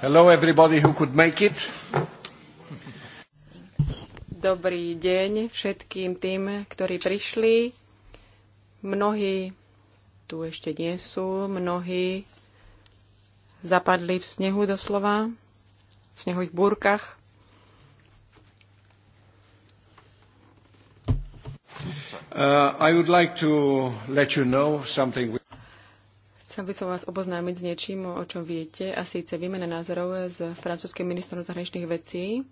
Hello everybody who could make it. Dobrý deň všetkým tým, ktorí prišli. Mnohí tu ešte nie sú, mnohí zapadli v snehu doslova, v snehových búrkach. Uh, I would like to let you know something Chcem by som vás oboznámiť s niečím, o čom viete, a síce výmena názorov s francúzským ministrom zahraničných vecí,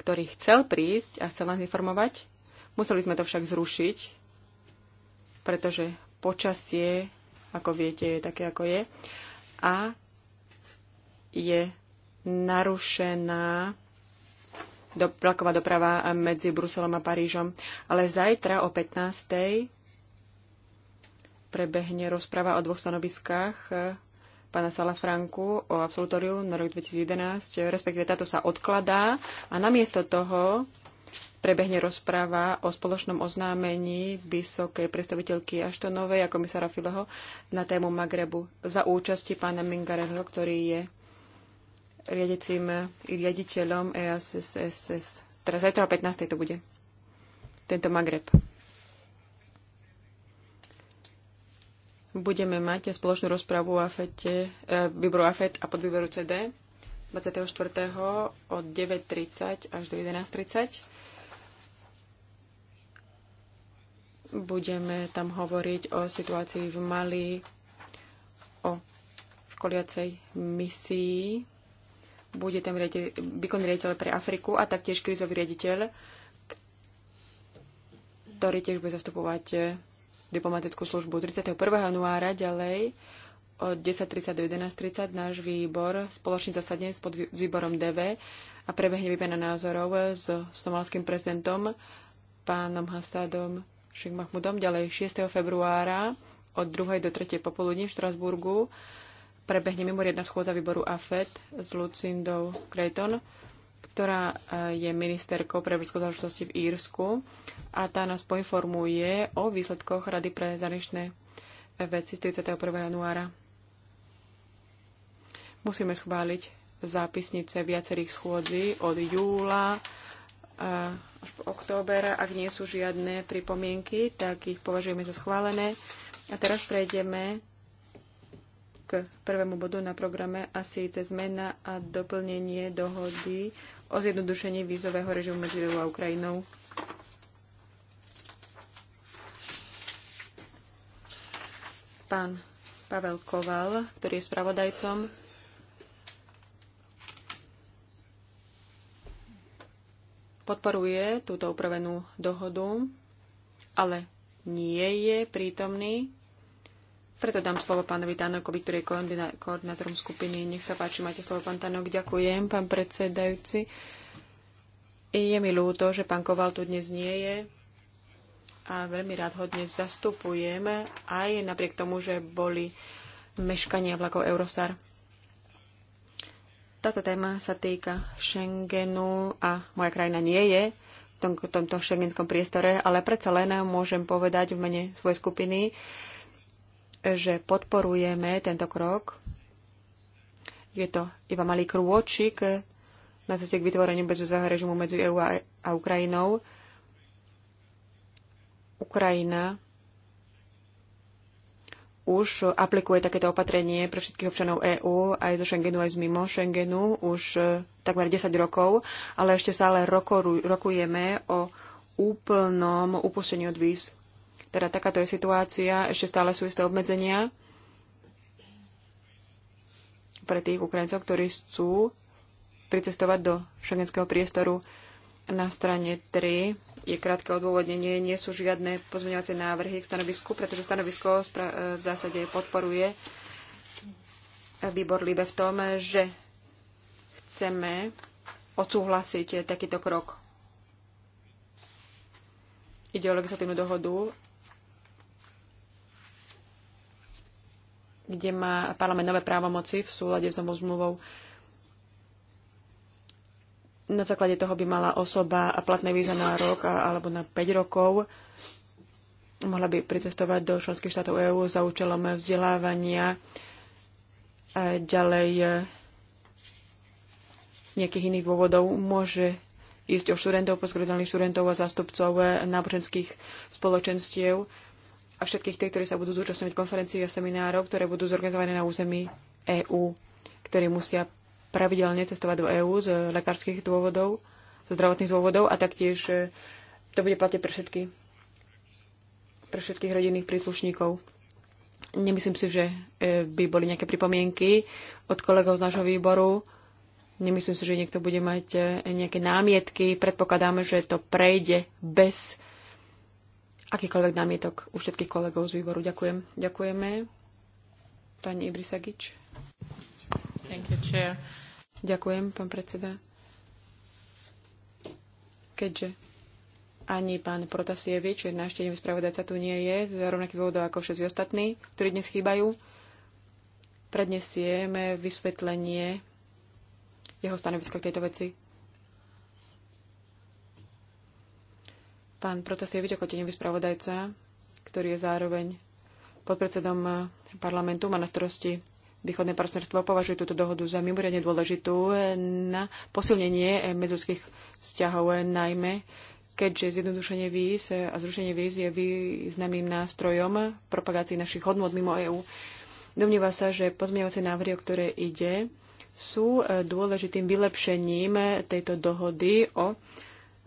ktorý chcel prísť a chcel nás informovať. Museli sme to však zrušiť, pretože počasie, ako viete, je také, ako je. A je narušená do, doprava medzi Bruselom a Parížom. Ale zajtra o 15 prebehne rozprava o dvoch stanoviskách pána Salafranku o absolutóriu na rok 2011, respektíve táto sa odkladá a namiesto toho prebehne rozpráva o spoločnom oznámení vysokej predstaviteľky Aštonovej a komisára Fileho na tému Magrebu za účasti pána Mingareho, ktorý je riadecím riaditeľom EASSS. Teraz zajtra o 15. to bude. Tento Magreb. budeme mať spoločnú rozpravu o AFETE, e, výboru AFET a podvýboru CD 24. od 9.30 až do 11.30. Budeme tam hovoriť o situácii v Mali, o školiacej misii. Bude tam riaditeľ, výkonný riaditeľ pre Afriku a taktiež krizový riaditeľ, ktorý tiež bude zastupovať diplomatickú službu. 31. januára ďalej od 10.30 do 11.30 náš výbor spoločne zasadne s pod výborom DV a prebehne výmena názorov s somalským prezidentom pánom Hasadom Šik Mahmudom. Ďalej 6. februára od 2. do 3. popoludní v Štrasburgu prebehne mimoriadna schôdza výboru AFET s Lucindou Creighton ktorá e, je ministerkou pre európske záležitosti v Írsku a tá nás poinformuje o výsledkoch Rady pre zahraničné veci z 31. januára. Musíme schváliť zápisnice viacerých schôdzí od júla e, až po októbera. Ak nie sú žiadne pripomienky, tak ich považujeme za schválené. A teraz prejdeme k prvému bodu na programe a síce zmena a doplnenie dohody o zjednodušení vízového režimu medzi EU a Ukrajinou. Pán Pavel Koval, ktorý je spravodajcom, podporuje túto upravenú dohodu, ale nie je prítomný preto dám slovo pánovi Tanokovi, ktorý je koordinátorom skupiny. Nech sa páči, máte slovo, pán Tanok. Ďakujem, pán predsedajúci. Je mi ľúto, že pán Koval tu dnes nie je a veľmi rád ho dnes zastupujeme, aj napriek tomu, že boli meškania vlakov Eurostar. Táto téma sa týka Schengenu a moja krajina nie je v tomto šengenskom priestore, ale predsa len môžem povedať v mene svojej skupiny, že podporujeme tento krok. Je to iba malý krôčik na ceste k vytvoreniu bezúzového režimu medzi EÚ a, Ukrajinou. Ukrajina už aplikuje takéto opatrenie pre všetkých občanov EÚ, aj zo Schengenu, aj z mimo Schengenu, už e, takmer 10 rokov, ale ešte stále rokujeme o úplnom upustení od víz teda takáto je situácia, ešte stále sú isté obmedzenia pre tých Ukrajincov, ktorí chcú pricestovať do šengenského priestoru. Na strane 3 je krátke odôvodnenie, nie sú žiadne pozmeňovacie návrhy k stanovisku, pretože stanovisko e, v zásade podporuje výbor Libe v tom, že chceme odsúhlasiť takýto krok. Ide o legislatívnu dohodu kde má parlament nové právomoci v súlade s novou zmluvou. Na základe toho by mala osoba a platné víza na rok alebo na 5 rokov mohla by pricestovať do členských štátov EÚ za účelom vzdelávania a ďalej e, nejakých iných dôvodov môže ísť o študentov, postgraduálnych študentov a zástupcov e, náboženských spoločenstiev a všetkých tých, ktorí sa budú zúčastňovať konferencií a seminárov, ktoré budú zorganizované na území EÚ, ktorí musia pravidelne cestovať do EÚ z lekárskych dôvodov, zo zdravotných dôvodov a taktiež e, to bude platiť pre všetky pre všetkých rodinných príslušníkov. Nemyslím si, že e, by boli nejaké pripomienky od kolegov z nášho výboru. Nemyslím si, že niekto bude mať e, nejaké námietky. Predpokladáme, že to prejde bez akýkoľvek námietok u všetkých kolegov z výboru. Ďakujem. Ďakujeme. Pani Ibrisagič. Thank you, chair. Ďakujem, pán predseda. Keďže ani pán Protasievič, návštevník spravodajca tu nie je, za rovnaký dôvodov ako všetci ostatní, ktorí dnes chýbajú. Prednesieme vysvetlenie jeho stanoviska k tejto veci. Pán Protasievič, ako tenevý spravodajca, ktorý je zároveň podpredsedom parlamentu, má na starosti východné partnerstvo, považuje túto dohodu za mimoriadne dôležitú na posilnenie medzudských vzťahov, najmä keďže zjednodušenie víz a zrušenie víz je významným nástrojom propagácii našich hodnot mimo EÚ. Domnieva sa, že pozmeňovacie návrhy, o ktoré ide, sú dôležitým vylepšením tejto dohody o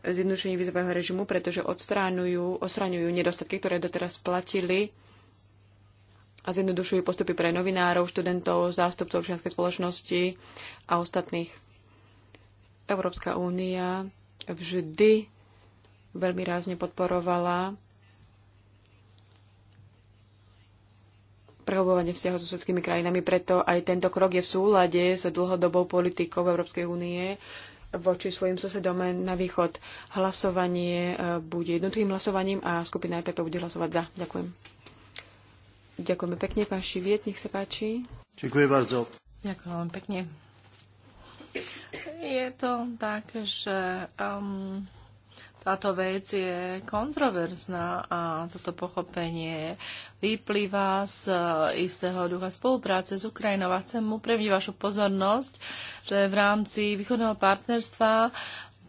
zjednodušení vizového režimu, pretože odstránujú, osraňujú nedostatky, ktoré doteraz platili a zjednodušujú postupy pre novinárov, študentov, zástupcov občianskej spoločnosti a ostatných. Európska únia vždy veľmi rázne podporovala prehlbovanie vzťahov so všetkými krajinami, preto aj tento krok je v súlade s dlhodobou politikou Európskej únie voči svojim susedom na východ. Hlasovanie e, bude jednotlivým hlasovaním a skupina EPP bude hlasovať za. Ďakujem. Ďakujeme pekne, pán Šiviec, nech sa páči. Ďakujem bardzo. Ďakujem pekne. Je to tak, že um, táto vec je kontroverzná a toto pochopenie vyplýva z e, istého ducha spolupráce s Ukrajinou. A chcem upremniť vašu pozornosť, že v rámci východného partnerstva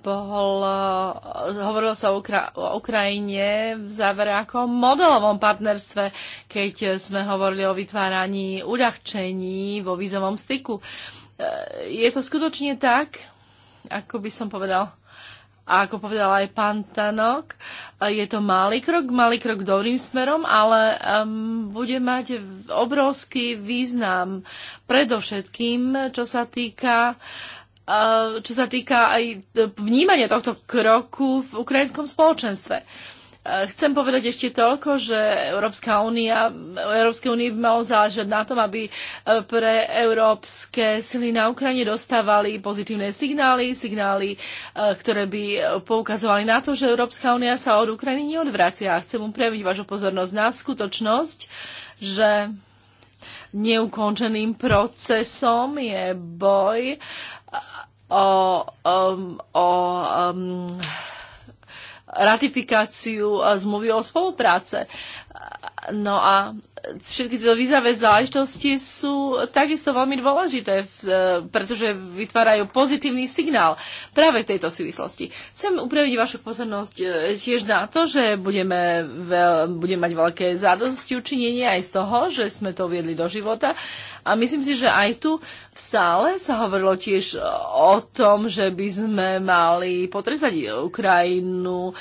bol, e, hovorilo sa o, Ukra- o Ukrajine v závere ako modelovom partnerstve, keď sme hovorili o vytváraní uľahčení vo vízovom styku. E, je to skutočne tak, ako by som povedal, a ako povedal aj pán Tanok, je to malý krok, malý krok dobrým smerom, ale um, bude mať obrovský význam predovšetkým, čo sa týka e, čo sa týka aj vnímania tohto kroku v ukrajinskom spoločenstve. Uh, Chcem povedať ešte toľko, že Európska únia, Európskej únie by malo záležať na tom, aby e, pre európske sily na Ukrajine dostávali pozitívne signály, signály, e, ktoré by poukazovali na to, že Európska únia sa od Ukrajiny neodvracia. Chcem upraviť vašu pozornosť na skutočnosť, že neukončeným procesom je boj o, o, o, o ratifikáciu eh, zmluvy o spolupráce. No a všetky tieto výzavé záležitosti sú takisto veľmi dôležité, e, pretože vytvárajú pozitívny signál práve v tejto súvislosti. Chcem upraviť vašu pozornosť e, tiež na to, že budeme, veľ, budeme mať veľké zádosti učinenie aj z toho, že sme to viedli do života. A myslím si, že aj tu v sále sa hovorilo tiež e, o tom, že by sme mali potrezať Ukrajinu,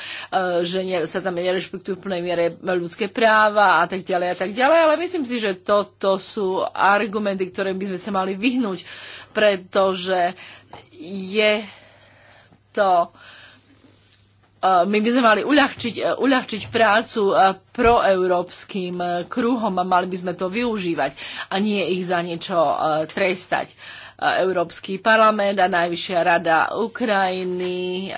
že sa tam nerešpektujú v plnej miere ľudské práva a tak ďalej a tak ďalej ďalej, ale myslím si, že toto sú argumenty, ktoré by sme sa mali vyhnúť, pretože je to e, my by sme mali uľahčiť, e, uľahčiť prácu e, proeurópskym kruhom a mali by sme to využívať a nie ich za niečo trestať. Európsky parlament a Najvyššia rada Ukrajiny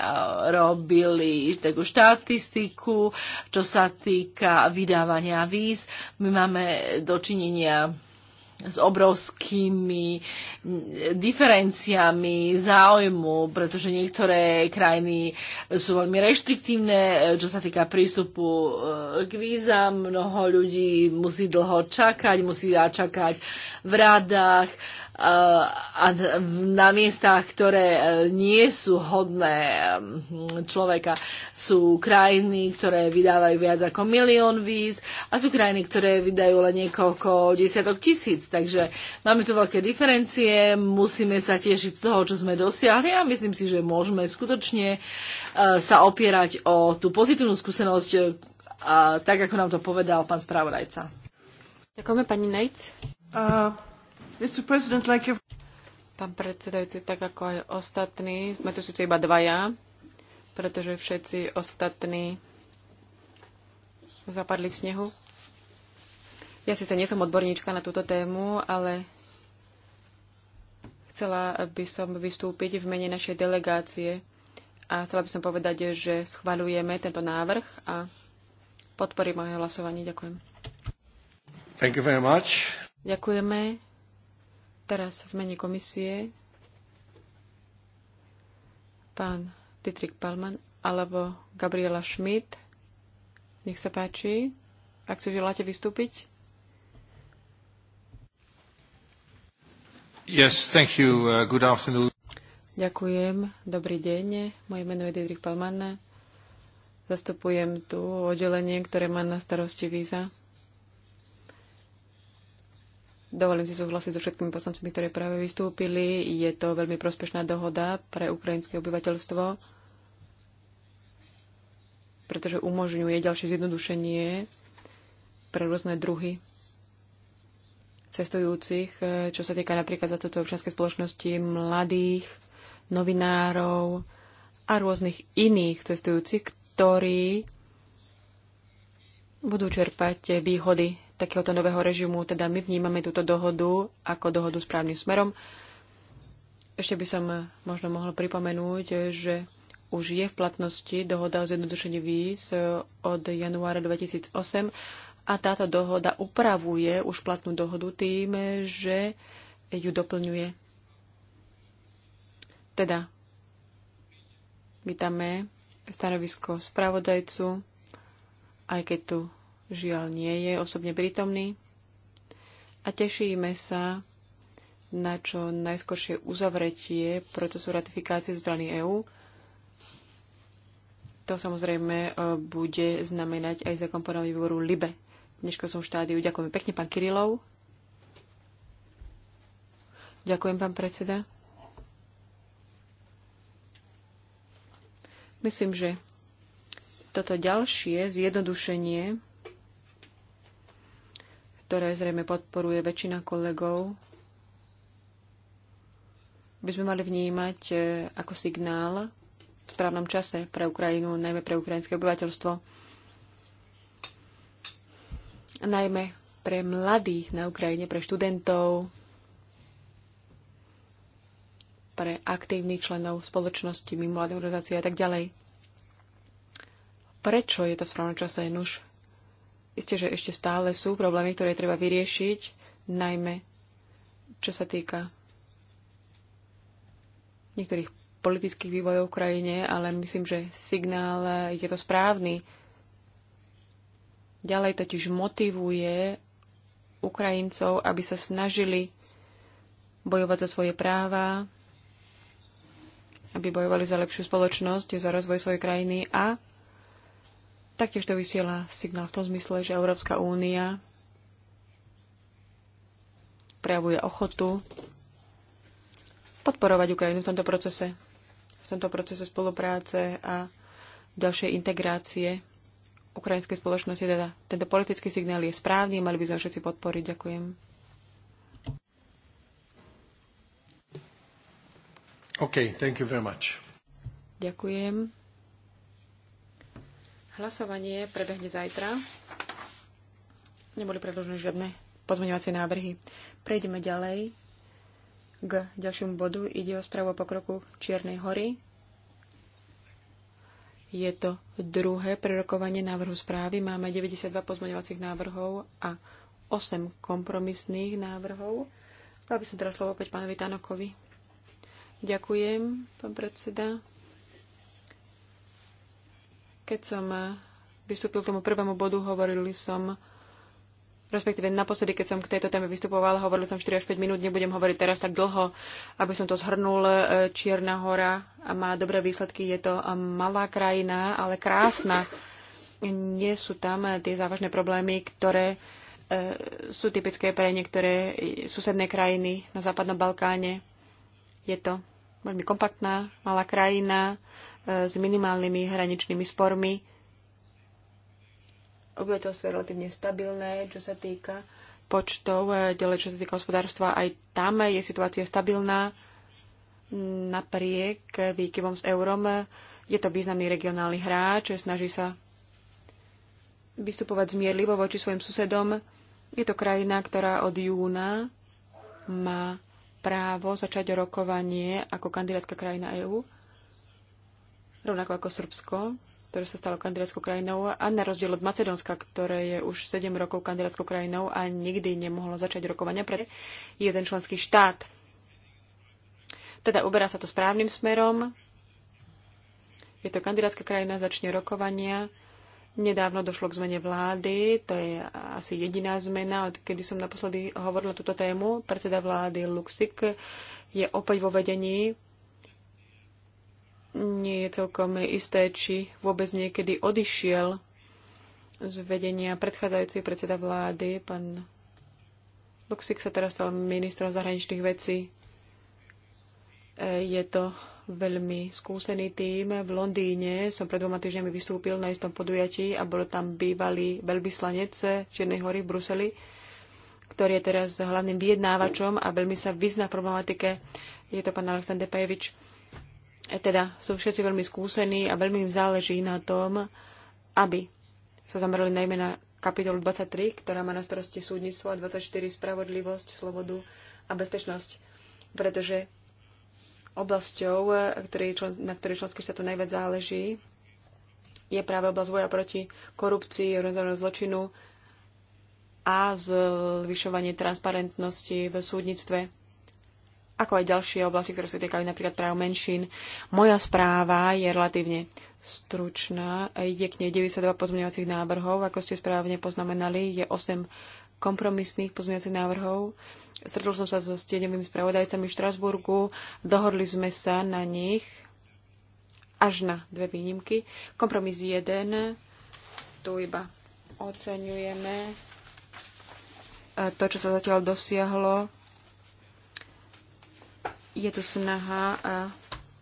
robili takú štatistiku, čo sa týka vydávania víz. My máme dočinenia s obrovskými diferenciami záujmu, pretože niektoré krajiny sú veľmi reštriktívne, čo sa týka prístupu eh, k vízam. Mnoho ľudí musí dlho čakať, musí čakať v radách a na miestach, ktoré e, nie sú hodné mm, človeka. Sú krajiny, ktoré vydávajú viac ako milión víz a sú krajiny, ktoré vydajú len niekoľko desiatok tisíc. Takže máme tu veľké diferencie, musíme sa tešiť z toho, čo sme dosiahli a myslím si, že môžeme skutočne e, sa opierať o tú pozitívnu skúsenosť, e, tak ako nám to povedal pán spravodajca. Ďakujeme pani Nejc. Uh... Pán predsedajúci, tak ako aj ostatní, sme tu síce iba dvaja, pretože všetci ostatní zapadli v snehu. Ja síce nie som odborníčka na túto tému, ale chcela by som vystúpiť v mene našej delegácie a chcela by som povedať, že schvaľujeme tento návrh a podporím moje hlasovanie. Ďakujem. Thank you very much. Ďakujeme. Teraz v mene komisie pán Dietrich Palman alebo Gabriela Schmidt. Nech sa páči, ak si želáte vystúpiť. Yes, thank you. Uh, good afternoon. Ďakujem. Dobrý deň. Moje meno je Dietrich Palman. Zastupujem tu oddelenie, ktoré má na starosti víza. Dovolím si súhlasiť so všetkými poslancami, ktoré práve vystúpili. Je to veľmi prospešná dohoda pre ukrajinské obyvateľstvo, pretože umožňuje ďalšie zjednodušenie pre rôzne druhy cestujúcich, eh, čo sa týka napríklad za toto občianskej spoločnosti mladých, novinárov a rôznych iných cestujúcich, ktorí budú čerpať eh, výhody takéhoto nového režimu. Teda my vnímame túto dohodu ako dohodu správnym smerom. Ešte by som možno mohol pripomenúť, že už je v platnosti dohoda o zjednodušení víz od januára 2008 a táto dohoda upravuje už platnú dohodu tým, že ju doplňuje. Teda vítame stanovisko spravodajcu, aj keď tu Žiaľ nie je osobne prítomný. A tešíme sa na čo najskoršie uzavretie procesu ratifikácie z strany EÚ. To samozrejme e, bude znamenať aj zakomponovanie výboru LIBE. V štádiu ďakujem pekne, pán Kirilov. Ďakujem, pán predseda. Myslím, že toto ďalšie zjednodušenie ktoré zrejme podporuje väčšina kolegov, by sme mali vnímať e, ako signál v správnom čase pre Ukrajinu, najmä pre ukrajinské obyvateľstvo. A najmä pre mladých na Ukrajine, pre študentov, pre aktívnych členov spoločnosti, mimovládnych organizácií a tak ďalej. Prečo je to v správnom čase? Nuž, Isté, že ešte stále sú problémy, ktoré treba vyriešiť, najmä čo sa týka niektorých politických vývojov v krajine, ale myslím, že signál je to správny. Ďalej totiž motivuje Ukrajincov, aby sa snažili bojovať za svoje práva, aby bojovali za lepšiu spoločnosť, za rozvoj svojej krajiny a Taktiež to vysiela signál v tom zmysle, že Európska únia prejavuje ochotu podporovať Ukrajinu v tomto procese, v tomto procese spolupráce a ďalšej integrácie ukrajinskej spoločnosti. Teda tento politický signál je správny, mali by sme všetci podporiť. Ďakujem. OK, thank you very much. Ďakujem. Hlasovanie prebehne zajtra. Neboli predložené žiadne pozmeňovacie návrhy. Prejdeme ďalej k ďalšiemu bodu. Ide o správu o pokroku Čiernej hory. Je to druhé prerokovanie návrhu správy. Máme 92 pozmeňovacích návrhov a 8 kompromisných návrhov. Dal by som teraz slovo opäť pánovi Tanokovi. Ďakujem, pán predseda. Keď som eh, vystúpil k tomu prvému bodu, hovorili som, respektíve naposledy, keď som k tejto téme vystupoval, hovoril som 4 až 5 minút, nebudem hovoriť teraz tak dlho, aby som to zhrnul. Eh, Čierna hora má dobré výsledky, je to eh, malá krajina, ale krásna. Nie sú tam tie závažné problémy, ktoré sú typické pre niektoré susedné krajiny na Západnom Balkáne. Je to veľmi kompaktná, malá krajina s minimálnymi hraničnými spormi. Obyvateľstvo je relatívne stabilné, čo sa týka počtov, e, ďalej čo sa týka hospodárstva, aj tam je situácia stabilná. Napriek výkyvom s eurom e, je to významný regionálny hráč, snaží sa vystupovať zmierlivo voči svojim susedom. Je to krajina, ktorá od júna má právo začať rokovanie ako kandidátska krajina EÚ rovnako ako Srbsko, ktoré sa stalo kandidátskou krajinou a na rozdiel od Macedónska, ktoré je už 7 rokov kandidátskou krajinou a nikdy nemohlo začať rokovania pre jeden členský štát. Teda uberá sa to správnym smerom. Je to kandidátska krajina, začne rokovania. Nedávno došlo k zmene vlády, to je asi jediná zmena, odkedy som naposledy hovorila túto tému. Predseda vlády Luxik je opäť vo vedení nie je celkom isté, či vôbec niekedy odišiel z vedenia predchádzajúcej predseda vlády, pán Luxik sa teraz stal ministrom zahraničných vecí. E, je to veľmi skúsený tým. V Londýne som pred dvoma týždňami vystúpil na istom podujatí a bol tam bývalý veľvyslanec Čiernej hory v Bruseli, ktorý je teraz hlavným vyjednávačom a veľmi sa vyzná v problematike. Je to pán Alexander Pejevič E, teda sú všetci veľmi skúsení a veľmi im záleží na tom, aby sa zamerali najmä na kapitolu 23, ktorá má na starosti súdnictvo a 24 spravodlivosť, slobodu a bezpečnosť. Pretože oblasťou, na ktorej členských štátov najviac záleží, je práve oblasť boja proti korupcii, organizovaného zločinu a zvyšovanie transparentnosti v súdnictve ako aj ďalšie oblasti, ktoré sa týkajú napríklad práv menšín. Moja správa je relatívne stručná. Ide k nej 92 pozmeňovacích návrhov. Ako ste správne poznamenali, je 8 kompromisných pozmeňovacích návrhov. Stretol som sa so stieňovými spravodajcami v Štrasburgu. Dohodli sme sa na nich až na dve výnimky. Kompromis 1, tu iba oceňujeme e, to, čo sa zatiaľ dosiahlo je tu snaha eh,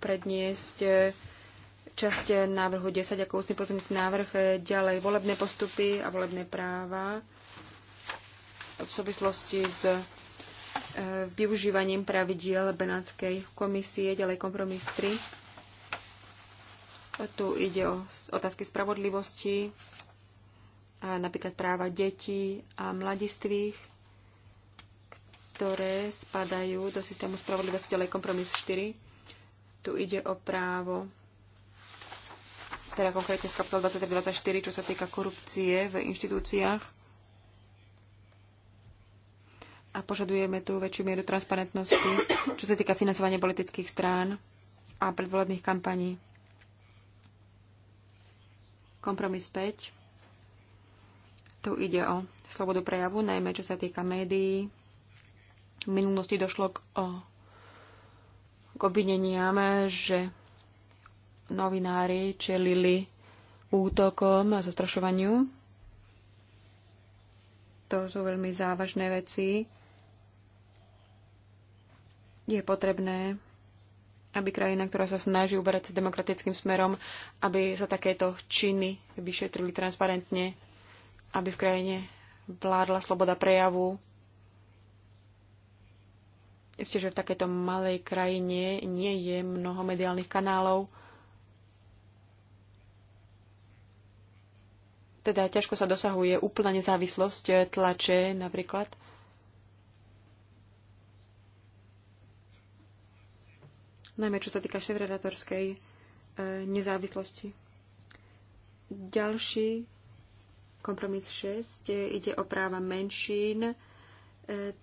predniesť eh, časť návrhu 10 ako ústny pozornicí návrh eh, ďalej volebné postupy a volebné práva v súvislosti s využívaním pravidiel Benátskej komisie, ďalej kompromis 3. Tu ide o otázky spravodlivosti, a napríklad práva detí a mladistvých ktoré spadajú do systému spravodlivosti, ale kompromis 4. Tu ide o právo, teda konkrétne z kapitola 2324, čo sa týka korupcie v inštitúciách. A požadujeme tu väčšiu mieru transparentnosti, čo sa týka financovania politických strán a predvolebných kampaní. Kompromis 5. Tu ide o slobodu prejavu, najmä čo sa týka médií, v minulosti došlo k, o, k obvineniam, že novinári čelili útokom a zastrašovaniu. To sú veľmi závažné veci. Je potrebné, aby krajina, ktorá sa snaží uberať sa demokratickým smerom, aby sa takéto činy vyšetrili transparentne, aby v krajine vládla sloboda prejavu, ešte, že v takejto malej krajine nie je mnoho mediálnych kanálov. Teda ťažko sa dosahuje úplná nezávislosť tlače napríklad. Najmä čo sa týka šéfredatorskej e, nezávislosti. Ďalší kompromis 6 e, ide o práva menšín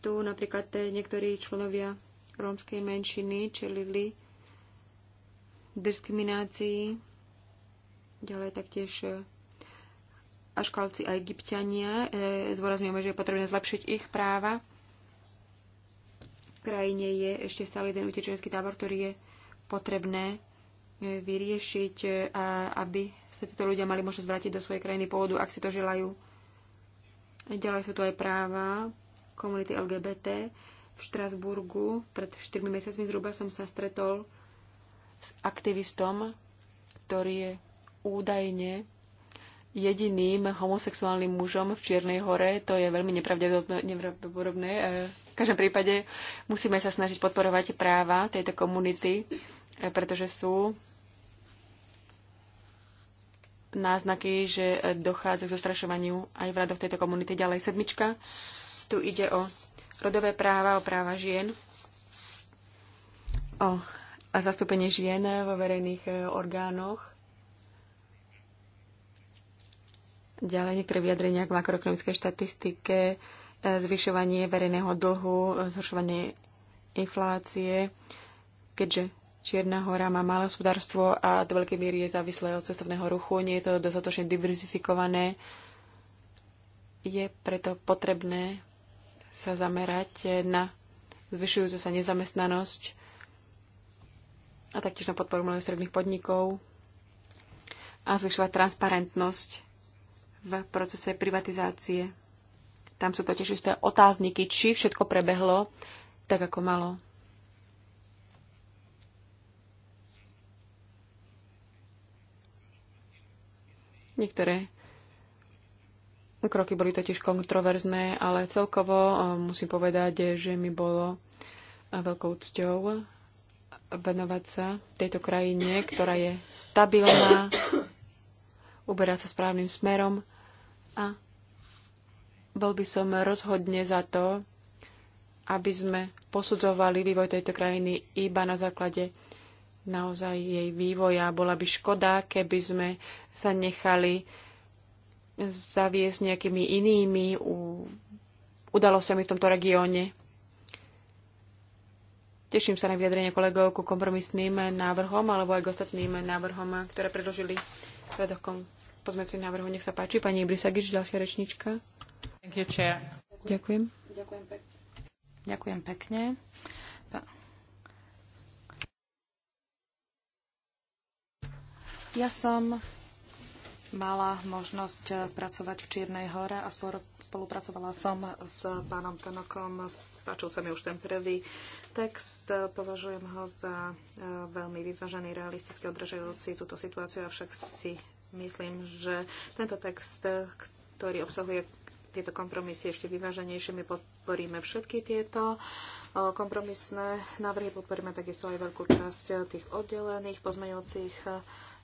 tu napríklad niektorí členovia rómskej menšiny čelili diskriminácii, ďalej taktiež e, Aškalci a Egyptiania. E, Zvorazňujeme, že je potrebné zlepšiť ich práva. V krajine je ešte stále ten utečenský tábor, ktorý je potrebné e, vyriešiť, aby sa títo ľudia mali možnosť vrátiť do svojej krajiny pôvodu, ak si to želajú. Ďalej sú tu aj práva komunity LGBT v Štrasburgu. Pred 4 mesiacmi zhruba som sa stretol s aktivistom, ktorý je údajne jediným homosexuálnym mužom v Čiernej hore. To je veľmi nepravdepodobné. E, v každom prípade musíme sa snažiť podporovať práva tejto komunity, e, pretože sú náznaky, že dochádza k zostrašovaniu aj v radoch tejto komunity. Ďalej sedmička. Tu ide o rodové práva, o práva žien, o a zastúpenie žien vo verejných e, orgánoch. Ďalej niektoré vyjadrenia k makroekonomickej štatistike, e, zvyšovanie verejného dlhu, e, zhoršovanie inflácie, keďže Čierna hora má malé hospodárstvo a do veľkej miery je závislé od cestovného ruchu, nie je to dostatočne diverzifikované. Je preto potrebné sa zamerať na zvyšujúcu sa nezamestnanosť a taktiež na podporu malých stredných podnikov a zvyšovať transparentnosť v procese privatizácie. Tam sú totiž isté otázniky, či všetko prebehlo tak, ako malo. Niektoré Kroky boli totiž kontroverzné, ale celkovo e, musím povedať, že mi bolo e, veľkou cťou e, venovať sa tejto krajine, ktorá je stabilná, uberá sa správnym smerom a bol by som rozhodne za to, aby sme posudzovali vývoj tejto krajiny iba na základe naozaj jej vývoja. Bola by škoda, keby sme sa nechali zaviesť nejakými inými udalosťami v tomto regióne. Teším sa na vyjadrenie kolegov ku kompromisným návrhom alebo aj k ostatným návrhom, ktoré predložili predokom teda pozmecím návrhu. Nech sa páči, pani Ibrisagič, ďalšia rečnička. You, Ďakujem. Ďakujem, Ďakujem pekne. ja som mala možnosť eh, pracovať v Čiernej hore a spolupracovala som s pánom Tanokom. Páčil sa mi už ten prvý text. Eh, považujem ho za eh, veľmi vyvážený, realisticky odražajúci túto situáciu, avšak si myslím, že tento text, ktorý obsahuje tieto kompromisy ešte vyváženejšie, my podporíme všetky tieto kompromisné návrhy, podporíme takisto aj veľkú časť tých oddelených pozmeňujúcich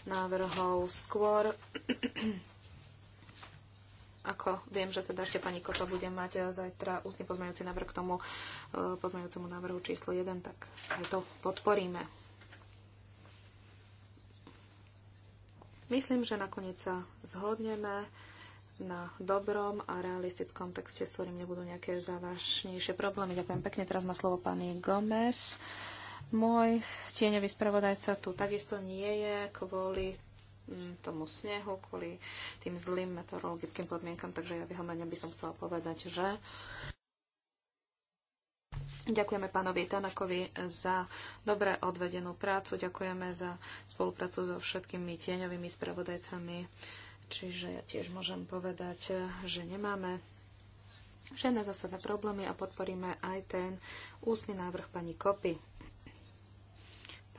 návrhov skôr. Ako viem, že teda ešte pani Kota bude mať e, zajtra ústne pozmeňujúci návrh k tomu e, pozmeňujúcemu návrhu číslo 1, tak aj to podporíme. Myslím, že nakoniec sa zhodneme na dobrom a realistickom texte, s ktorým nebudú nejaké závažnejšie problémy. Ďakujem pekne. Teraz má slovo pani Gomez. Uh, môj tieňový spravodajca tu takisto nie je kvôli mm, tomu snehu, kvôli tým zlým meteorologickým podmienkam, takže ja v by som chcela povedať, že Ďakujeme pánovi Tanakovi za dobre odvedenú prácu, ďakujeme za spoluprácu so všetkými tieňovými spravodajcami, čiže ja tiež môžem povedať, že nemáme žiadne zásadné problémy a podporíme aj ten ústny návrh pani Kopy.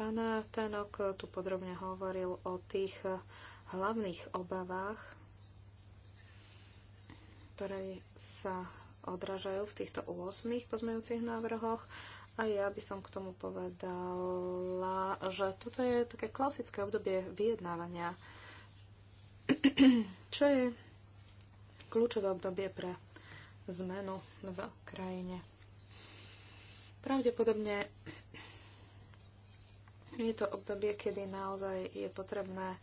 Pán Tenok tu podrobne hovoril o tých hlavných obavách, ktoré sa odrážajú v týchto 8 pozmejúcich návrhoch. A ja by som k tomu povedala, že toto je také klasické obdobie vyjednávania, čo je kľúčové obdobie pre zmenu v krajine. Pravdepodobne je to obdobie, kedy naozaj je potrebné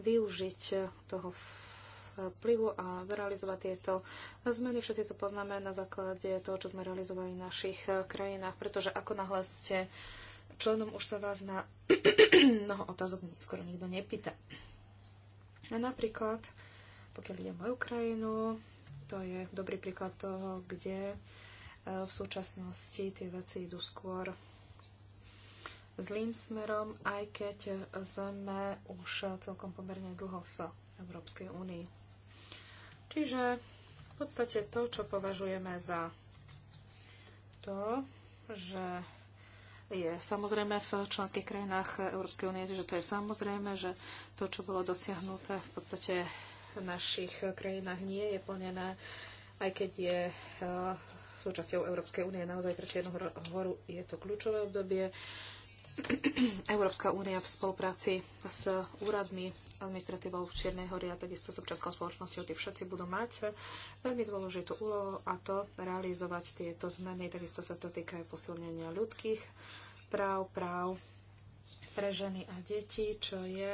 využiť toho vplyvu a zrealizovať tieto zmeny. všetky to poznáme na základe toho, čo sme realizovali v našich krajinách, pretože ako náhle ste členom, už sa vás na mnoho otázok skoro nikto nepýta. A napríklad, pokiaľ ide o moju krajinu, to je dobrý príklad toho, kde eh, v súčasnosti tie veci idú skôr zlým smerom, aj keď sme už celkom pomerne dlho v Európskej únii. Čiže v podstate to, čo považujeme za to, že je samozrejme v členských krajinách Európskej únie, že to je samozrejme, že to, čo bolo dosiahnuté v podstate v našich krajinách nie je plnené, aj keď je e, súčasťou Európskej únie naozaj pre Čiernu horu je to kľúčové obdobie Európska únia v spolupráci s úradmi administratívou Čiernej hory a takisto s občanskou spoločnosťou, tie všetci budú mať veľmi dôležitú úlohu a to realizovať tieto zmeny. Takisto sa to týka aj posilnenia ľudských práv, práv pre ženy a deti, čo je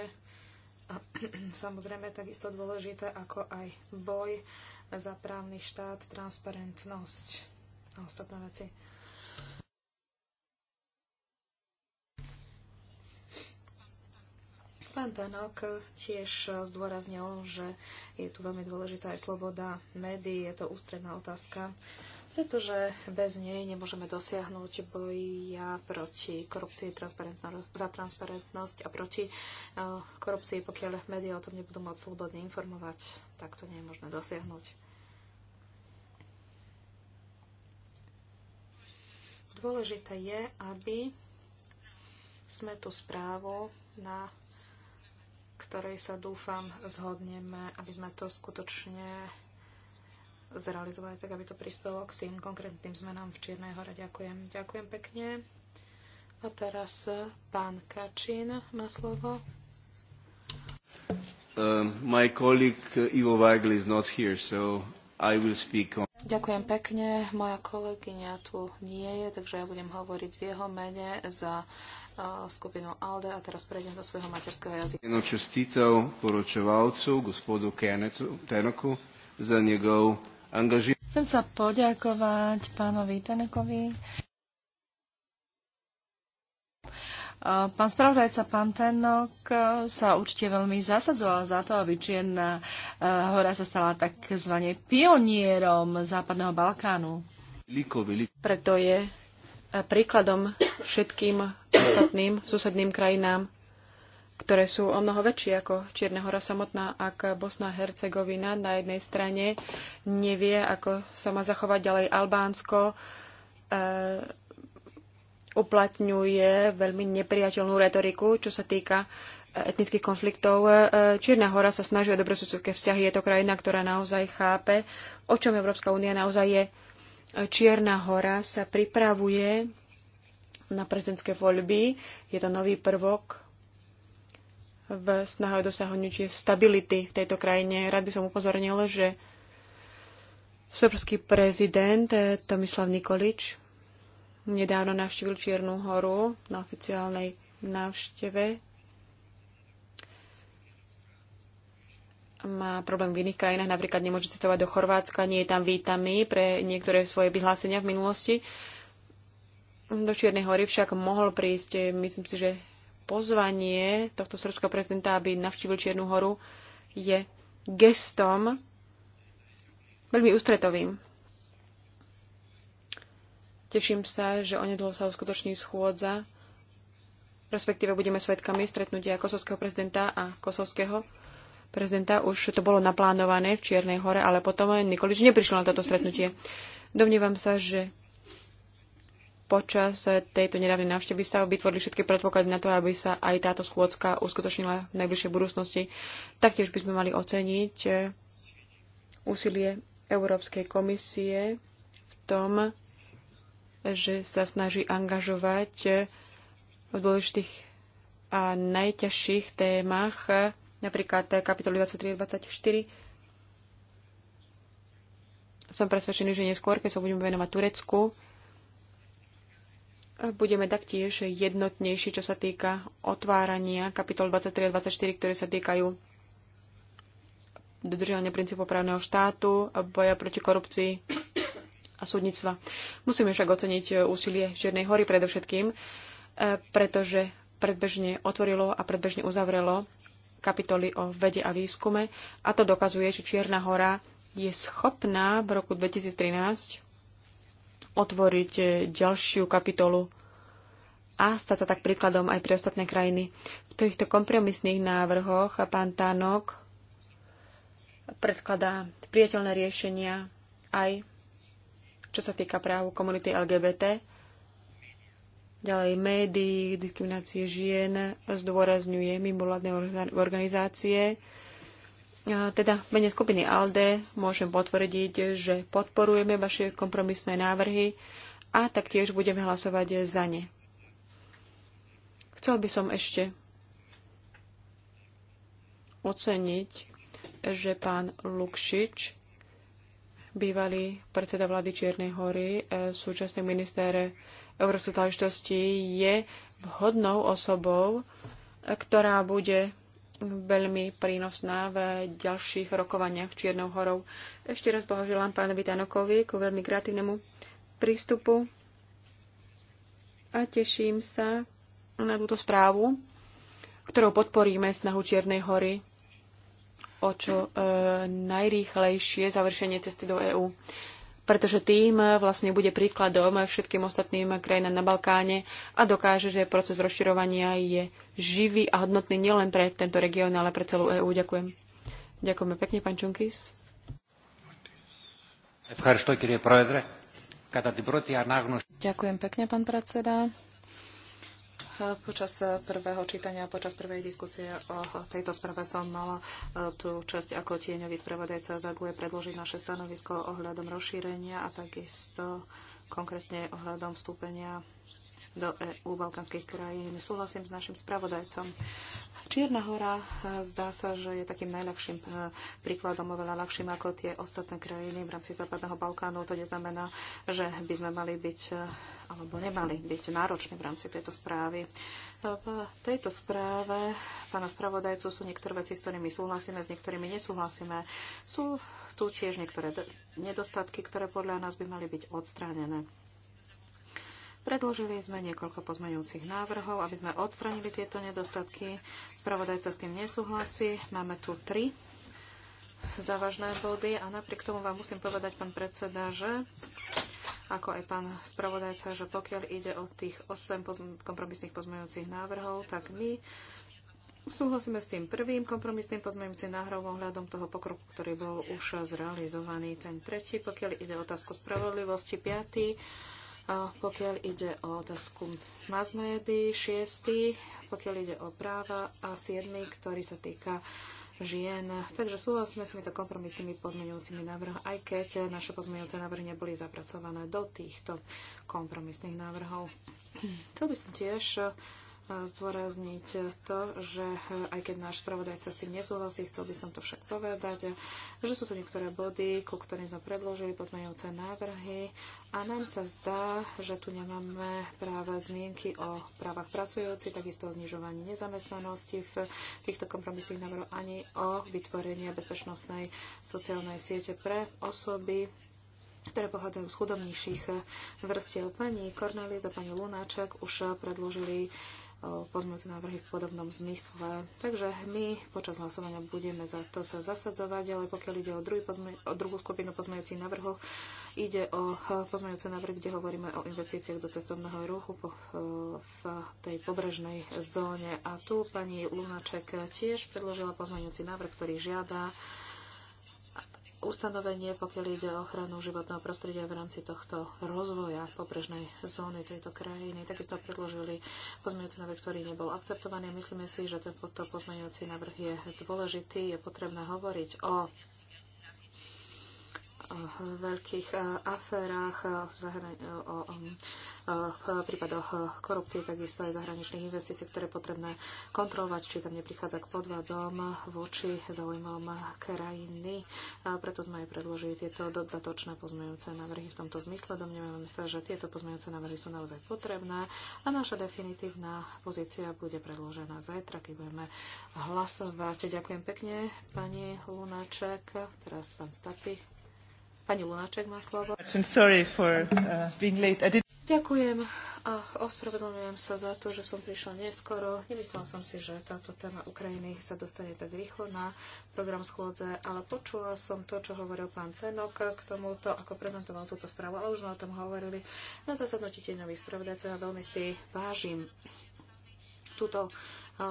samozrejme takisto dôležité ako aj boj za právny štát, transparentnosť a ostatné veci. Pán Tanok tiež zdôraznil, že je tu veľmi dôležitá aj sloboda médií, je to ústredná otázka, pretože bez nej nemôžeme dosiahnuť boja proti korupcii za transparentnosť a proti eh, korupcii, pokiaľ médiá o tom nebudú môcť slobodne informovať, tak to nie je možné dosiahnuť. Dôležité je, aby sme tú správu na ktorej sa dúfam zhodneme, aby sme to skutočne zrealizovali tak, aby to prispelo k tým konkrétnym zmenám v Čiernej hore. Ďakujem. Ďakujem pekne. A teraz eh, pán Kačín má slovo. Uh, my colleague eh, Ivo Weigl is not here, so I will speak on... Ďakujem pekne. Moja kolegyňa tu nie je, takže ja budem hovoriť v jeho mene za uh, skupinu ALDE a teraz prejdem do svojho materského jazyka. Jednou čestitev poročovalcu, gospodu Kenetu Tenoku, za jeho angaží. Chcem sa poďakovať pánovi Tenekovi Eh, pán spravodajca, Pantenok eh, sa určite veľmi zasadzoval za to, aby Čierna eh, hora sa stala takzvané pionierom Západného Balkánu. Preto je príkladom všetkým ostatným susedným krajinám, ktoré sú o mnoho väčšie ako Čierna hora samotná, ak Bosna a Hercegovina na jednej strane nevie, ako sa má zachovať ďalej Albánsko, uplatňuje veľmi nepriateľnú retoriku, čo sa týka e, etnických konfliktov. E, Čierna hora sa snaží o dobrosúcovské vzťahy. Je to krajina, ktorá naozaj chápe, o čom Európska únia naozaj je. E, Čierna hora sa pripravuje na prezidentské voľby. Je to nový prvok v snahe o dosahnutie stability v tejto krajine. Rád by som upozornil, že srbský prezident Tomislav Nikolič nedávno navštívil Čiernu horu na oficiálnej návšteve. Má problém v iných krajinách, napríklad nemôže cestovať do Chorvátska, nie je tam vítaný pre niektoré svoje vyhlásenia v minulosti. Do Čiernej hory však mohol prísť, myslím si, že pozvanie tohto srbského prezidenta, aby navštívil Čiernu horu, je gestom veľmi ústretovým Teším sa, že onedlho sa uskutoční schôdza, respektíve budeme svetkami stretnutia kosovského prezidenta a kosovského prezidenta. Už to bolo naplánované v Čiernej hore, ale potom Nikolič neprišiel na toto stretnutie. Domnievam sa, že počas tejto nedávnej návštevy sa vytvorili všetky predpoklady na to, aby sa aj táto schôdzka uskutočnila v najbližšej budúcnosti. Taktiež by sme mali oceniť eh, úsilie Európskej komisie v tom, že sa snaží angažovať v dôležitých a najťažších témach, napríklad kapitoly 23 a 24. Som presvedčený, že neskôr, keď sa budeme venovať Turecku, budeme taktiež jednotnejší, čo sa týka otvárania kapitol 23 a 24, ktoré sa týkajú dodržiavania princípov právneho štátu, boja proti korupcii, a súdnictva. Musíme však oceniť e, úsilie Čiernej hory predovšetkým, e, pretože predbežne otvorilo a predbežne uzavrelo kapitoly o vede a výskume a to dokazuje, že Čierna hora je schopná v roku 2013 otvoriť e, ďalšiu kapitolu a stať sa tak príkladom aj pre ostatné krajiny. V týchto kompromisných návrhoch pán Tánok predkladá priateľné riešenia aj čo sa týka práv komunity LGBT, ďalej médií, diskriminácie žien, zdôrazňuje mimovládne organizácie. Teda mene skupiny ALDE môžem potvrdiť, že podporujeme vaše kompromisné návrhy a taktiež budeme hlasovať za ne. Chcel by som ešte oceniť, že pán Lukšič bývalý predseda vlády Čiernej hory, e, súčasný minister európskej záležitosti, je vhodnou osobou, e, ktorá bude veľmi prínosná v ďalších rokovaniach Čiernou horou. Ešte raz blahoželám pánovi Tanokovi ku veľmi kreatívnemu prístupu a teším sa na túto správu, ktorou podporíme snahu Čiernej hory o čo e, najrýchlejšie završenie cesty do EÚ. Pretože tým e, vlastne bude príkladom všetkým ostatným krajinám na Balkáne a dokáže, že proces rozširovania je živý a hodnotný nielen pre tento región, ale pre celú EÚ. Ďakujem. Ďakujeme pekne, pán Čunkis. Ďakujem pekne, pán predseda. Počas prvého čítania, počas prvej diskusie o tejto správe som mala e, tú časť ako tieňový spravodajca zaguje predložiť naše stanovisko ohľadom rozšírenia a takisto konkrétne ohľadom vstúpenia do EU balkánskych krajín. Súhlasím s našim spravodajcom. Čierna hora eh, zdá sa, že je takým najľahším eh, príkladom, oveľa ľahším ako tie ostatné krajiny v rámci Západného Balkánu. To neznamená, že by sme mali byť eh, alebo nemali byť nároční v rámci tejto správy. V tejto správe pána spravodajcu sú niektoré veci, s ktorými súhlasíme, s niektorými nesúhlasíme. Sú tu tiež niektoré nedostatky, ktoré podľa nás by mali byť odstránené. Predložili sme niekoľko pozmeňujúcich návrhov, aby sme odstranili tieto nedostatky. Spravodajca s tým nesúhlasí. Máme tu tri závažné body a napriek tomu vám musím povedať, pán predseda, že ako aj pán spravodajca, že pokiaľ ide o tých 8 kompromisných pozmeňujúcich návrhov, tak my Súhlasíme s tým prvým kompromisným pozmeňujúcim návrhom ohľadom toho pokroku, ktorý bol už zrealizovaný. Ten tretí, pokiaľ ide o otázku spravodlivosti, piatý pokiaľ ide o otázku mass médií, pokiaľ ide o práva a siedmy, ktorý sa týka žien. Takže súhlasíme s týmito kompromisnými pozmeňujúcimi návrhmi, aj keď naše pozmeňujúce návrhy neboli zapracované do týchto kompromisných návrhov. Chcel by som tiež zdôrazniť to, že aj keď náš spravodajca s tým nesúhlasí, chcel by som to však povedať, že sú tu niektoré body, ku ktorým sme predložili pozmeňujúce návrhy a nám sa zdá, že tu nemáme práve zmienky o právach pracujúcich, takisto o znižovaní nezamestnanosti v týchto kompromisných návrhoch ani o vytvorení bezpečnostnej sociálnej siete pre osoby, ktoré pochádzajú z chudobnejších vrstiev. Pani Kornelis a pani Lunáček už predložili pozmeňujúce návrhy v podobnom zmysle. Takže my počas hlasovania budeme za to sa zasadzovať, ale pokiaľ ide o, druhý pozme- o druhú skupinu pozmeňujúcich návrhov, ide o e, pozmeňujúce návrhy, kde hovoríme o investíciách do cestovného ruchu po, e, v tej pobrežnej zóne. A tu pani Lunaček tiež predložila pozmeňujúci návrh, ktorý žiada ustanovenie, pokiaľ ide o ochranu životného prostredia v rámci tohto rozvoja pobrežnej zóny tejto krajiny. Takisto predložili pozmeňujúci návrh, ktorý nebol akceptovaný. Myslíme si, že tento pozmeňujúci návrh je dôležitý. Je potrebné hovoriť o veľkých e, aférach, e, e, o, o prípadoch korupcie, takisto aj zahraničných investícií, ktoré je potrebné kontrolovať, či tam neprichádza k podvadom voči zaujímavom krajiny. A preto sme aj predložili tieto dodatočné pozmejúce návrhy v tomto zmysle. Domnievame sa, že tieto pozmejúce návrhy sú naozaj potrebné a naša definitívna pozícia bude predložená zajtra, keď budeme hlasovať. Ďakujem pekne, pani Lunáček. Teraz pán Stapy. Pani Lunáček má slovo. Uh, Ďakujem a ospravedlňujem sa za to, že som prišla neskoro. Nemyslela som si, že táto téma Ukrajiny sa dostane tak rýchlo na program schôdze, ale počula som to, čo hovoril pán Tenok k tomuto, ako prezentoval túto správu, ale už sme o tom hovorili na zasadnutí tieňových spravodajcov a veľmi si vážim túto eh,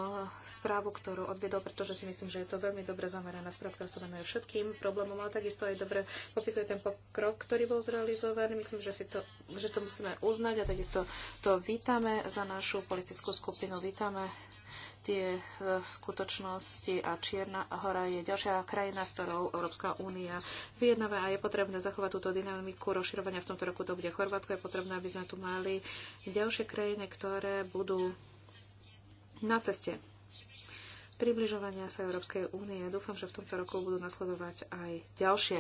správu, ktorú odviedol, pretože si myslím, že je to veľmi dobre zameraná správa, ktorá sa venuje všetkým problémom, ale takisto aj dobre popisuje ten pokrok, ktorý bol zrealizovaný. Myslím, že, si to, že to musíme uznať a takisto to vítame za našu politickú skupinu. Vítame tie eh, skutočnosti a Čierna hora je ďalšia krajina, s ktorou Európska únia vyjednáva a je potrebné zachovať túto dynamiku rozširovania. V tomto roku to bude Chorvátsko. Je potrebné, aby sme tu mali ďalšie krajiny, ktoré budú na ceste približovania sa Európskej únie. Dúfam, že v tomto roku budú nasledovať aj ďalšie.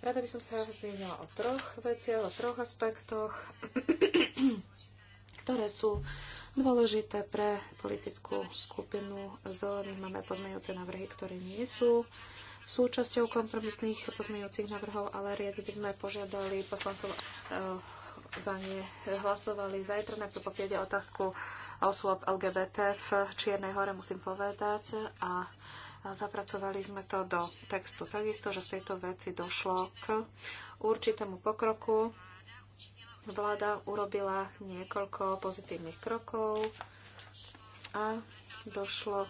Rada by som sa zmienila o troch veciach, o troch aspektoch, ktoré sú dôležité pre politickú skupinu zelených. Máme pozmeňujúce návrhy, ktoré nie sú súčasťou kompromisných pozmeňujúcich návrhov, ale riady by sme požiadali poslancov eh, za ne hlasovali. Zajtra najprv popiede otázku osôb LGBT v Čiernej hore, musím povedať. A zapracovali sme to do textu. Takisto, že v tejto veci došlo k určitému pokroku. Vláda urobila niekoľko pozitívnych krokov a došlo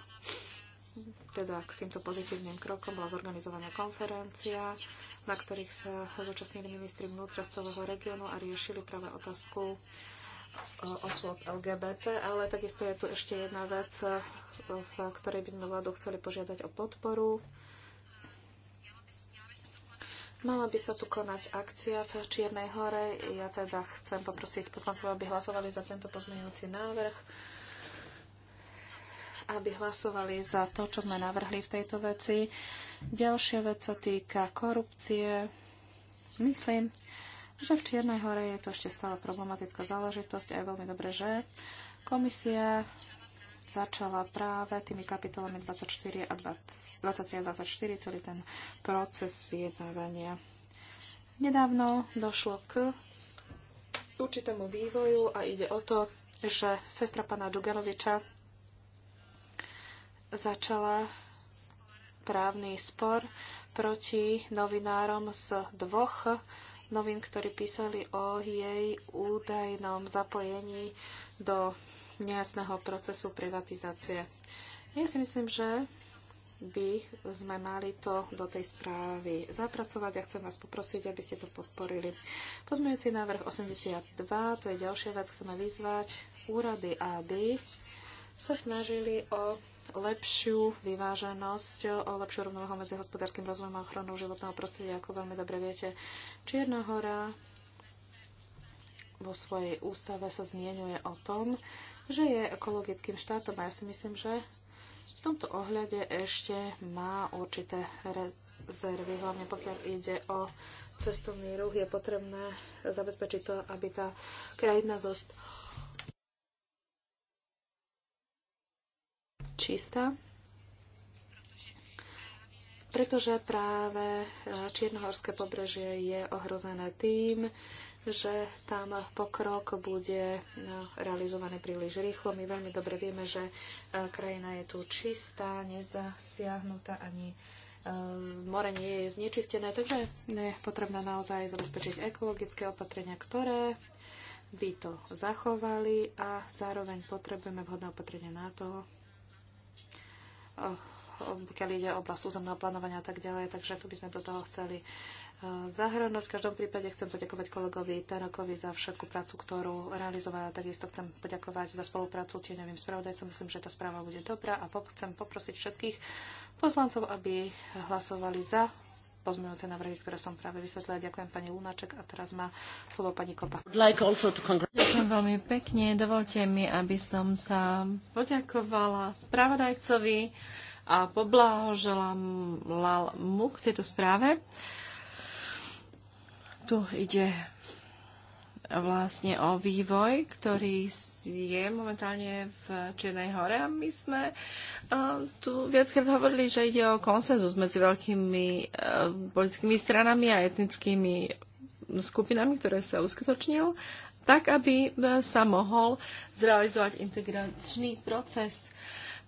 teda k týmto pozitívnym krokom bola zorganizovaná konferencia na ktorých sa zúčastnili ministri vnútra z celého regiónu a riešili práve otázku e, osôb LGBT, ale takisto je tu ešte jedna vec, e, v ktorej by sme vládu chceli požiadať o podporu. Mala by sa tu konať akcia v Čiernej hore. Ja teda chcem poprosiť poslancov, aby hlasovali za tento pozmeňujúci návrh aby hlasovali za to, čo sme navrhli v tejto veci. Ďalšia vec sa týka korupcie. Myslím, že v Čiernej hore je to ešte stále problematická záležitosť a je veľmi dobré, že komisia začala práve tými kapitolami 24 a 20, 23 a 24 celý ten proces vyjednávania. Nedávno došlo k určitému vývoju a ide o to, že sestra pana Duganoviča začala právny spor proti novinárom z dvoch novín, ktorí písali o jej údajnom zapojení do nejasného procesu privatizácie. Ja si myslím, že by sme mali to do tej správy zapracovať a ja chcem vás poprosiť, aby ste to podporili. Pozmejúci návrh 82, to je ďalšia vec, chceme vyzvať úrady, aby sa snažili o lepšiu vyváženosť, o lepšiu rovnováhu medzi hospodárskym rozvojom a ochranou životného prostredia, ako veľmi dobre viete. Čierna hora vo svojej ústave sa zmienuje o tom, že je ekologickým štátom a ja si myslím, že v tomto ohľade ešte má určité rezervy, hlavne pokiaľ ide o cestovný ruch, je potrebné zabezpečiť to, aby tá krajina zostala čistá, pretože práve e, Čiernohorské pobrežie je ohrozené tým, že tam pokrok bude e, realizovaný príliš rýchlo. My veľmi dobre vieme, že e, krajina je tu čistá, nezasiahnutá ani more nie je znečistené, takže je potrebné naozaj zabezpečiť ekologické opatrenia, ktoré by to zachovali a zároveň potrebujeme vhodné opatrenia na to, pokiaľ ide o oblasť územného plánovania a tak ďalej, takže tu by sme do toho chceli e, zahrnúť. V každom prípade chcem poďakovať kolegovi Tanakovi za všetku prácu, ktorú realizovala. Takisto chcem poďakovať za spoluprácu tieňovým spravodajcom. Myslím, že tá správa bude dobrá a chcem poprosiť všetkých poslancov, aby hlasovali za pozmeňujúce návrhy, ktoré som práve vysvetlila. Ďakujem pani Lunaček a teraz má slovo pani Kopa. Like Ďakujem veľmi pekne. Dovolte mi, aby som sa poďakovala spravodajcovi a poblahoželala mu k tejto správe. Tu ide vlastne o vývoj, ktorý je momentálne v Čiernej hore a my sme eh, tu viackrát hovorili, že ide o konsenzus medzi veľkými eh, politickými stranami a etnickými skupinami, ktoré sa uskutočnil, tak aby eh, sa mohol zrealizovať integračný proces.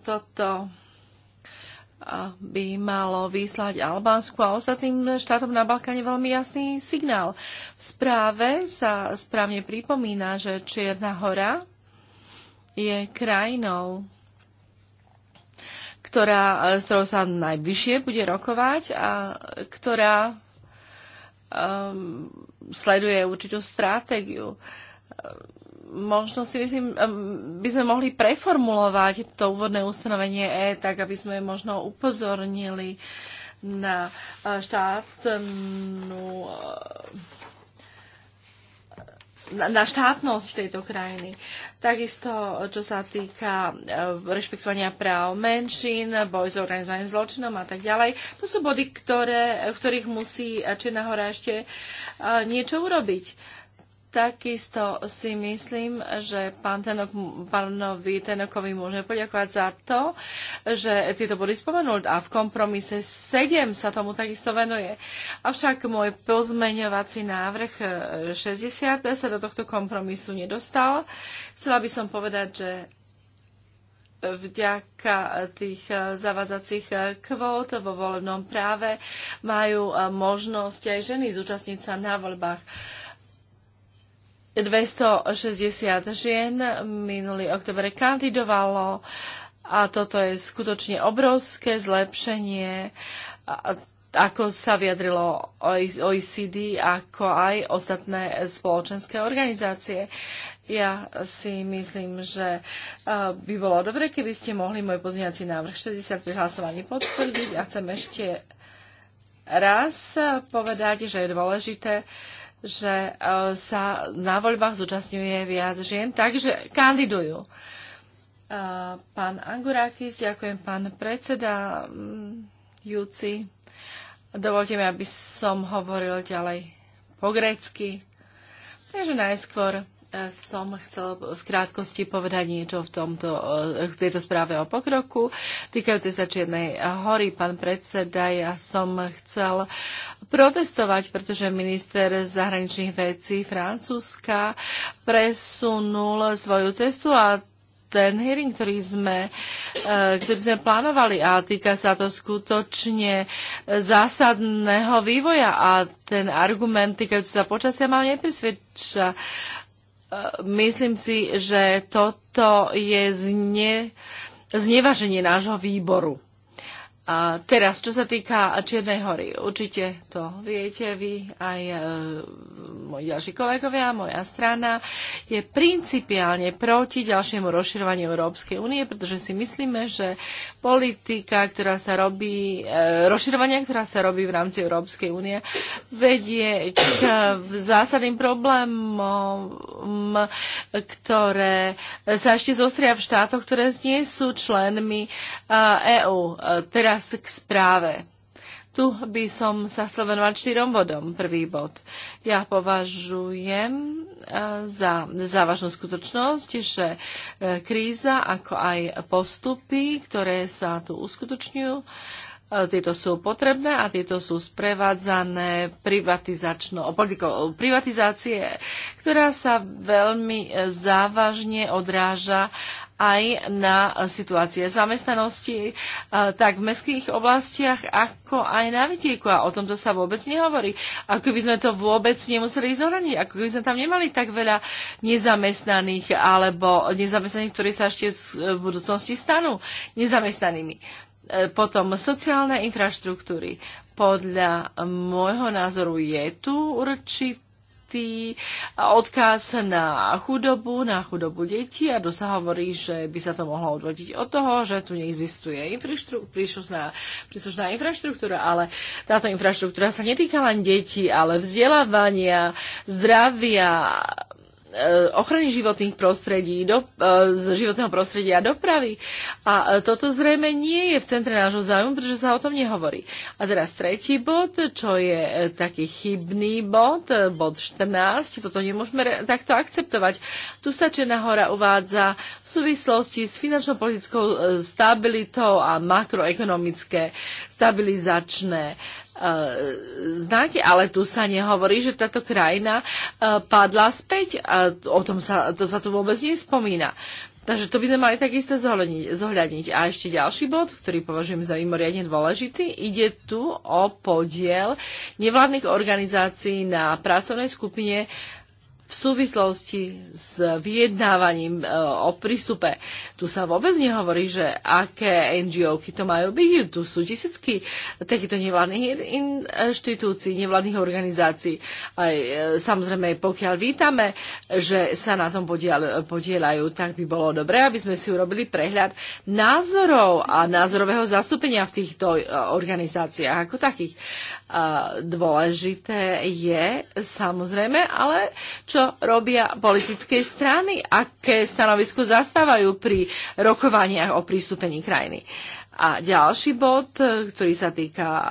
Toto by malo vyslať Albánsku a ostatným štátom na Balkáne veľmi jasný signál. V správe sa správne pripomína, že Čierna hora je krajinou, ktorá, s ktorou sa najbližšie bude rokovať a ktorá um, sleduje určitú stratégiu. Um, možno si myslím, by sme mohli preformulovať to úvodné ustanovenie E, tak aby sme možno upozornili na e, štátnu e, na štátnosť tejto krajiny. Takisto, čo sa týka e, rešpektovania práv menšín, boj s organizovaným zločinom a tak ďalej, to sú body, ktoré, v ktorých musí Čierna hora ešte niečo urobiť Takisto si myslím, že pán Tenok, pánovi Tenokovi môžeme poďakovať za to, že tieto body spomenul a v kompromise 7 sa tomu takisto venuje. Avšak môj pozmeňovací návrh 60 e, sa do tohto kompromisu nedostal. Chcela by som povedať, že vďaka tých e, zavadzacích e, kvót vo voľnom práve majú možnosť aj ženy zúčastniť sa na voľbách 260 žien minulý oktober kandidovalo a toto je skutočne obrovské zlepšenie, ako sa vyjadrilo OECD, ako aj ostatné spoločenské organizácie. Ja si myslím, že by bolo dobre, keby ste mohli môj pozňací návrh 60 pri hlasovaní potvrdiť a chcem ešte raz povedať, že je dôležité, že e, sa na voľbách zúčastňuje viac žien, takže kandidujú. E, pán Angurakis, ďakujem pán predseda mm, Júci. Dovolte mi, aby som hovoril ďalej po grécky. Takže najskôr e, som chcel v krátkosti povedať niečo v, tomto, v tejto správe o pokroku. Týkajúce sa Čiernej hory, pán predseda, ja som chcel protestovať, pretože minister zahraničných vecí Francúzska presunul svoju cestu a ten hearing, ktorý sme, e, ktorý sme plánovali a týka sa to skutočne zásadného vývoja a ten argument týkajúci sa počasia mám neprisvedča. E, myslím si, že toto je zne, znevaženie nášho výboru. A teraz, čo sa týka Čiernej hory, určite to viete vy, aj e, moji ďalší kolegovia, moja strana je principiálne proti ďalšiemu rozširovaniu Európskej únie, pretože si myslíme, že politika, ktorá sa robí, e, rozširovania, ktorá sa robí v rámci Európskej únie, vedie k zásadným problémom, ktoré sa ešte zostria v štátoch, ktoré nie sú členmi EÚ. E e, teraz teraz k správe. Tu by som sa chcel venovať štyrom bodom. Prvý bod. Ja považujem eh, za závažnú skutočnosť, že eh, kríza, ako aj postupy, ktoré sa tu uskutočňujú, E, tieto sú potrebné a tieto sú sprevádzané privatizácie, ktorá sa veľmi e, závažne odráža aj na situácie zamestnanosti, e, tak v mestských oblastiach, ako aj na vidieku. A o tomto sa vôbec nehovorí. Ako by sme to vôbec nemuseli zohraniť, ako by sme tam nemali tak veľa nezamestnaných alebo nezamestnaných, ktorí sa ešte v budúcnosti stanú nezamestnanými. E, potom sociálne infraštruktúry. Podľa môjho názoru je tu určitý odkaz na chudobu, na chudobu detí a dosa hovorí, že by sa to mohlo odvodiť od toho, že tu neexistuje príslušná, príslušná infraštruktúra, ale táto infraštruktúra sa netýka len detí, ale vzdelávania, zdravia, Eh, ochrany životných prostredí, do, eh, z životného prostredia a dopravy. A eh, toto zrejme nie je v centre nášho záujmu, pretože sa o tom nehovorí. A teraz tretí bod, čo je taký chybný bod, bod 14, toto nemôžeme takto akceptovať. Tu sa Čena hora uvádza v súvislosti s finančno-politickou stabilitou a makroekonomické stabilizačné E, znak, ale tu sa nehovorí, že táto krajina e, padla späť a o tom sa, to sa tu vôbec nespomína. Takže to by sme mali takisto zohľadniť. A ešte ďalší bod, ktorý považujem za mimoriadne dôležitý, ide tu o podiel nevládnych organizácií na pracovnej skupine uh, v súvislosti s vyjednávaním e, o prístupe. Tu sa vôbec nehovorí, že aké NGO to majú byť. Tu sú tisícky takýchto nevládnych inštitúcií, nevládnych organizácií. Aj, e, samozrejme, pokiaľ vítame, že sa na tom podiel, podielajú, tak by bolo dobré, aby sme si urobili prehľad názorov a názorového zastúpenia v týchto e, organizáciách ako takých. Dôležité je samozrejme, ale čo čo robia politické strany, aké stanovisko zastávajú pri rokovaniach o prístupení krajiny. A ďalší bod, e, ktorý sa týka e,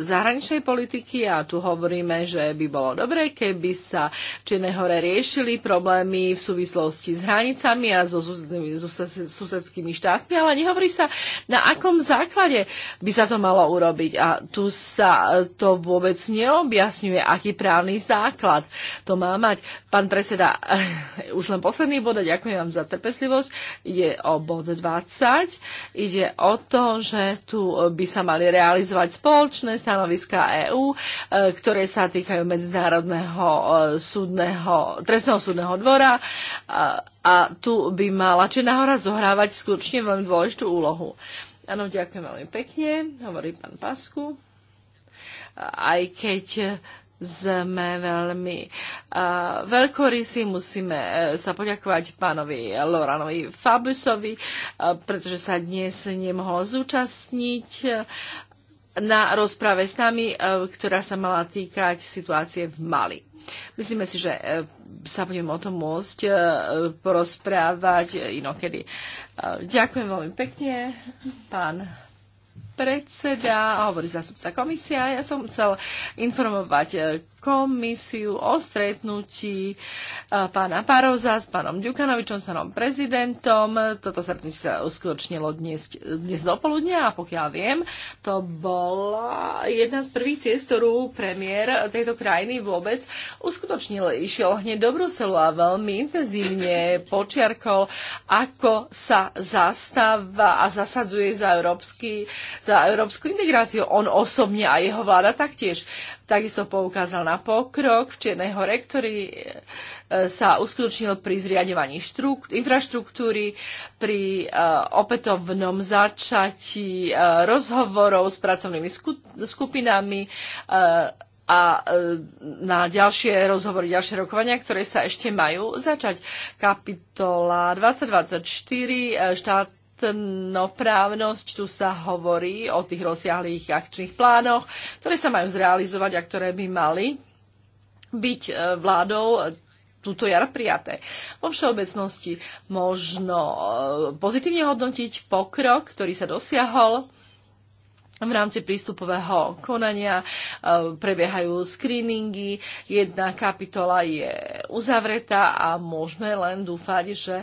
zahraničnej politiky, a tu hovoríme, že by bolo dobre, keby sa v Čiernej hore riešili problémy v súvislosti s hranicami a so susedskými štátmi, ale nehovorí sa, na akom základe by sa to malo urobiť. A tu sa e, to vôbec neobjasňuje, aký právny základ to má mať. Pán predseda, už len posledný bod a ďakujem vám za trpeslivosť. Ide o bod 20. Ide o to, to, že tu e, by sa mali realizovať spoločné stanoviska EÚ, e, ktoré sa týkajú Medzinárodného e, súdneho, trestného súdneho dvora a tu by mala Čierna hora zohrávať skutočne veľmi dôležitú úlohu. Áno, ďakujem veľmi pekne, hovorí pán Pasku. Aj keď sme veľmi uh, veľkorysí. Musíme uh, sa poďakovať pánovi Loranovi Fabusovi, uh, pretože sa dnes nemohol zúčastniť e, na rozprave s nami, ktorá sa mala týkať situácie v Mali. Myslíme si, že sa budeme o tom môcť porozprávať inokedy. Ďakujem veľmi pekne, pán predseda hovorí zástupca komisia. Ja som chcel informovať eh, komisiu o stretnutí e, pána Paroza s pánom Ďukanovičom, s pánom prezidentom. Toto stretnutie sa uskutočnilo dnes, dnes dopoludnia a pokiaľ viem, to bola jedna z prvých ciest, ktorú premiér tejto krajiny vôbec uskutočnil. Išiel hneď do Bruselu a veľmi intenzívne počiarkol, ako sa zastáva a zasadzuje za, európsky, za európsku integráciu. On osobne a jeho vláda taktiež. Takisto poukázal na pokrok v Čiernej hore, ktorý e, sa uskutočnil pri zriadovaní infraštruktúry, pri e, opätovnom začatí e, rozhovorov s pracovnými skupinami a na ďalšie rozhovory, ďalšie rokovania, ktoré sa ešte majú začať. Kapitola 2024, štát, platnoprávnosť. Tu sa hovorí o tých rozsiahlých akčných plánoch, ktoré sa majú zrealizovať a ktoré by mali byť e, vládou túto jar prijaté. Vo všeobecnosti možno e, pozitívne hodnotiť pokrok, ktorý sa dosiahol v rámci prístupového konania e, prebiehajú screeningy, jedna kapitola je uzavretá a môžeme len dúfať, že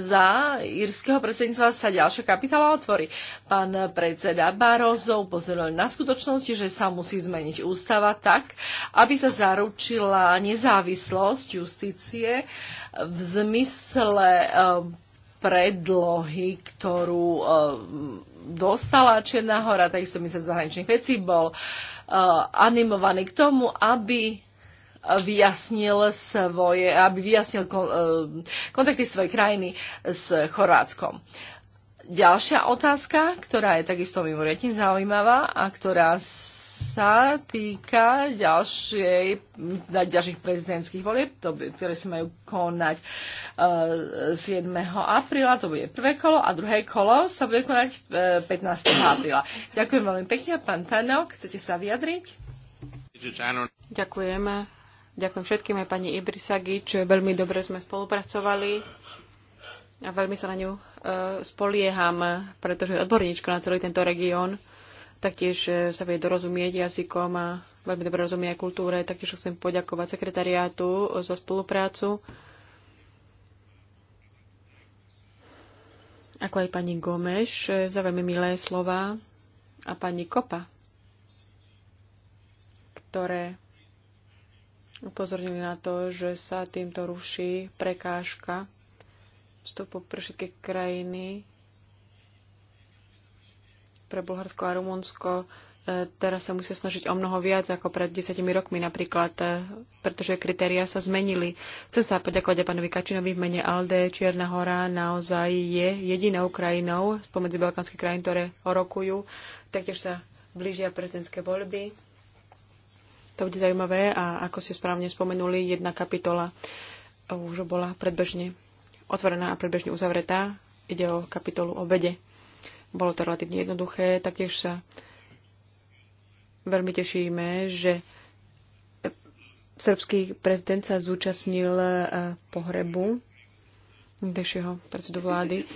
za írskeho predsedníctva sa ďalšia kapitola otvorí. Pán predseda Barozov upozoril na skutočnosti, že sa musí zmeniť ústava tak, aby sa zaručila nezávislosť justície v zmysle eh, predlohy, ktorú eh, dostala Čierna hora, takisto minister zahraničných vecí bol eh, animovaný k tomu, aby vyjasnil svoje, aby vyjasnil eh, kontakty svojej krajiny s Chorvátskom. Ďalšia otázka, ktorá je takisto mimoriadne zaujímavá a ktorá sa týka ďalšej, ďalších prezidentských volieb, ktoré sa majú konať 7. Eh, apríla, to bude prvé kolo a druhé kolo sa bude konať 15. Eh, apríla. Ďakujem veľmi pekne, pán Tanok, chcete sa vyjadriť? Ďakujeme. Ďakujem všetkým aj pani Ibrisagič. Veľmi dobre sme spolupracovali a veľmi sa na ňu e, spolieham, pretože odborníčka na celý tento región taktiež e, sa vie dorozumieť jazykom a veľmi dobre rozumie aj kultúre. Taktiež chcem poďakovať sekretariátu za spoluprácu. Ako aj pani Gomeš e, za veľmi milé slova a pani Kopa, ktoré upozornili na to, že sa týmto ruší prekážka vstupu pre všetky krajiny pre Bulharsko a Rumunsko e, teraz sa musia snažiť o mnoho viac ako pred desiatimi rokmi napríklad, e, pretože kritéria sa zmenili. Chcem sa poďakovať aj pánovi Kačinovi v mene ALDE. Čierna hora naozaj je jedinou krajinou spomedzi balkánskych krajín, ktoré orokujú. Taktiež sa blížia prezidentské voľby. To bude zaujímavé a ako ste správne spomenuli, jedna kapitola už bola predbežne otvorená a predbežne uzavretá. Ide o kapitolu o vede. Bolo to relatívne jednoduché, taktiež sa veľmi tešíme, že srbský prezident sa zúčastnil e, pohrebu dešieho predsedu vlády. E,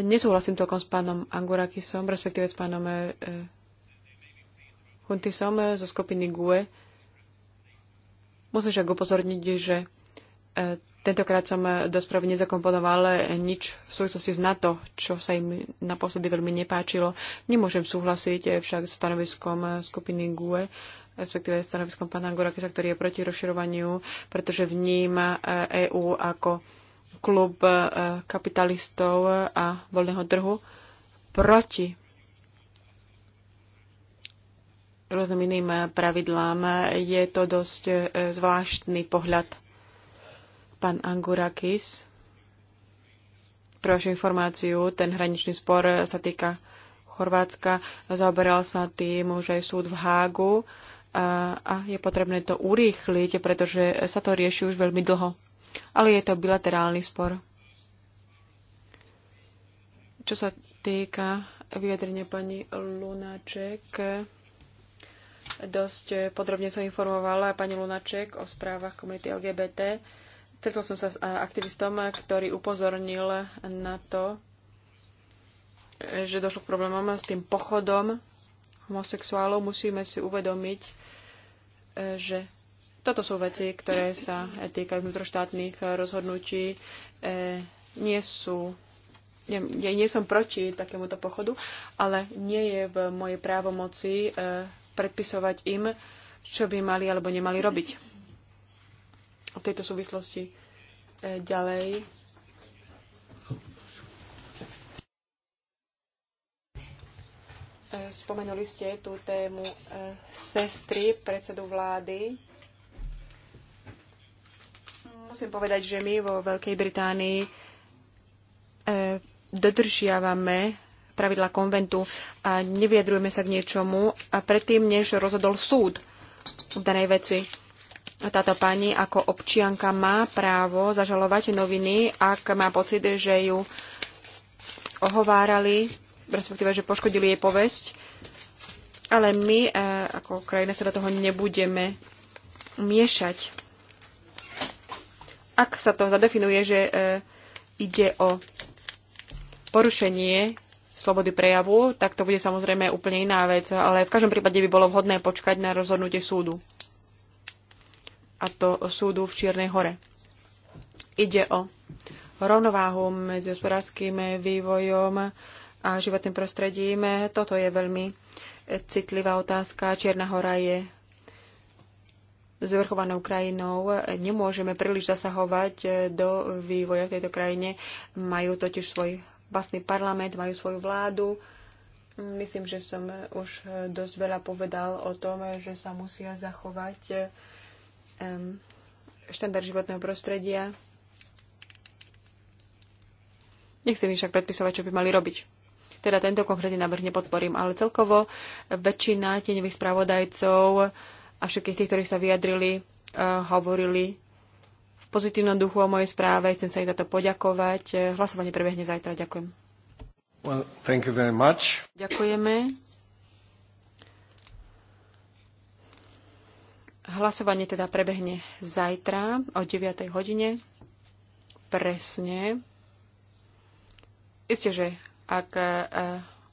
nesúhlasím celkom s pánom Angurakisom, respektíve s pánom e, Huntisom zo skupiny GUE. Musím však upozorniť, že e, tentokrát som e, do správy nezakomponoval e, nič v súvislosti s NATO, čo sa im naposledy veľmi nepáčilo. Nemôžem súhlasiť však s stanoviskom skupiny GUE, respektíve stanoviskom pána Gorakisa, ktorý je proti rozširovaniu, pretože vníma EÚ ako klub kapitalistov a voľného trhu proti rôznym iným pravidlám. Je to dosť e, zvláštny pohľad. Pán Angurakis, pre vašu informáciu, ten hraničný spor sa týka Chorvátska. Zaoberal sa tým už aj súd v Hágu a, a je potrebné to urýchliť, pretože sa to rieši už veľmi dlho. Ale je to bilaterálny spor. Čo sa týka vyjadrenia pani Lunaček, Dosť podrobne som informovala pani Lunaček o správach komunity LGBT. Stretol som sa s aktivistom, ktorý upozornil na to, že došlo k problémom s tým pochodom homosexuálov. Musíme si uvedomiť, že toto sú veci, ktoré sa týkajú vnútroštátnych rozhodnutí. E, nie sú ja, ja nie som proti takémuto pochodu, ale nie je v mojej právomoci e, predpisovať im, čo by mali alebo nemali robiť. V tejto súvislosti e, ďalej e, spomenuli ste tú tému e, sestry predsedu vlády. Musím povedať, že my vo Veľkej Británii dodržiavame pravidla konventu a neviedrujeme sa k niečomu a predtým, než rozhodol súd v danej veci. Táto pani ako občianka má právo zažalovať noviny, ak má pocit, že ju ohovárali, respektíve, že poškodili jej povesť. Ale my e, ako krajina sa do toho nebudeme miešať. Ak sa to zadefinuje, že e, ide o porušenie slobody prejavu, tak to bude samozrejme úplne iná vec, ale v každom prípade by bolo vhodné počkať na rozhodnutie súdu. A to súdu v Čiernej hore. Ide o rovnováhu medzi hospodárským vývojom a životným prostredím. Toto je veľmi citlivá otázka. Čierna hora je zvrchovanou krajinou. Nemôžeme príliš zasahovať do vývoja v tejto krajine. Majú totiž svoj vlastný parlament, majú svoju vládu. Myslím, že som už dosť veľa povedal o tom, že sa musia zachovať štandard životného prostredia. Nechcem však predpisovať, čo by mali robiť. Teda tento konkrétny návrh nepodporím, ale celkovo väčšina tieňových spravodajcov a všetkých tých, ktorí sa vyjadrili, eh, hovorili pozitívnom duchu o mojej správe. Chcem sa ich za to poďakovať. Hlasovanie prebehne zajtra. Ďakujem. Well, thank you very much. Ďakujeme. Hlasovanie teda prebehne zajtra o 9. hodine. Presne. Isté, že ak e,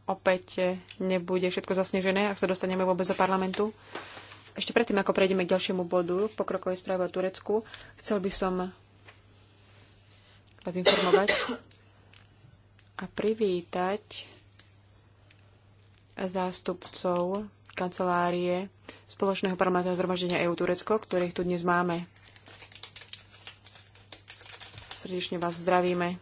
opäť nebude všetko zasnežené, ak sa dostaneme vôbec do parlamentu, ešte predtým, ako prejdeme k ďalšiemu bodu, pokrokovej správe o Turecku, chcel by som vás informovať a privítať zástupcov kancelárie Spoločného parlamentného zhromaždenia EU Turecko, ktorých tu dnes máme. Srdečne vás zdravíme.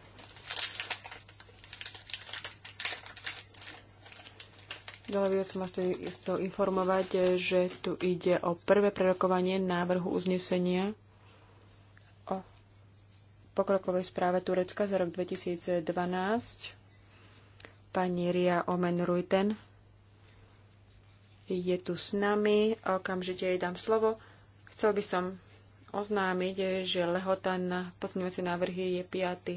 Zároveň som vás chcel informovať, že tu ide o prvé prerokovanie návrhu uznesenia o pokrokovej správe Turecka za rok 2012. Pani Ria Omen Ruiten je tu s nami. Okamžite jej dám slovo. Chcel by som oznámiť, že lehota na pozmeňovacie návrhy je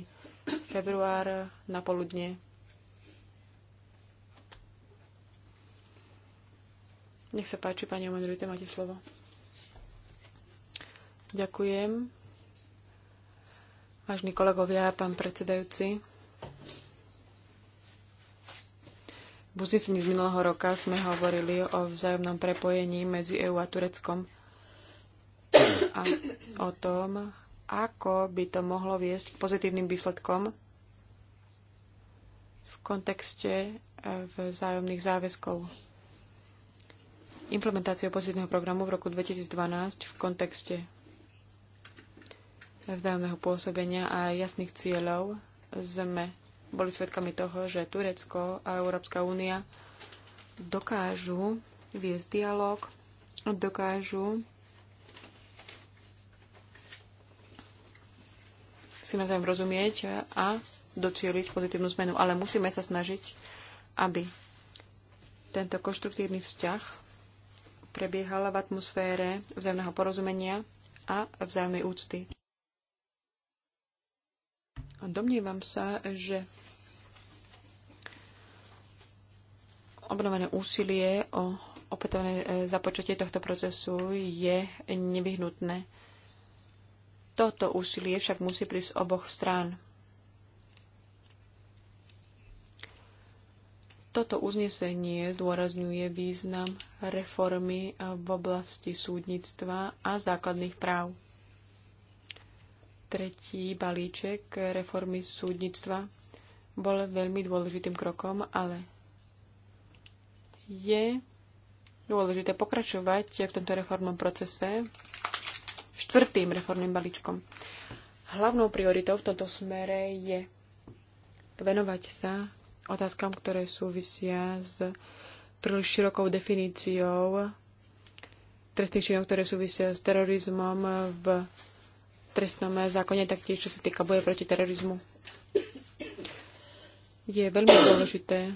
5. február na poludne. Nech sa páči, pani Omenrujte, máte slovo. Ďakujem. Vážni kolegovia, pán predsedajúci. V uznesení z minulého roka sme hovorili o vzájomnom prepojení medzi EÚ a Tureckom a o tom, ako by to mohlo viesť k pozitívnym výsledkom v kontexte eh, vzájomných záväzkov implementáciou pozitívneho programu v roku 2012 v kontexte vzájomného pôsobenia a jasných cieľov sme boli svedkami toho, že Turecko a Európska únia dokážu viesť dialog, dokážu si navzájom rozumieť a docieliť pozitívnu zmenu. Ale musíme sa snažiť, aby tento konštruktívny vzťah prebiehala v atmosfére vzájomného porozumenia a vzájomnej úcty. Domnievam sa, že obnovené úsilie o opätovné e, započatie tohto procesu je nevyhnutné. Toto úsilie však musí prísť z oboch strán. Toto uznesenie zdôrazňuje význam reformy v oblasti súdnictva a základných práv. Tretí balíček reformy súdnictva bol veľmi dôležitým krokom, ale je dôležité pokračovať v tomto reformnom procese štvrtým reformným balíčkom. Hlavnou prioritou v tomto smere je venovať sa otázkam, ktoré súvisia s príliš širokou definíciou trestných činov, ktoré súvisia s terorizmom v trestnom zákone, taktiež čo sa týka boja proti terorizmu. Je veľmi dôležité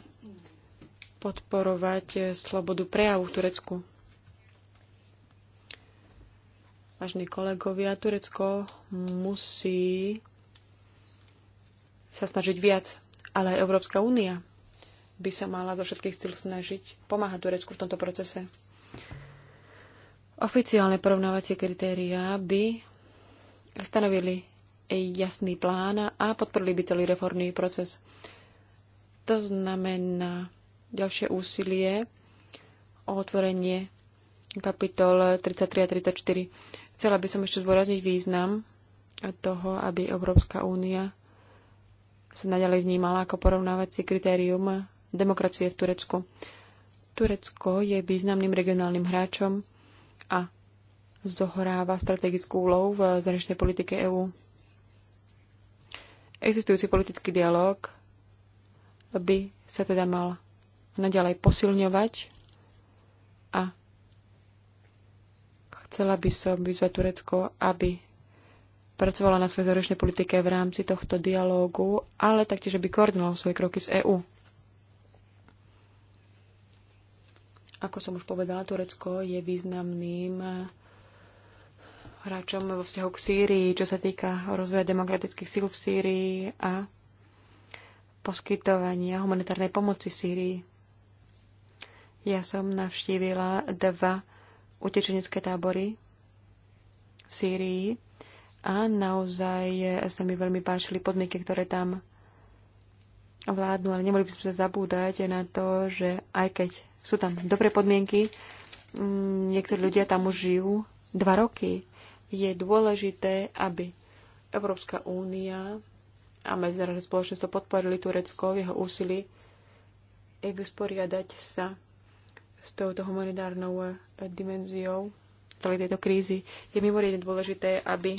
podporovať slobodu prejavu v Turecku. Vážení kolegovia, Turecko musí sa snažiť viac ale aj Európska únia by sa mala zo všetkých síl snažiť pomáhať Turecku v tomto procese. Oficiálne porovnávacie kritériá by stanovili jasný plán a podporili by celý reformný proces. To znamená ďalšie úsilie o otvorenie kapitol 33 a 34. Chcela by som ešte zvorazniť význam toho, aby Európska únia sa naďalej vnímala ako porovnávacie kritérium demokracie v Turecku. Turecko je významným regionálnym hráčom a zohráva strategickú úlohu v zahraničnej politike EÚ. Existujúci politický dialog by sa teda mal naďalej posilňovať a chcela by som vyzvať Turecko, aby pracovala na svojej zahraničnej politike v rámci tohto dialógu, ale taktiež, aby koordinoval svoje kroky z EÚ. Ako som už povedala, Turecko je významným eh, hráčom vo vzťahu k Sýrii, čo sa týka rozvoja demokratických síl v Sýrii a poskytovania humanitárnej pomoci Sýrii. Ja som navštívila dva utečenecké tábory v Sýrii a naozaj e, sa mi veľmi páčili podmienky, ktoré tam vládnu, ale nemohli by sme sa zabúdať na to, že aj keď sú tam dobré podmienky, niektorí ľudia tam už žijú dva roky. Je dôležité, aby Európska únia a medzinárodné spoločenstvo podporili Turecko v jeho úsilí vysporiadať sa s touto humanitárnou e, dimenziou celej tejto krízy. Je mimoriadne dôležité, aby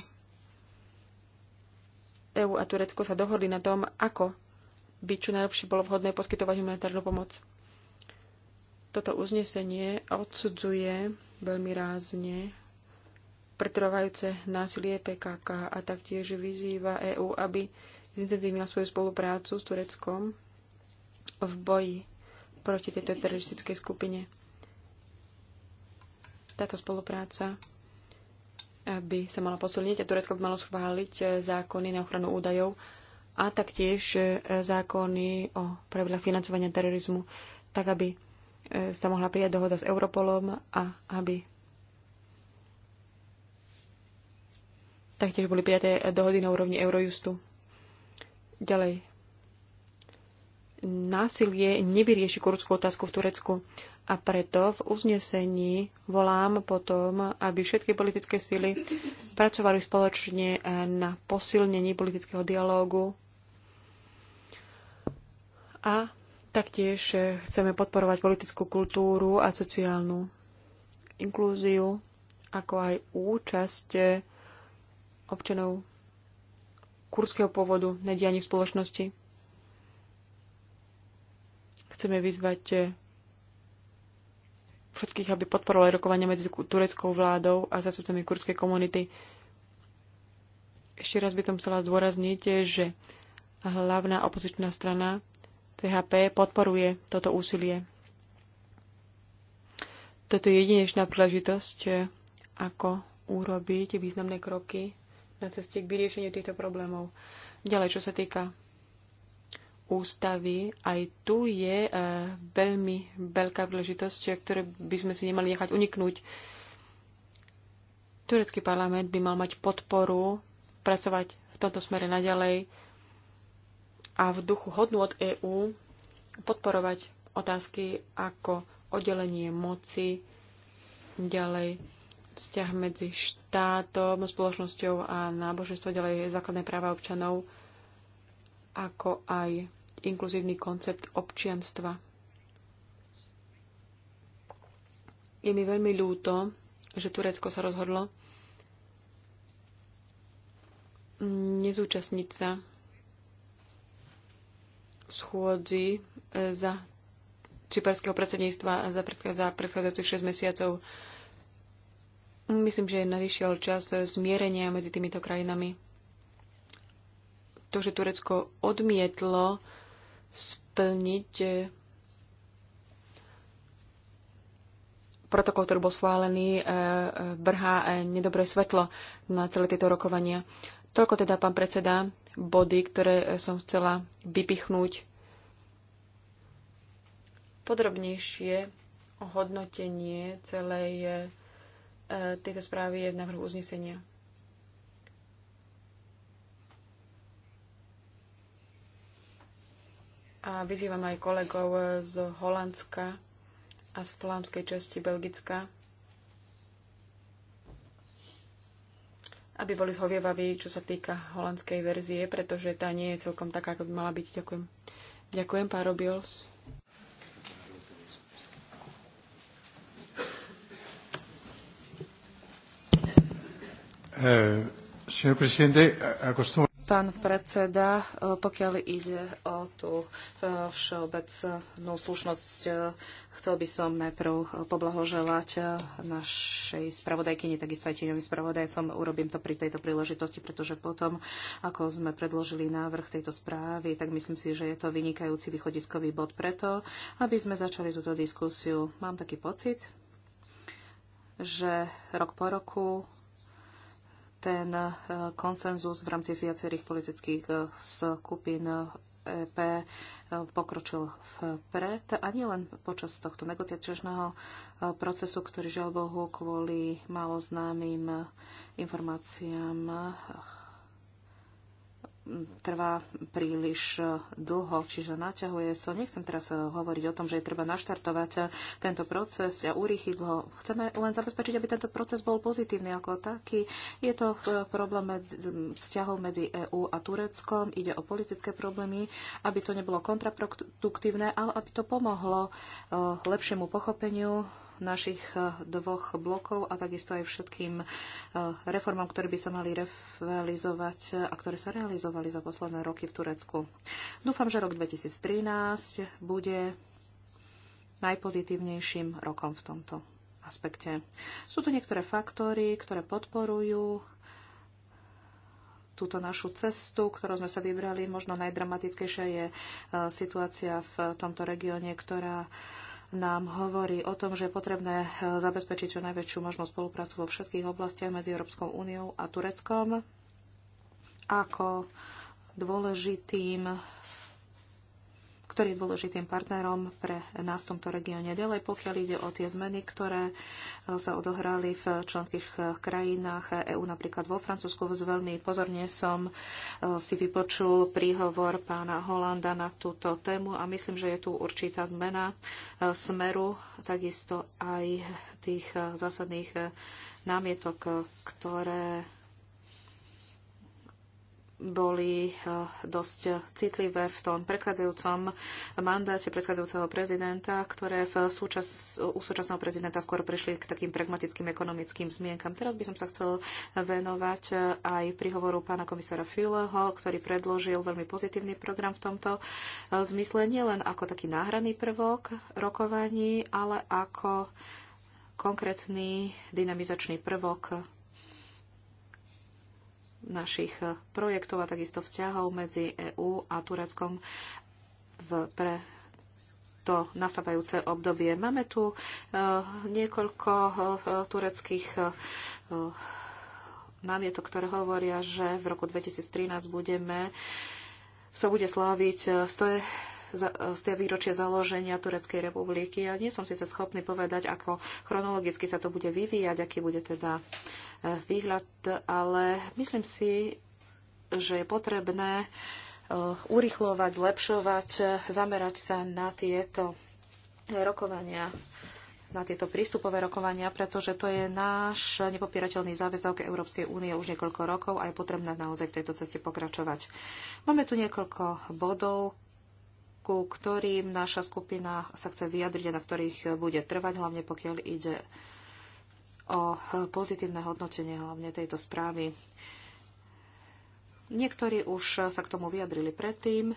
EÚ a Turecko sa dohodli na tom, ako by čo najlepšie bolo vhodné poskytovať humanitárnu pomoc. Toto uznesenie odsudzuje veľmi rázne pretrvajúce násilie PKK a taktiež vyzýva EÚ, aby zintenzívnila svoju spoluprácu s Tureckom v boji proti tejto teroristickej skupine. Táto spolupráca by sa mala posilniť a Turecko by malo schváliť eh, zákony na ochranu údajov a taktiež eh, zákony o pravidlách financovania terorizmu, tak aby eh, sa mohla prijať dohoda s Europolom a aby taktiež boli prijaté dohody na úrovni Eurojustu. Ďalej. Násilie nevyrieši kurdskú otázku v Turecku a preto v uznesení volám potom, aby všetky politické síly pracovali spoločne eh, na posilnení politického dialógu a taktiež eh, chceme podporovať politickú kultúru a sociálnu inklúziu, ako aj účasť eh, občanov kurského pôvodu na dianí spoločnosti. Chceme vyzvať všetkých, aby podporovali rokovania medzi tureckou vládou a zastupcami kurdskej komunity. Ešte raz by som chcela zdôrazniť, že hlavná opozičná strana CHP podporuje toto úsilie. Toto je jedinečná príležitosť, eh, ako urobiť významné kroky na ceste k vyriešeniu týchto problémov. Ďalej, čo sa týka ústavy, aj tu je eh, veľmi veľká príležitosť, ktoré by sme si nemali nechať uniknúť. Turecký parlament by mal mať podporu pracovať v tomto smere naďalej a v duchu hodnú od EÚ podporovať otázky ako oddelenie moci, ďalej vzťah medzi štátom, spoločnosťou a náboženstvom, ďalej základné práva občanov, ako aj inkluzívny koncept občianstva. Je mi veľmi ľúto, že Turecko sa rozhodlo nezúčastniť sa schôdzi e, za cyperského predsedníctva za, za predchádzajúcich 6 mesiacov. Myslím, že nadišiel čas zmierenia medzi týmito krajinami. To, že Turecko odmietlo splniť eh, protokol, ktorý bol schválený, eh, eh, brhá nedobré svetlo na celé tieto rokovania. Toľko teda, pán predseda, body, ktoré som chcela vypichnúť podrobnejšie hodnotenie celej tejto správy je v návrhu uznesenia. a vyzývam aj kolegov e, z Holandska a z flámskej časti Belgicka, aby boli zhovievaví, čo sa týka holandskej verzie, pretože tá nie je celkom taká, ako by mala byť. Ďakujem. Ďakujem, pán Robils. Uh, eh, pán predseda. E, pokiaľ ide o tú e, všeobecnú slušnosť, e, chcel by som najprv poblahoželať našej spravodajkyni, takisto aj tieňovým spravodajcom. Urobím to pri tejto príležitosti, pretože potom, ako sme predložili návrh tejto správy, tak myslím si, že je to vynikajúci východiskový bod preto, aby sme začali túto diskusiu. Mám taký pocit, že rok po roku ten eh, konsenzus v rámci viacerých politických eh, skupín EP eh, e pokročil vpred a len počas tohto negociačného procesu, ktorý žiaľ Bohu kvôli málo známym informáciám trvá príliš e, dlho, čiže naťahuje sa. So. Nechcem teraz e, hovoriť o tom, že je treba naštartovať e, tento proces a urýchliť ho. Chceme len zabezpečiť, aby tento proces bol pozitívny ako taký. Je to problém vzťahov medzi EÚ a Tureckom, ide o politické problémy, aby to nebolo kontraproduktívne, ale aby to pomohlo lepšiemu pochopeniu našich e, dvoch blokov a takisto aj všetkým e, reformám, ktoré by sa mali realizovať a ktoré sa realizovali za posledné roky v Turecku. Dúfam, že rok 2013 bude najpozitívnejším rokom v tomto aspekte. Sú tu niektoré faktory, ktoré podporujú túto našu cestu, ktorú sme sa vybrali. Možno najdramatickejšia je e, situácia v tomto regióne, ktorá nám hovorí o tom, že je potrebné eh, zabezpečiť čo najväčšiu možnú spoluprácu vo všetkých oblastiach medzi Európskou úniou a Tureckom ako dôležitým ktorý je dôležitým partnerom pre nás v tomto regióne. Ďalej, pokiaľ ide o tie zmeny, ktoré e, sa odohrali v členských e, krajinách EÚ, napríklad vo Francúzsku, veľmi pozorne som e, si vypočul príhovor pána Holanda na túto tému a myslím, že je tu určitá zmena smeru, takisto aj tých zásadných námietok, ktoré boli eh, dosť citlivé v tom predchádzajúcom mandáte predchádzajúceho prezidenta, ktoré v súčas, u súčasného prezidenta skôr prišli k takým pragmatickým ekonomickým zmienkam. Teraz by som sa chcel venovať eh, aj prihovoru pána komisára Fileho, ktorý predložil veľmi pozitívny program v tomto eh, zmysle, nielen ako taký náhradný prvok rokovaní, ale ako konkrétny dynamizačný prvok našich eh, projektov a takisto vzťahov medzi EÚ a Tureckom v pre to nastávajúce obdobie. Máme tu eh, niekoľko eh, tureckých námietok, ktoré hovoria, že v roku 2013 budeme sa bude sláviť 100 z tie výročie založenia Tureckej republiky. Ja nie som síce schopný povedať, ako chronologicky sa to bude vyvíjať, aký bude teda e, výhľad, ale myslím si, že je potrebné e, urychlovať, zlepšovať, zamerať sa na tieto rokovania na tieto prístupové rokovania, pretože to je náš nepopierateľný záväzok Európskej únie už niekoľko rokov a je potrebné naozaj v tejto ceste pokračovať. Máme tu niekoľko bodov, ku ktorým naša skupina sa chce vyjadriť a na ktorých bude trvať, hlavne pokiaľ ide o pozitívne hodnotenie hlavne tejto správy. Niektorí už sa k tomu vyjadrili predtým,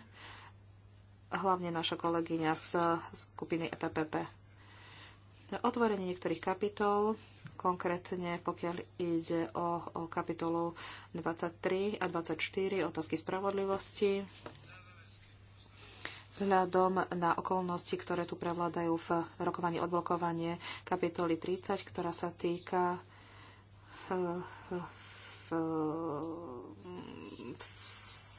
hlavne naša kolegyňa z skupiny EPPP. Otvorenie niektorých kapitol, konkrétne pokiaľ ide o, o kapitolu 23 a 24, otázky spravodlivosti, vzhľadom na okolnosti, ktoré tu prevládajú v rokovaní odblokovanie kapitoly 30, ktorá sa týka eh,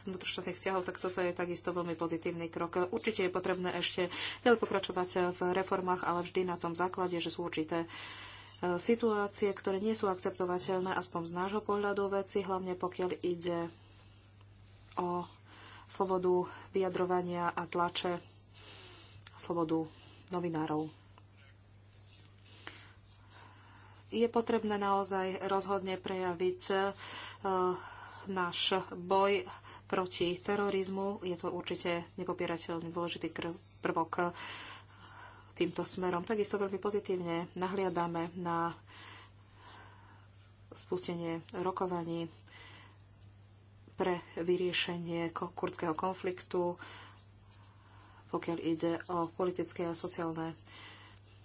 vnútroštátnych vzťahov, tak toto je takisto veľmi pozitívny krok. Určite je potrebné ešte ďalej pokračovať v reformách, ale vždy na tom základe, že sú určité eh, situácie, ktoré nie sú akceptovateľné, aspoň z nášho pohľadu veci, hlavne pokiaľ ide o slobodu vyjadrovania a tlače, slobodu novinárov. Je potrebné naozaj rozhodne prejaviť e, náš boj proti terorizmu. Je to určite nepopierateľný dôležitý prvok e, týmto smerom. Takisto veľmi pozitívne nahliadame na spustenie rokovaní pre vyriešenie kurdského konfliktu, pokiaľ ide o politické a sociálne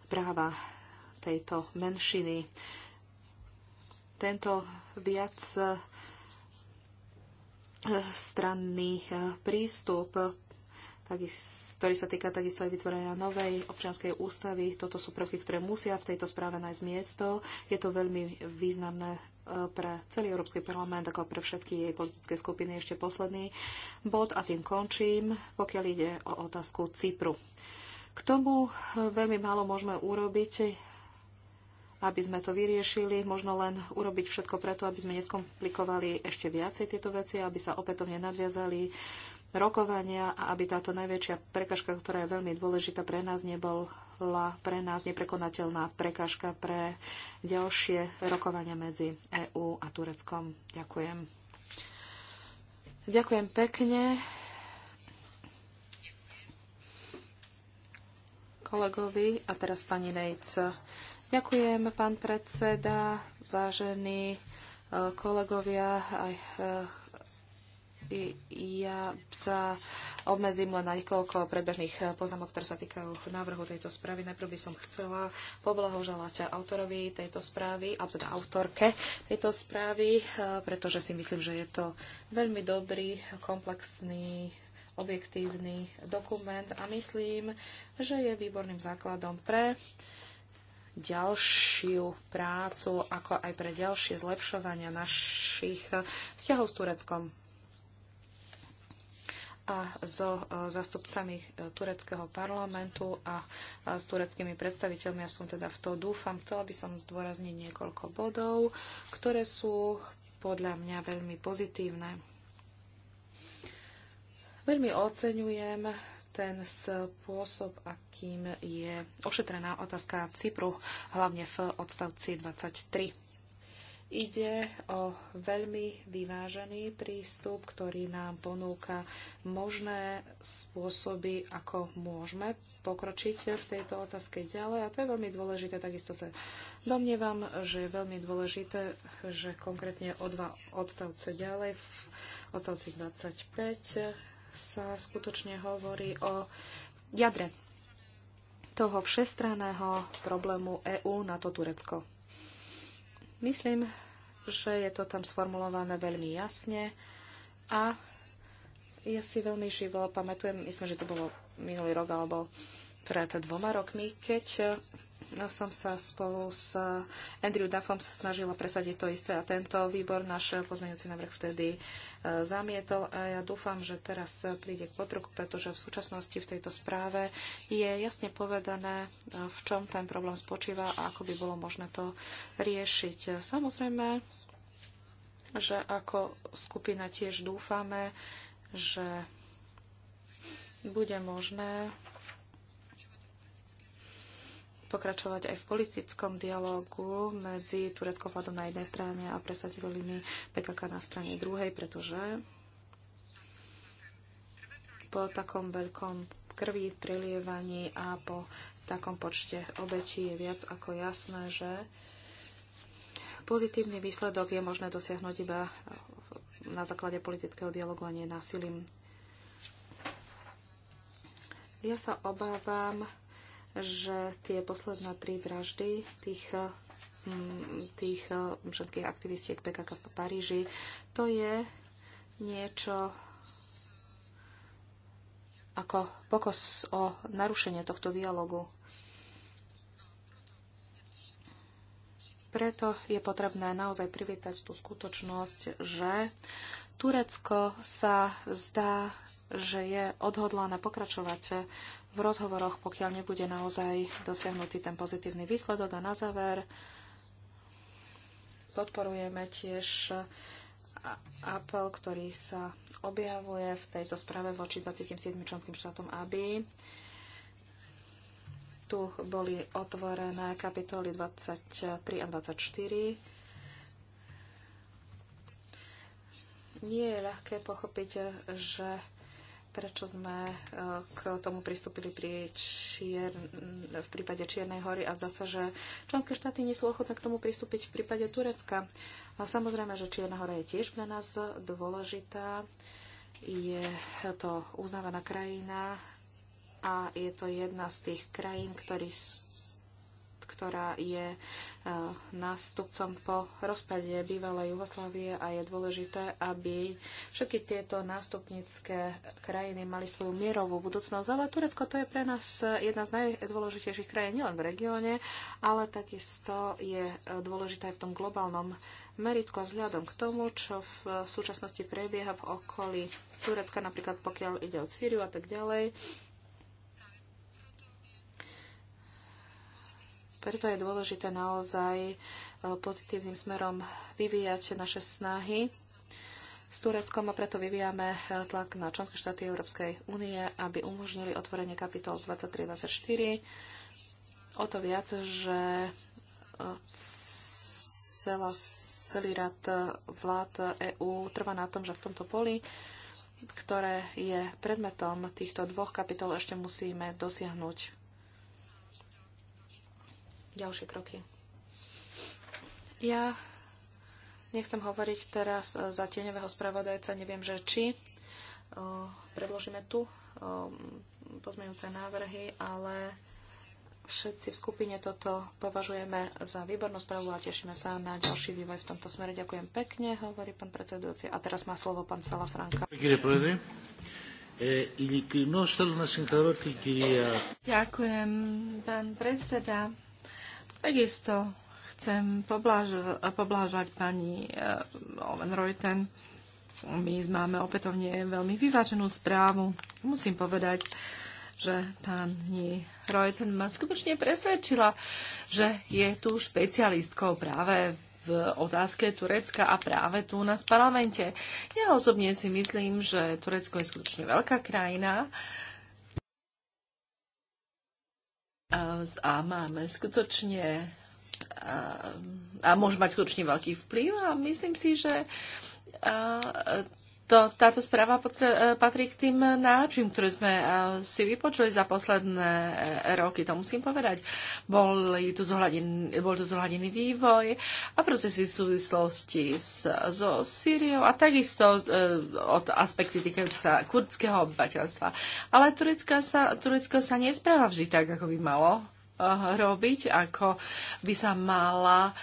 práva tejto menšiny. Tento viac eh, stranný eh, prístup, ktorý sa týka takisto aj vytvorenia novej občianskej ústavy. Toto sú prvky, ktoré musia v tejto správe nájsť miesto. Je to veľmi významné pre celý Európsky parlament, ako pre všetky jej politické skupiny. Ešte posledný bod a tým končím, pokiaľ ide o otázku Cypru. K tomu veľmi málo môžeme urobiť, aby sme to vyriešili, možno len urobiť všetko preto, aby sme neskomplikovali ešte viacej tieto veci, aby sa opätovne nadviazali rokovania a aby táto najväčšia prekažka, ktorá je veľmi dôležitá pre nás, nebola pre nás neprekonateľná prekažka pre ďalšie rokovania medzi EÚ a Tureckom. Ďakujem. Ďakujem pekne kolegovi a teraz pani Nejc. Ďakujem, pán predseda, vážení eh, kolegovia, aj eh, ja sa obmedzím len na niekoľko predbežných poznámok, ktoré sa týkajú návrhu tejto správy. Najprv by som chcela poblahoželať autorovi tejto správy, alebo teda autorke tejto správy, eh, pretože si myslím, že je to veľmi dobrý, komplexný objektívny dokument a myslím, že je výborným základom pre ďalšiu prácu, ako aj pre ďalšie zlepšovania našich vzťahov s Tureckom a so e, zastupcami e, tureckého parlamentu a s tureckými predstaviteľmi, aspoň teda v to dúfam. Chcela by som zdôrazniť niekoľko bodov, ktoré sú podľa mňa veľmi pozitívne. Veľmi oceňujem ten spôsob, akým je ošetrená otázka Cypru, hlavne v odstavci 23 Ide o veľmi vyvážený prístup, ktorý nám ponúka možné spôsoby, ako môžeme pokročiť v tejto otázke ďalej. A to je veľmi dôležité. Takisto sa domnievam, že je veľmi dôležité, že konkrétne o dva odstavce ďalej, v odstavci 25, sa skutočne hovorí o jadre toho všestranného problému EÚ na to Turecko. Myslím, že je to tam sformulované veľmi jasne a ja si veľmi živo pamätujem, myslím, že to bolo minulý rok alebo pred dvoma rokmi, keď som sa spolu s Andrew Duffom sa snažila presadiť to isté a tento výbor náš pozmeňujúci návrh vtedy e, zamietol a ja dúfam, že teraz príde k potruku, pretože v súčasnosti v tejto správe je jasne povedané, e, v čom ten problém spočíva a ako by bolo možné to riešiť. Samozrejme, že ako skupina tiež dúfame, že bude možné pokračovať aj v politickom dialogu medzi tureckou vládou na jednej strane a presaditeľmi PKK na strane druhej, pretože po takom veľkom krvi prelievaní a po takom počte obetí je viac ako jasné, že pozitívny výsledok je možné dosiahnuť iba na základe politického dialogu a nie násilím. Ja sa obávam, že tie posledné tri vraždy tých mm, tých eh, všetkých aktivistiek PKK v Paríži. To je niečo ako pokos o narušenie tohto dialogu. Preto je potrebné naozaj privítať tú skutočnosť, že Turecko sa zdá, že je odhodlané pokračovať v rozhovoroch, pokiaľ nebude naozaj dosiahnutý ten pozitívny výsledok. A na záver podporujeme tiež apel, ktorý sa objavuje v tejto správe voči 27 členským štátom, aby tu boli otvorené kapitoly 23 a 24 nie je ľahké pochopiť, že prečo sme e, k tomu pristúpili pri čier, v prípade Čiernej hory a zdá sa, že členské štáty nie sú ochotné k tomu pristúpiť v prípade Turecka. A samozrejme, že Čierna hora je tiež pre nás dôležitá. Je to uznávaná krajina a je to jedna z tých krajín, ktorý, ktorá je e, nástupcom po rozpade bývalej Jugoslávie a je dôležité, aby všetky tieto nástupnícke krajiny mali svoju mierovú budúcnosť. Ale Turecko to je pre nás jedna z najdôležitejších krajín nielen v regióne, ale takisto je e, dôležité aj v tom globálnom meritku a vzhľadom k tomu, čo v súčasnosti prebieha v okolí Turecka, napríklad pokiaľ ide o Sýriu a tak ďalej. Preto je dôležité naozaj e, pozitívnym smerom vyvíjať naše snahy s Tureckom a preto vyvíjame e, tlak na členské štáty Európskej únie, aby umožnili otvorenie kapitol 23-24. O to viac, že e, celá, celý rad vlád EÚ trvá na tom, že v tomto poli ktoré je predmetom týchto dvoch kapitol, ešte musíme dosiahnuť ďalšie kroky. Ja nechcem hovoriť teraz eh, za tieňového spravodajca, neviem, že či eh, predložíme tu eh, pozmeňujúce návrhy, ale všetci v skupine toto považujeme za výbornú správu a tešíme sa na ďalší vývoj v tomto smere. Ďakujem pekne, hovorí pán predsedujúci. A teraz má slovo pán Sala Franka. Ďakujem, pán predseda. Takisto chcem poblážať pani eh, Owen Reuten. My máme opätovne veľmi vyváženú správu. Musím povedať, že pani Reuten ma skutočne presvedčila, že je tu špecialistkou práve v otázke Turecka a práve tu nás v parlamente. Ja osobne si myslím, že Turecko je skutočne veľká krajina, a máme skutočne a, a môže mať skutočne veľký vplyv a myslím si, že a, to, táto správa potr- e, patrí k tým e, náčim, ktoré sme e, si vypočuli za posledné roky, to musím povedať. Bol tu zohľadený, bol tu zohľadený vývoj a procesy v súvislosti s, so Sýriou a takisto e, od aspekty týkajúce sa kurdského obyvateľstva. Ale Turecko sa, Turecko sa nespráva vždy tak, ako by malo robiť, ako by sa mala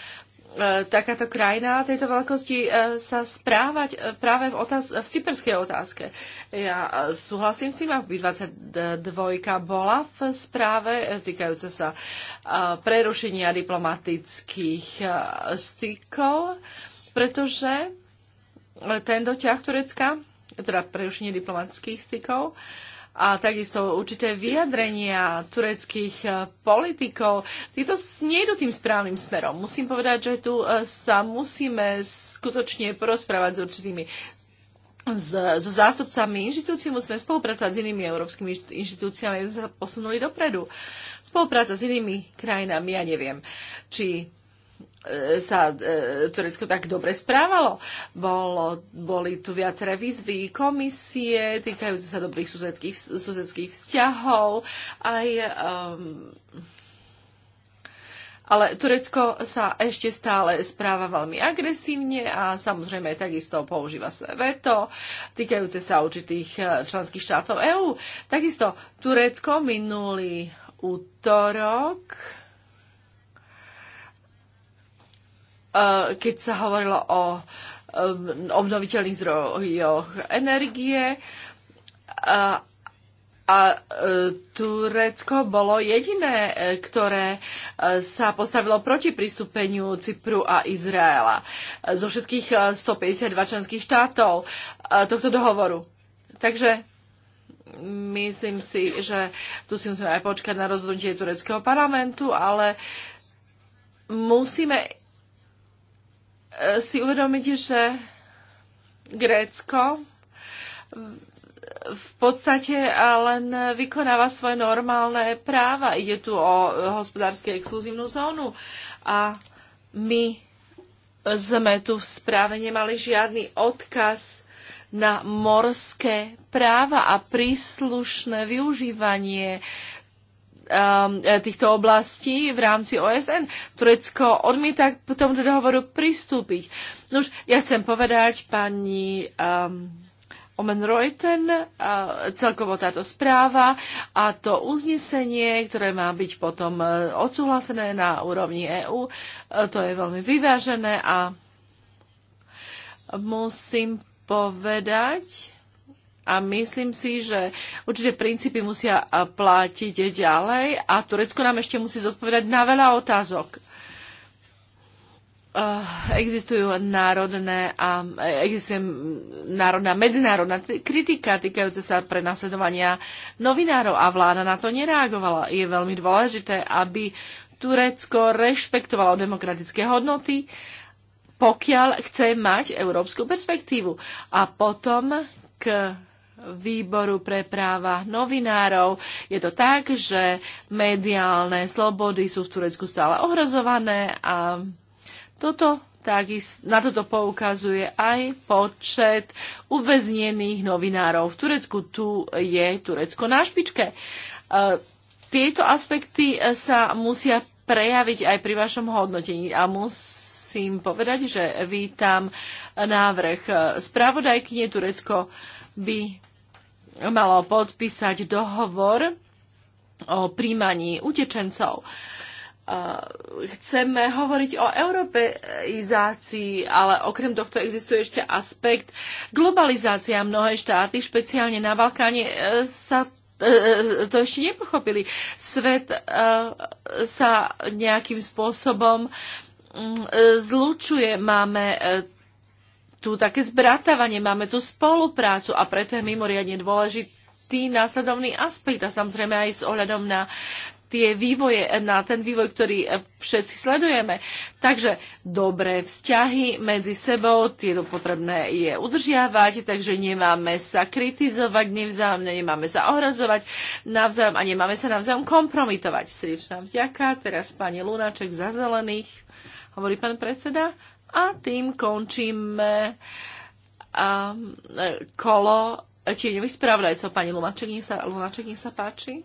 E, takáto krajina tejto veľkosti e, sa správať e, práve v, otáz- v cyperskej otázke. Ja súhlasím s tým, aby 22 bola v správe týkajúce sa prerušenia diplomatických stykov, pretože ten doťah Turecka, teda prerušenie diplomatických stykov, a takisto určité vyjadrenia tureckých e, politikov. Títo nejdu tým správnym smerom. Musím povedať, že tu e, sa musíme skutočne porozprávať s určitými s, so zástupcami inštitúcií musíme spolupracovať s inými európskymi inštitúciami, aby sa posunuli dopredu. Spolupráca s inými krajinami, ja neviem, či E, sa e, Turecko tak dobre správalo. Bolo, boli tu viaceré výzvy komisie týkajúce sa dobrých susedských, susedských vzťahov, aj um, ale Turecko sa ešte stále správa veľmi agresívne a samozrejme takisto používa sa veto týkajúce sa určitých e, členských štátov EÚ. Takisto Turecko minulý útorok Eh, keď sa hovorilo o obnoviteľných zdrojoch energie. Eh, a, a eh, Turecko bolo jediné, ktoré sa postavilo proti pristúpeniu Cypru a Izraela zo všetkých 152 členských štátov tohto dohovoru. Takže myslím si, že tu si musíme aj počkať na rozhodnutie tureckého parlamentu, ale musíme si uvedomiť, že Grécko v podstate len vykonáva svoje normálne práva. Ide tu o hospodárske exkluzívnu zónu a my sme tu v správe nemali žiadny odkaz na morské práva a príslušné využívanie uh, Um, e, týchto oblastí v rámci OSN. Turecko odmieta k tomuto dohovoru pristúpiť. už ja chcem povedať pani um, Omen Reuten, uh, celkovo táto správa a to uznesenie, ktoré má byť potom uh, odsúhlasené na úrovni EÚ, uh, to je veľmi vyvážené a musím povedať, a myslím si, že určité princípy musia platiť ďalej a Turecko nám ešte musí zodpovedať na veľa otázok. Existujú národné a existuje národná medzinárodná kritika týkajúca sa prenasledovania novinárov a vláda na to nereagovala. Je veľmi dôležité, aby Turecko rešpektovalo demokratické hodnoty, pokiaľ chce mať európsku perspektívu. A potom k výboru pre práva novinárov. Je to tak, že mediálne slobody sú v Turecku stále ohrozované a toto tak na toto poukazuje aj počet uväznených novinárov. V Turecku tu je Turecko na špičke. E, tieto aspekty e, sa musia prejaviť aj pri vašom hodnotení a musím povedať, že vítam návrh e, spravodajkyne Turecko by malo podpísať dohovor o príjmaní utečencov. Chceme hovoriť o europeizácii, ale okrem tohto existuje ešte aspekt globalizácia. Mnohé štáty, špeciálne na Balkáne, e, sa e, e, to ešte nepochopili. Svet sa nejakým spôsobom mm, zlučuje. Máme tu také zbratávanie, máme tu spoluprácu a preto je mimoriadne dôležitý následovný aspekt a samozrejme aj s ohľadom na tie vývoje, na ten vývoj, ktorý e, všetci sledujeme. Takže dobré vzťahy medzi sebou, tie potrebné je udržiavať, takže nemáme sa kritizovať nevzájomne, nemáme sa ohrazovať navzájom a nemáme sa navzájom kompromitovať. Sriečná vďaka, teraz pani Lunaček za zelených, hovorí pán predseda a tým končíme um, kolo tieňových spravodajcov. Pani Lunaček, nech sa, Lunaček, nech sa páči.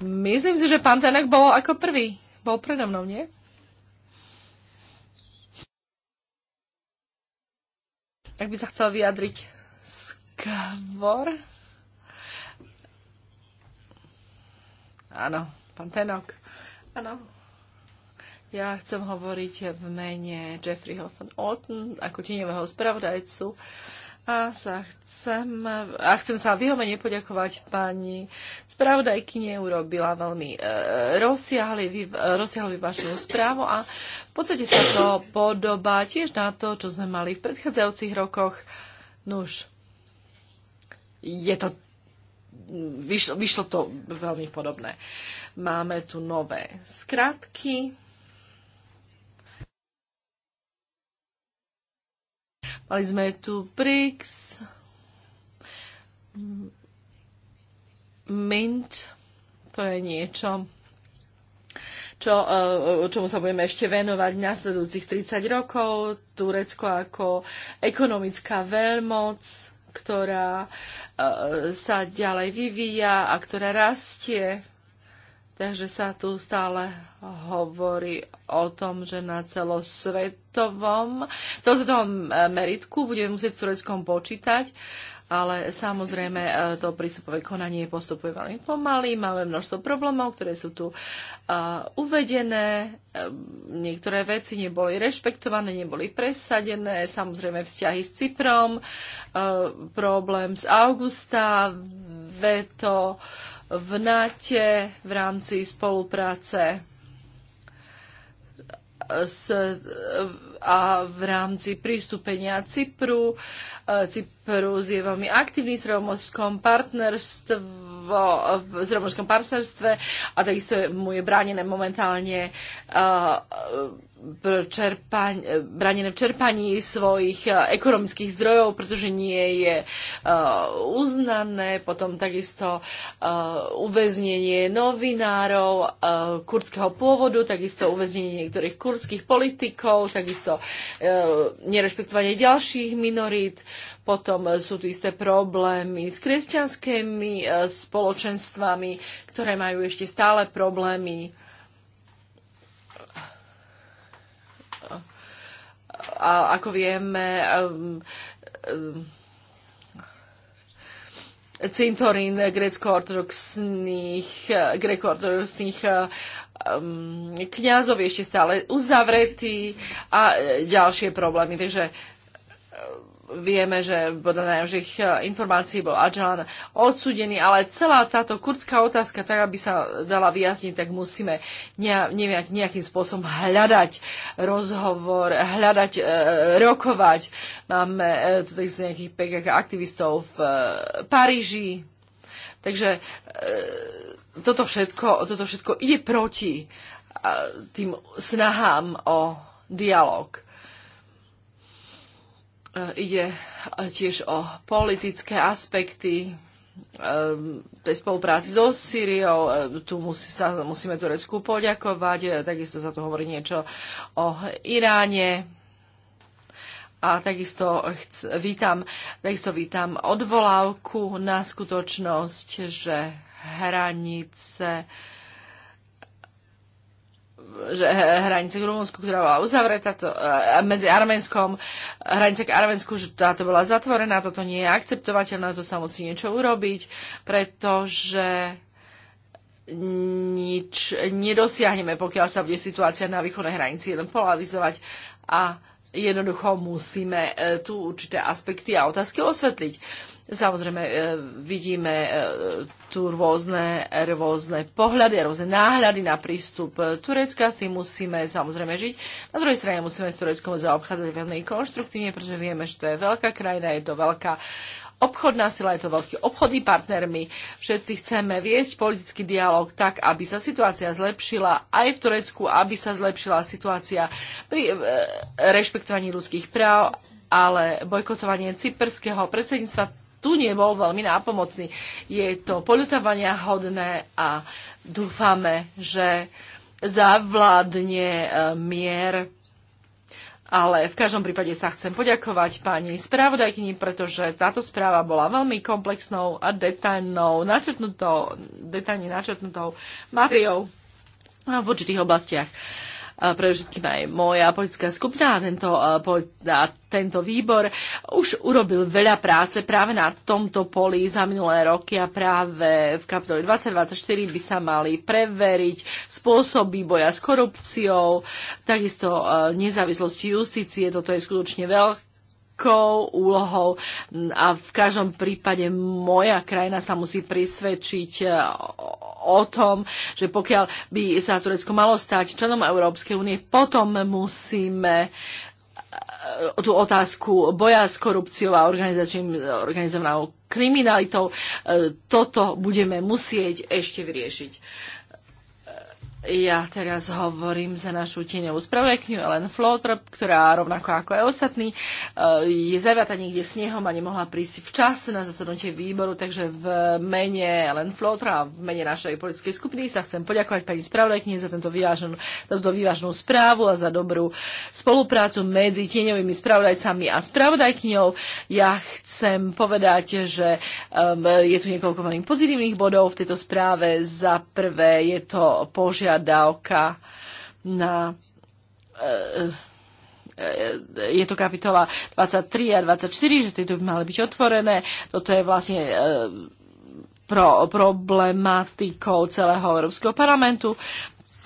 Myslím si, že pán Tenek bol ako prvý. Bol predo mnou, nie? Ak by sa chcel vyjadriť skôr. Áno, pán Tenok. Áno. Ja chcem hovoriť v mene Jeffreyho von Orton ako tieňového spravodajcu a sa chcem, a chcem sa vyhovene poďakovať pani spravodajkyne, urobila veľmi e, rozsiahli, vašu správu a v podstate sa to podobá tiež na to, čo sme mali v predchádzajúcich rokoch. Nuž, je to vyšlo, vyšlo to veľmi podobné. Máme tu nové skratky. Mali sme tu Brix, MINT, to je niečo, čo, e, e, čomu sa budeme ešte venovať v nasledujúcich 30 rokov. Turecko ako ekonomická veľmoc, ktorá e, sa ďalej vyvíja a ktorá rastie. Takže sa tu stále hovorí o tom, že na celosvetovom, celosvetovom e, meritku budeme musieť s Tureckom počítať ale samozrejme e, to prísupové konanie postupuje veľmi pomaly, máme množstvo problémov, ktoré sú tu e, uvedené, e, niektoré veci neboli rešpektované, neboli presadené, samozrejme vzťahy s Cyprom, problém z augusta, veto v NATE v rámci spolupráce s a v rámci prístupenia Cypru. E, Cyprus je veľmi aktívny v sredomorskom partnerstvo, v sredomorskom partnerstve a takisto mu je bránené momentálne e, čerpaň, branené v čerpaní svojich eh, ekonomických zdrojov, pretože nie je eh, uznané. Potom takisto eh, uväznenie novinárov kurdského pôvodu, takisto uväznenie niektorých kurdských politikov, takisto nerešpektovanie ďalších minorít. Potom sú tu isté problémy s kresťanskými spoločenstvami, ktoré majú ešte stále problémy a ako vieme, um, um, cintorín grecko-ortodoxných greko um, kniazov ešte stále uzavretý a ďalšie problémy. Takže vieme, že podľa najnovších eh, informácií bol Adžan odsudený, ale celá táto kurdská otázka, tak aby sa dala vyjasniť, tak musíme nejak, nejakým spôsobom hľadať rozhovor, hľadať, e, rokovať. Máme e, tu takisto nejakých pekých aktivistov v e, Paríži. Takže e, toto, všetko, toto všetko ide proti e, tým snahám o dialog. E, ide e, tiež o politické aspekty e, tej spolupráci so Syriou. Tu musí sa, musíme Turecku poďakovať. Takisto sa tu hovorí niečo o Iráne. A takisto chc- vítam, takisto vítam odvolávku na skutočnosť, že hranice uh, že hranice k Rumunsku, ktorá bola uzavretá to, e, medzi Arménskom, hranice k Arménsku, že táto bola zatvorená, toto nie je akceptovateľné, to sa musí niečo urobiť, pretože nič nedosiahneme, pokiaľ sa bude situácia na východnej hranici len polarizovať a jednoducho musíme e, tu určité aspekty a otázky osvetliť. Samozrejme, e, vidíme e, tu rôzne, rôzne pohľady a rôzne náhľady na prístup Turecka. S tým musíme samozrejme žiť. Na druhej strane musíme s Tureckom zaobchádzať veľmi konštruktívne, pretože vieme, že to je veľká krajina, je to veľká obchodná sila, je to veľký obchodný partnermi. Všetci chceme viesť politický dialog tak, aby sa situácia zlepšila aj v Turecku, aby sa zlepšila situácia pri e, rešpektovaní ľudských práv, ale bojkotovanie cyperského predsedníctva tu nebol veľmi nápomocný. Je to poľutovania hodné a dúfame, že zavládne e, mier ale v každom prípade sa chcem poďakovať pani spravodajkyni, pretože táto správa bola veľmi komplexnou a detailnou, načrtnutou, detailne načrtnutou materiou v určitých oblastiach pre všetkým aj moja politická skupina a tento, a tento výbor už urobil veľa práce práve na tomto poli za minulé roky a práve v kapitole 2024 by sa mali preveriť spôsoby boja s korupciou, takisto e, nezávislosti justície, toto je skutočne veľké veľkou úlohou a v každom prípade moja krajina sa musí prisvedčiť e, o tom, že pokiaľ by sa Turecko malo stať členom Európskej únie, potom musíme e, tú otázku boja s korupciou a organizovanou kriminalitou. E, toto budeme musieť ešte vyriešiť. Ja teraz hovorím za našu tieňovú spravekňu, Ellen Flotrop, ktorá rovnako ako aj ostatní eh, je zaviata niekde snehom a nemohla prísť včas na zasadnutie výboru, takže v mene Ellen Flotrop a v mene našej politickej skupiny sa chcem poďakovať pani spravekňu za, tento vyvážen, za túto vyváženú správu a za dobrú spoluprácu medzi tieňovými spravodajcami a spravodajkňou. Ja chcem povedať, že eh, je tu niekoľko veľmi pozitívnych bodov v tejto správe. Za prvé je to požiadavé požiadavka na e, e, e, je to kapitola 23 a 24, že tieto by mali byť otvorené. Toto je vlastne pro, problematikou celého Európskeho parlamentu.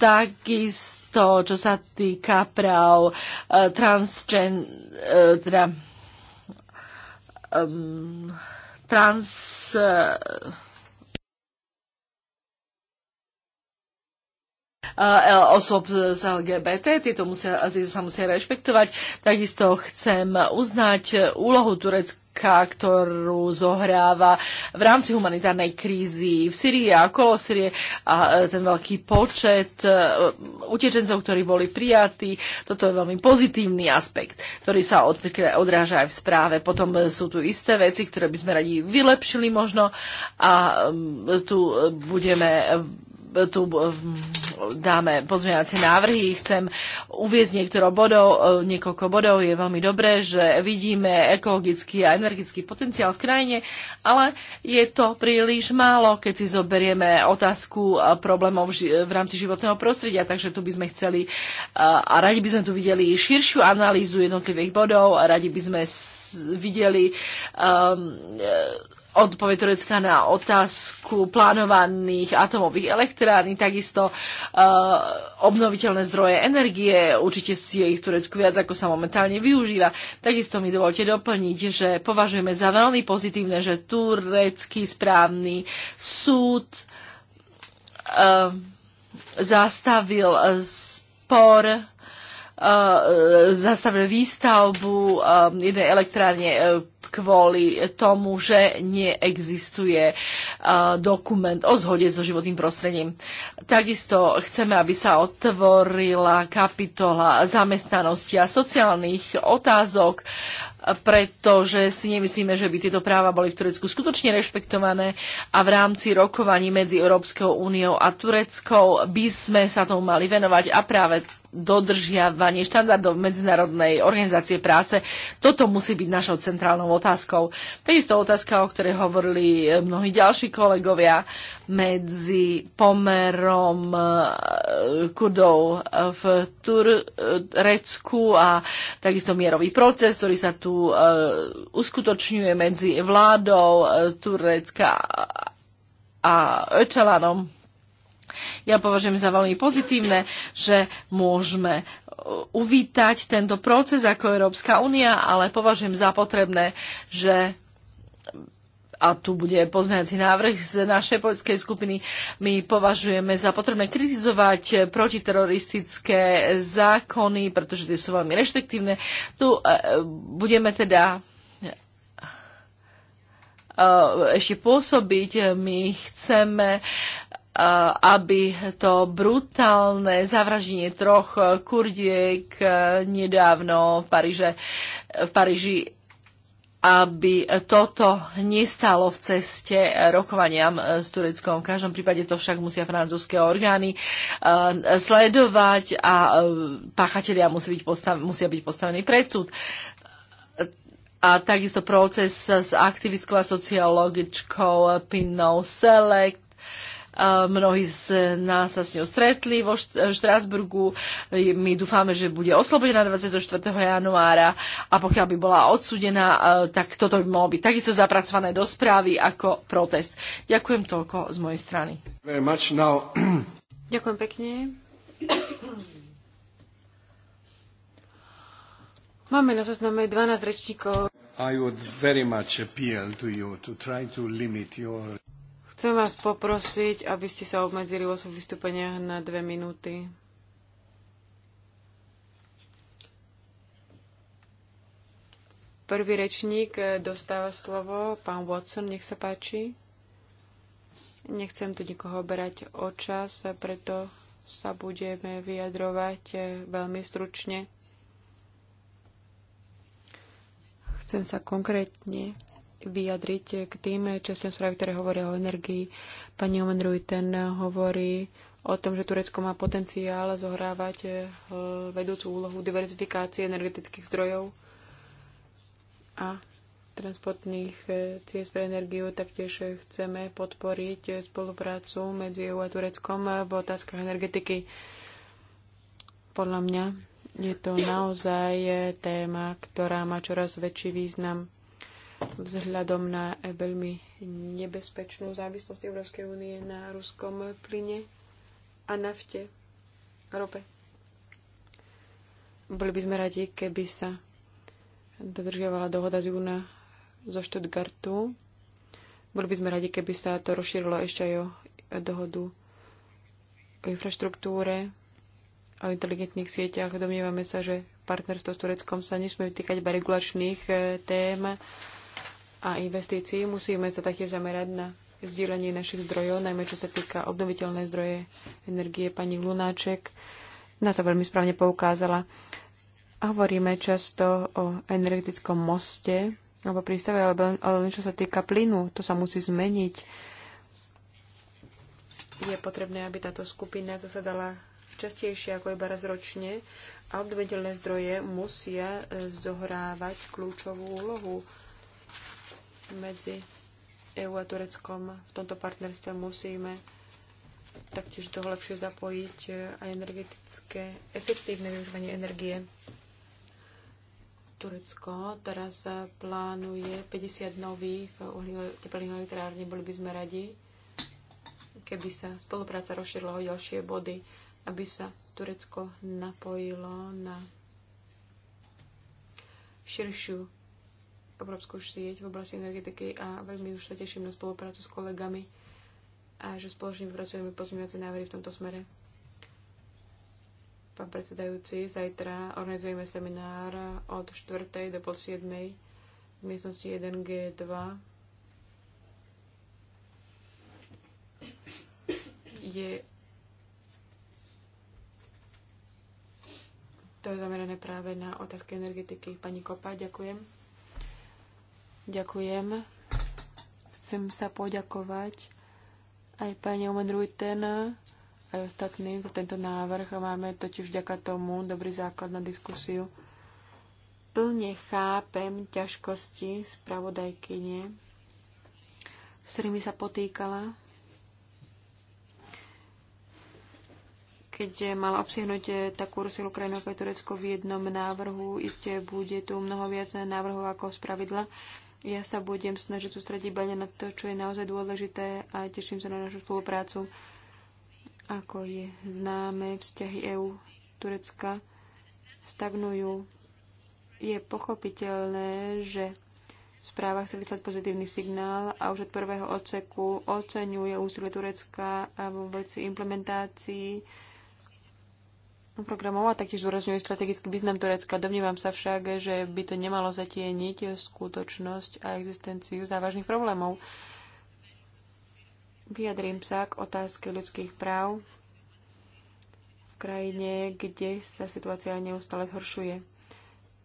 Takisto, čo sa týka práv transgen, teda um, trans uh, Eh, osôb z LGBT, tieto, musia, tieto sa musia rešpektovať. Takisto chcem uznať úlohu Turecka ktorú zohráva v rámci humanitárnej krízy v Syrii a okolo Syrie a eh, ten veľký počet eh, utečencov, ktorí boli prijatí. Toto je veľmi pozitívny aspekt, ktorý sa odráža aj v správe. Potom sú tu isté veci, ktoré by sme radi vylepšili možno a mm, tu budeme tu eh, dáme pozmeňovacie návrhy. Chcem uviezť niektoré bodov, eh, niekoľko bodov. Je veľmi dobré, že vidíme ekologický a energetický potenciál v krajine, ale je to príliš málo, keď si zoberieme otázku eh, problémov v rámci životného prostredia. Takže tu by sme chceli a radi by sme tu videli širšiu analýzu jednotlivých bodov a radi by sme videli um, odpoveď Turecka na otázku plánovaných atomových elektrární, takisto uh, obnoviteľné zdroje energie, určite si je ich Turecku viac, ako sa momentálne využíva. Takisto mi dovolte doplniť, že považujeme za veľmi pozitívne, že turecký správny súd uh, zastavil spor Eh, zastavili výstavbu eh, jednej elektrárne eh, kvôli tomu, že neexistuje dokument o zhode so životným prostredím. Takisto chceme, aby sa otvorila kapitola zamestnanosti a sociálnych otázok, pretože si nemyslíme, že by tieto práva boli v Turecku skutočne rešpektované a v rámci rokovaní medzi Európskou úniou a Tureckou by sme sa tomu mali venovať a práve dodržiavanie štandardov Medzinárodnej organizácie práce. Toto musí byť našou centrálnou otázkou. To je istá otázka, o ktorej hovorili eh, mnohí ďalší kolegovia medzi pomerom eh, kurdov eh, v Turecku a takisto mierový proces, ktorý sa tu uskutočňuje medzi vládou Turecka a Öcalanom ja považujem za veľmi pozitívne, že môžeme e, uvítať tento proces ako Európska únia, ale považujem za potrebné, že a tu bude pozmeňací návrh z našej poľskej skupiny, my považujeme za potrebné kritizovať protiteroristické zákony, pretože tie sú veľmi reštriktívne. Tu e, budeme teda e, ešte pôsobiť. My chceme Eh, aby to brutálne zavraždenie troch eh, kurdiek eh, nedávno v, Paríže, v Paríži aby toto nestalo v ceste rokovaniam s Tureckom. V každom prípade to však musia francúzske orgány sledovať a páchatelia musia byť, postav- musia byť postavení pred súd a takisto proces s aktivistkou a sociologičkou Pinnou Selek Mnohí z nás sa s ňou stretli vo Štrásburgu. My dúfame, že bude oslobodená 24. januára a pokiaľ by bola odsudená, e, tak toto by mohlo byť takisto zapracované do správy ako protest. Ďakujem toľko z mojej strany. Now... Ďakujem pekne. Máme na zozname 12 rečníkov. I would very much appeal to you to try to limit your Chcem vás poprosiť, aby ste sa obmedzili vo svojich vystúpeniach na dve minúty. Prvý rečník e, dostáva slovo, pán Watson, nech sa páči. Nechcem tu nikoho oberať o čas, preto sa budeme vyjadrovať e, veľmi stručne. Chcem sa konkrétne vyjadriť k tým častiam správy, ktoré hovoria o energii. Pani Omen ten hovorí o tom, že Turecko má potenciál zohrávať eh, vedúcu úlohu diverzifikácie energetických zdrojov a transportných eh, ciest pre energiu. Taktiež chceme podporiť spoluprácu medzi EU a Tureckom eh, v otázkach energetiky. Podľa mňa je to naozaj téma, ktorá má čoraz väčší význam vzhľadom na e, veľmi nebezpečnú závislosť Európskej únie na ruskom plyne a nafte, rope. Boli by sme radi, keby sa dodržiavala dohoda z júna zo Stuttgartu. Boli by sme radi, keby sa to rozšírilo ešte aj o dohodu o infraštruktúre, o inteligentných sieťach. Domnievame sa, že partnerstvo s Tureckom sa nesmie týkať iba regulačných e, tém, a investícií, musíme sa taktiež zamerať na zdieľanie našich zdrojov, najmä čo sa týka obnoviteľné zdroje energie pani Lunáček. Na to veľmi správne poukázala. Hovoríme často o energetickom moste alebo prístave, ale len čo sa týka plynu, to sa musí zmeniť. Je potrebné, aby táto skupina zasadala častejšie ako iba raz ročne a obnoviteľné zdroje musia e, zohrávať kľúčovú úlohu medzi EU a Tureckom v tomto partnerstve musíme taktiež toho lepšie zapojiť e, aj energetické, efektívne využívanie energie. Turecko teraz e, plánuje 50 nových e, teplných elektrární. Boli by sme radi, keby sa spolupráca rozšírila o ďalšie body, aby sa Turecko napojilo na širšiu obrovskú sieť v oblasti energetiky a veľmi už sa teším na spoluprácu s kolegami a že spoločne vypracujeme pozmeňovacie návrhy v tomto smere. Pán predsedajúci, zajtra organizujeme seminár od 4. do pol 7. v miestnosti 1G2. Je to je zamerané práve na otázky energetiky. Pani Kopa, ďakujem. Ďakujem. Chcem sa poďakovať aj pani Omen aj ostatným za tento návrh. Máme totiž vďaka tomu dobrý základ na diskusiu. Plne chápem ťažkosti spravodajkyne, s ktorými sa potýkala, keď mala obsiahnuť takú rozsiahlu krajinu ako Turecko v jednom návrhu, iste bude tu mnoho viac návrhov ako z pravidla. Ja sa budem snažiť sústrediť iba na to, čo je naozaj dôležité a teším sa na našu spoluprácu. Ako je známe, vzťahy EU Turecka stagnujú. Je pochopiteľné, že v správach sa vyslať pozitívny signál a už od prvého odseku oceňuje úsilie Turecka vo veci implementácií programov a taktiež zúrazňuje strategický význam Turecka. Domnívam sa však, že by to nemalo zatieniť skutočnosť a existenciu závažných problémov. Vyjadrím sa k otázke ľudských práv v krajine, kde sa situácia neustále zhoršuje.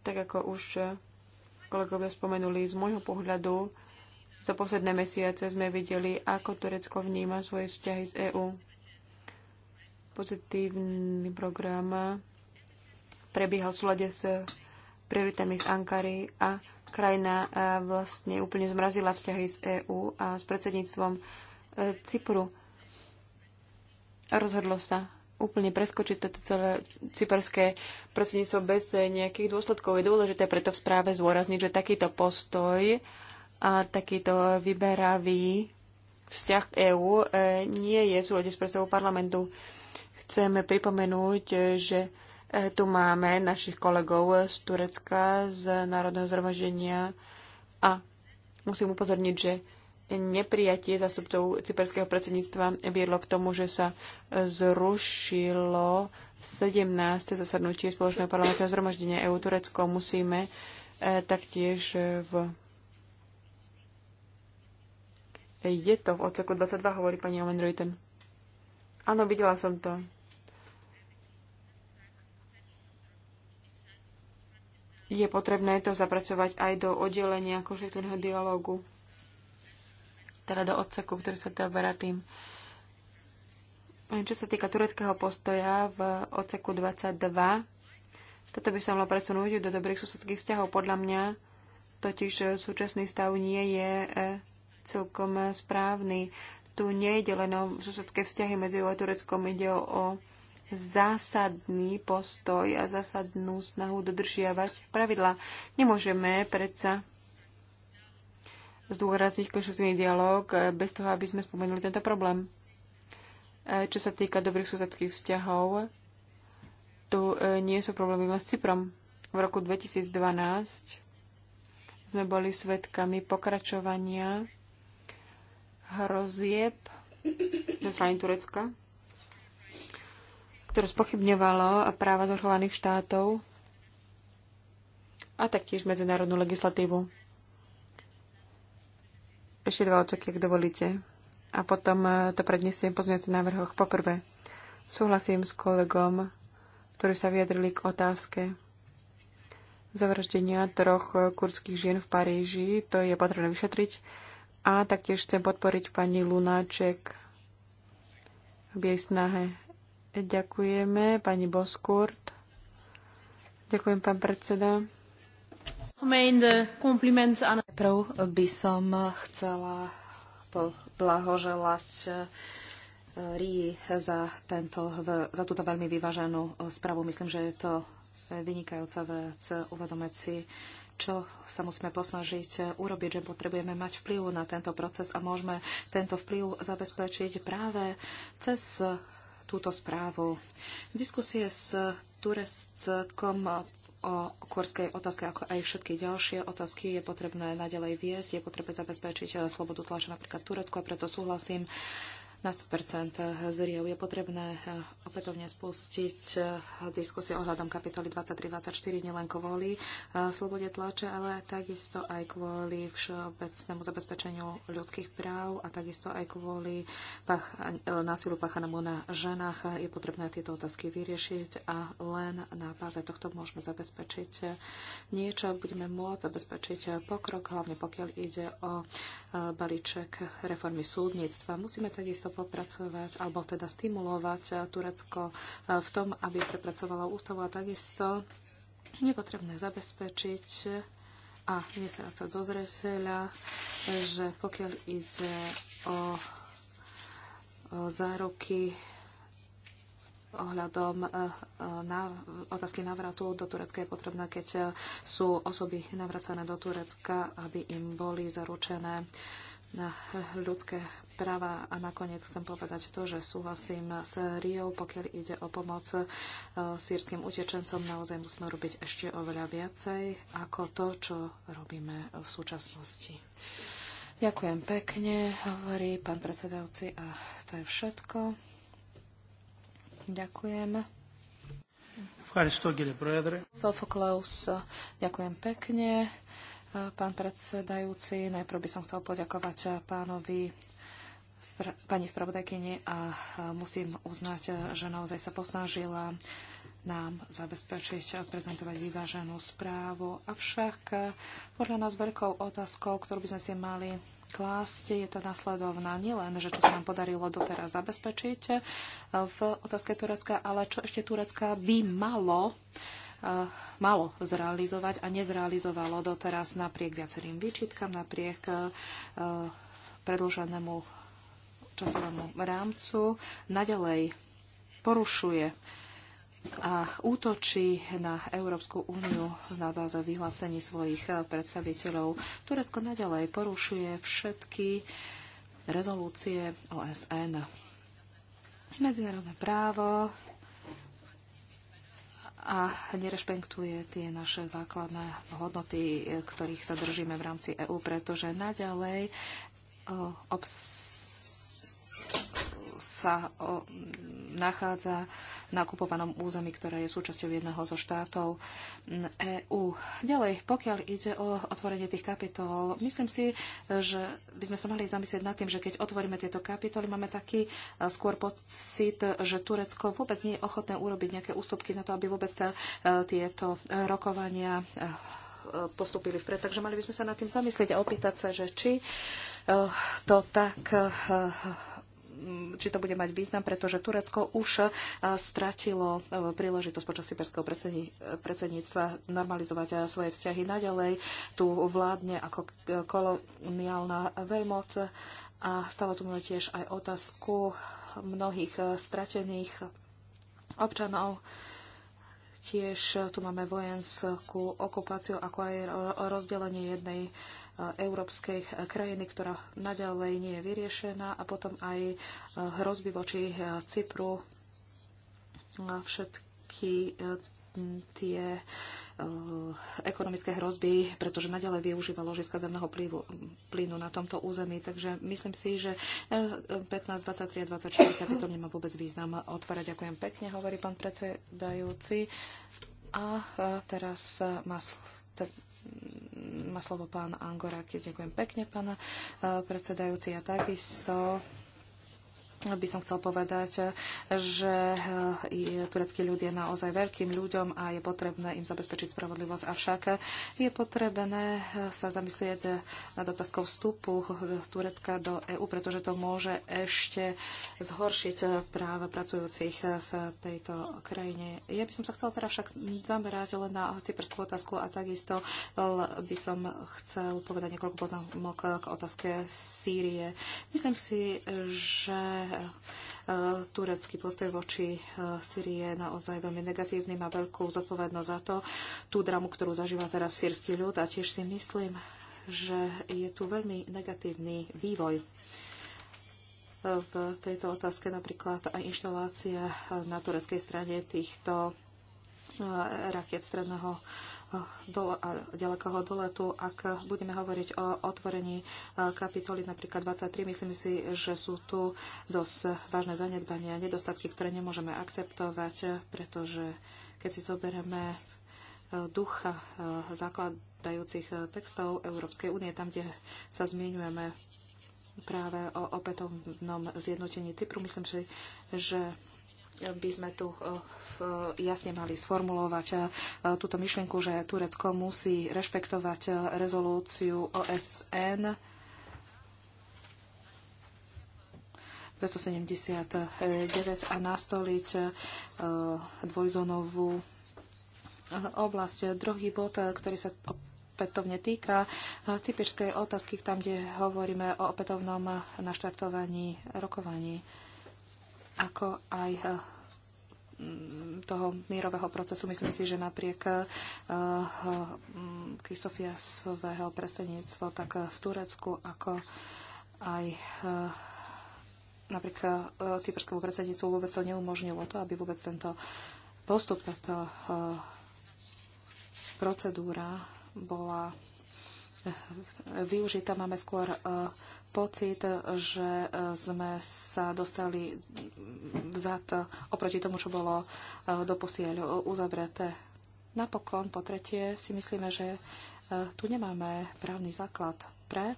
Tak ako už kolegovia spomenuli, z môjho pohľadu za posledné mesiace sme videli, ako Turecko vníma svoje vzťahy z EÚ Pozitívny program prebiehal v súlade s prioritami z Ankary a krajina eh, vlastne úplne zmrazila vzťahy s EÚ a s predsedníctvom eh, Cypru. Rozhodlo sa úplne preskočiť toto celé cyperské predsedníctvo bez eh, nejakých dôsledkov. Je dôležité preto v správe zôrazniť, že takýto postoj a takýto vyberavý vzťah EÚ nie je v súlade s predsedou parlamentu. Chceme pripomenúť, že e, tu máme našich kolegov z Turecka, z Národného zhromaždenia a musím upozorniť, že neprijatie zastupcov cyperského predsedníctva viedlo k tomu, že sa zrušilo 17. zasadnutie spoločného parlamentného zhromaždenia EU Turecko. Musíme e, taktiež v je to v odseku 22, hovorí pani Omenrojten. Áno, videla som to. je potrebné to zapracovať aj do oddelenia konštruktívneho dialógu, teda do odseku, ktorý sa teda berá tým. Čo sa týka tureckého postoja v odseku 22, toto by sa malo presunúť do dobrých susedských vzťahov. Podľa mňa totiž súčasný stav nie je e, celkom správny. Tu nie je deleno susedské vzťahy medzi EU a Tureckom, ide o zásadný postoj a zásadnú snahu dodržiavať pravidlá. Nemôžeme predsa zdôrazniť konštruktívny dialog eh, bez toho, aby sme spomenuli tento problém. Eh, čo sa týka dobrých susedských vzťahov, tu eh, nie sú problémy len s Cyprom. V roku 2012 sme boli svedkami pokračovania hrozieb zo strany Turecka ktoré spochybňovalo práva zvrchovaných štátov a taktiež medzinárodnú legislatívu. Ešte dva očaky, ak dovolíte. A potom eh, to prednesiem pozmeňujúci návrhoch. Poprvé, súhlasím s kolegom, ktorí sa vyjadrili k otázke zavraždenia troch eh, kurdských žien v Paríži. To je potrebné vyšetriť. A taktiež chcem podporiť pani Lunáček v jej snahe Ďakujeme pani Boskurt. Ďakujem, pán predseda. Prv by som chcela blahoželať eh, Rii za, tento, za túto veľmi vyváženú eh, správu. Myslím, že je to vynikajúca vec uvedomeť si, čo sa musíme posnažiť eh, urobiť, že potrebujeme mať vplyv na tento proces a môžeme tento vplyv zabezpečiť práve cez túto správu. Diskusie s Tureckom o kurskej otázke, ako aj všetky ďalšie otázky je potrebné nadalej viesť, je potrebné zabezpečiť eh, slobodu tlače napríklad Turecku a preto súhlasím na 100% zriev. Je potrebné eh, opätovne spustiť eh, diskusie ohľadom kapitoly 23-24 nielen kvôli eh, slobode tlače, ale takisto aj kvôli všeobecnému zabezpečeniu ľudských práv a takisto aj kvôli pach- násilu pachanému na ženách. Je potrebné tieto otázky vyriešiť a len na báze tohto môžeme zabezpečiť niečo. Budeme môcť zabezpečiť pokrok, hlavne pokiaľ ide o balíček reformy súdnictva. Musíme takisto popracovať, alebo teda stimulovať eh, Turecko eh, v tom, aby prepracovalo ústavu a takisto je potrebné zabezpečiť a nestrácať zo zreteľa, eh, že pokiaľ ide o, o záruky ohľadom na otázky navratu do Turecka je potrebné, keď sú osoby navracané do Turecka, aby im boli zaručené na ľudské práva a nakoniec chcem povedať to, že súhlasím s Rio, pokiaľ ide o pomoc e, sírským utečencom, naozaj musíme robiť ešte oveľa viacej ako to, čo robíme v súčasnosti. Ďakujem pekne, hovorí pán predsedajúci a to je všetko. Ďakujem. Sofoklaus, ďakujem pekne pán predsedajúci. Najprv by som chcel poďakovať pánovi pani spravodajkyni a musím uznať, že naozaj sa posnažila nám zabezpečiť a prezentovať vyváženú správu. Avšak podľa nás veľkou otázkou, ktorú by sme si mali klásť, je tá následovná. Nielen, že čo sa nám podarilo doteraz zabezpečiť v otázke Turecka, ale čo ešte Turecka by malo Eh, malo zrealizovať a nezrealizovalo doteraz napriek viacerým výčitkám, napriek eh, predloženému časovému rámcu. Naďalej porušuje a útočí na Európsku úniu na báze vyhlásení svojich eh, predstaviteľov. Turecko naďalej porušuje všetky rezolúcie OSN. Medzinárodné právo a nerešpektuje tie naše základné hodnoty, ktorých sa držíme v rámci EÚ, pretože naďalej eh, obs sa o, nachádza na okupovanom území, ktoré je súčasťou jedného zo štátov EÚ. Ďalej, pokiaľ ide o otvorenie tých kapitol, myslím si, že by sme sa mali zamyslieť nad tým, že keď otvoríme tieto kapitoly, máme taký e, skôr pocit, že Turecko vôbec nie je ochotné urobiť nejaké ústupky na to, aby vôbec tá, e, tieto rokovania e, postupili vpred. Takže mali by sme sa nad tým zamyslieť a opýtať sa, že či to tak Mm, či to bude mať význam, pretože Turecko už eh, stratilo eh, príležitosť počas cyperského predsedníctva normalizovať eh, svoje vzťahy naďalej. Tu vládne ako koloniálna veľmoc a stalo tu tiež aj otázku mnohých stratených občanov. Tiež tu máme vojenskú okupáciu, ako aj rozdelenie jednej európskej krajiny, ktorá naďalej nie je vyriešená a potom aj e, hrozby voči e, Cypru všetky e, tie ekonomické hrozby, pretože naďalej využíva ložiska zemného plynu na tomto území. Takže myslím si, že 15, 23 a 24 kapitol nemá vôbec význam otvárať. Ďakujem pekne, hovorí pán predsedajúci. A teraz má má slovo pán Angorakis. Ďakujem pekne, pána eh, predsedajúci. Ja takisto by som chcel povedať, že eh, tureckí ľud je naozaj veľkým ľuďom a je potrebné im zabezpečiť spravodlivosť. Avšak je potrebné eh, sa zamyslieť nad otázkou vstupu eh, Turecka do EÚ, pretože to môže ešte zhoršiť práve pracujúcich v tejto krajine. Ja by som sa chcel teraz však zamerať len na cyperskú otázku a takisto by som chcel povedať niekoľko poznámok k otázke Sýrie. Myslím si, že Eh, turecký postoj voči eh, Syrii je naozaj veľmi negatívny, má veľkú zodpovednosť za to, tú dramu, ktorú zažíva teraz sírsky ľud a tiež si myslím, že je tu veľmi negatívny vývoj eh, v tejto otázke napríklad aj inštalácia na tureckej strane týchto raket stredného do, ďalekého doletu. Ak budeme hovoriť o otvorení e, kapitoly napríklad 23, myslím si, že sú tu dosť vážne zanedbania, nedostatky, ktoré nemôžeme akceptovať, pretože keď si zoberieme e, ducha e, zakladajúcich textov Európskej únie, tam, kde sa zmienujeme práve o opätovnom zjednotení Cypru. Myslím, že, že by sme tu eh, jasne mali sformulovať eh, túto myšlienku, že Turecko musí rešpektovať eh, rezolúciu OSN 279 a nastoliť dvojzónovú oblasť. Druhý bod, ktorý sa opätovne týka cyperskej otázky, tam, kde hovoríme o opätovnom naštartovaní rokovaní ako aj eh, mm, toho mírového procesu. Myslím si, že napriek eh, eh, Krysofiasového predsedníctvo, tak v Turecku, ako aj napriek cyperskému predsedníctvu vôbec to neumožnilo to, aby vôbec tento postup, táto procedúra bola využitá. Máme skôr pocit, že eh, sme sa dostali vzad oproti tomu, čo bolo eh, doposiaľ uzavreté. Napokon, po tretie, si myslíme, že eh, tu nemáme právny základ pre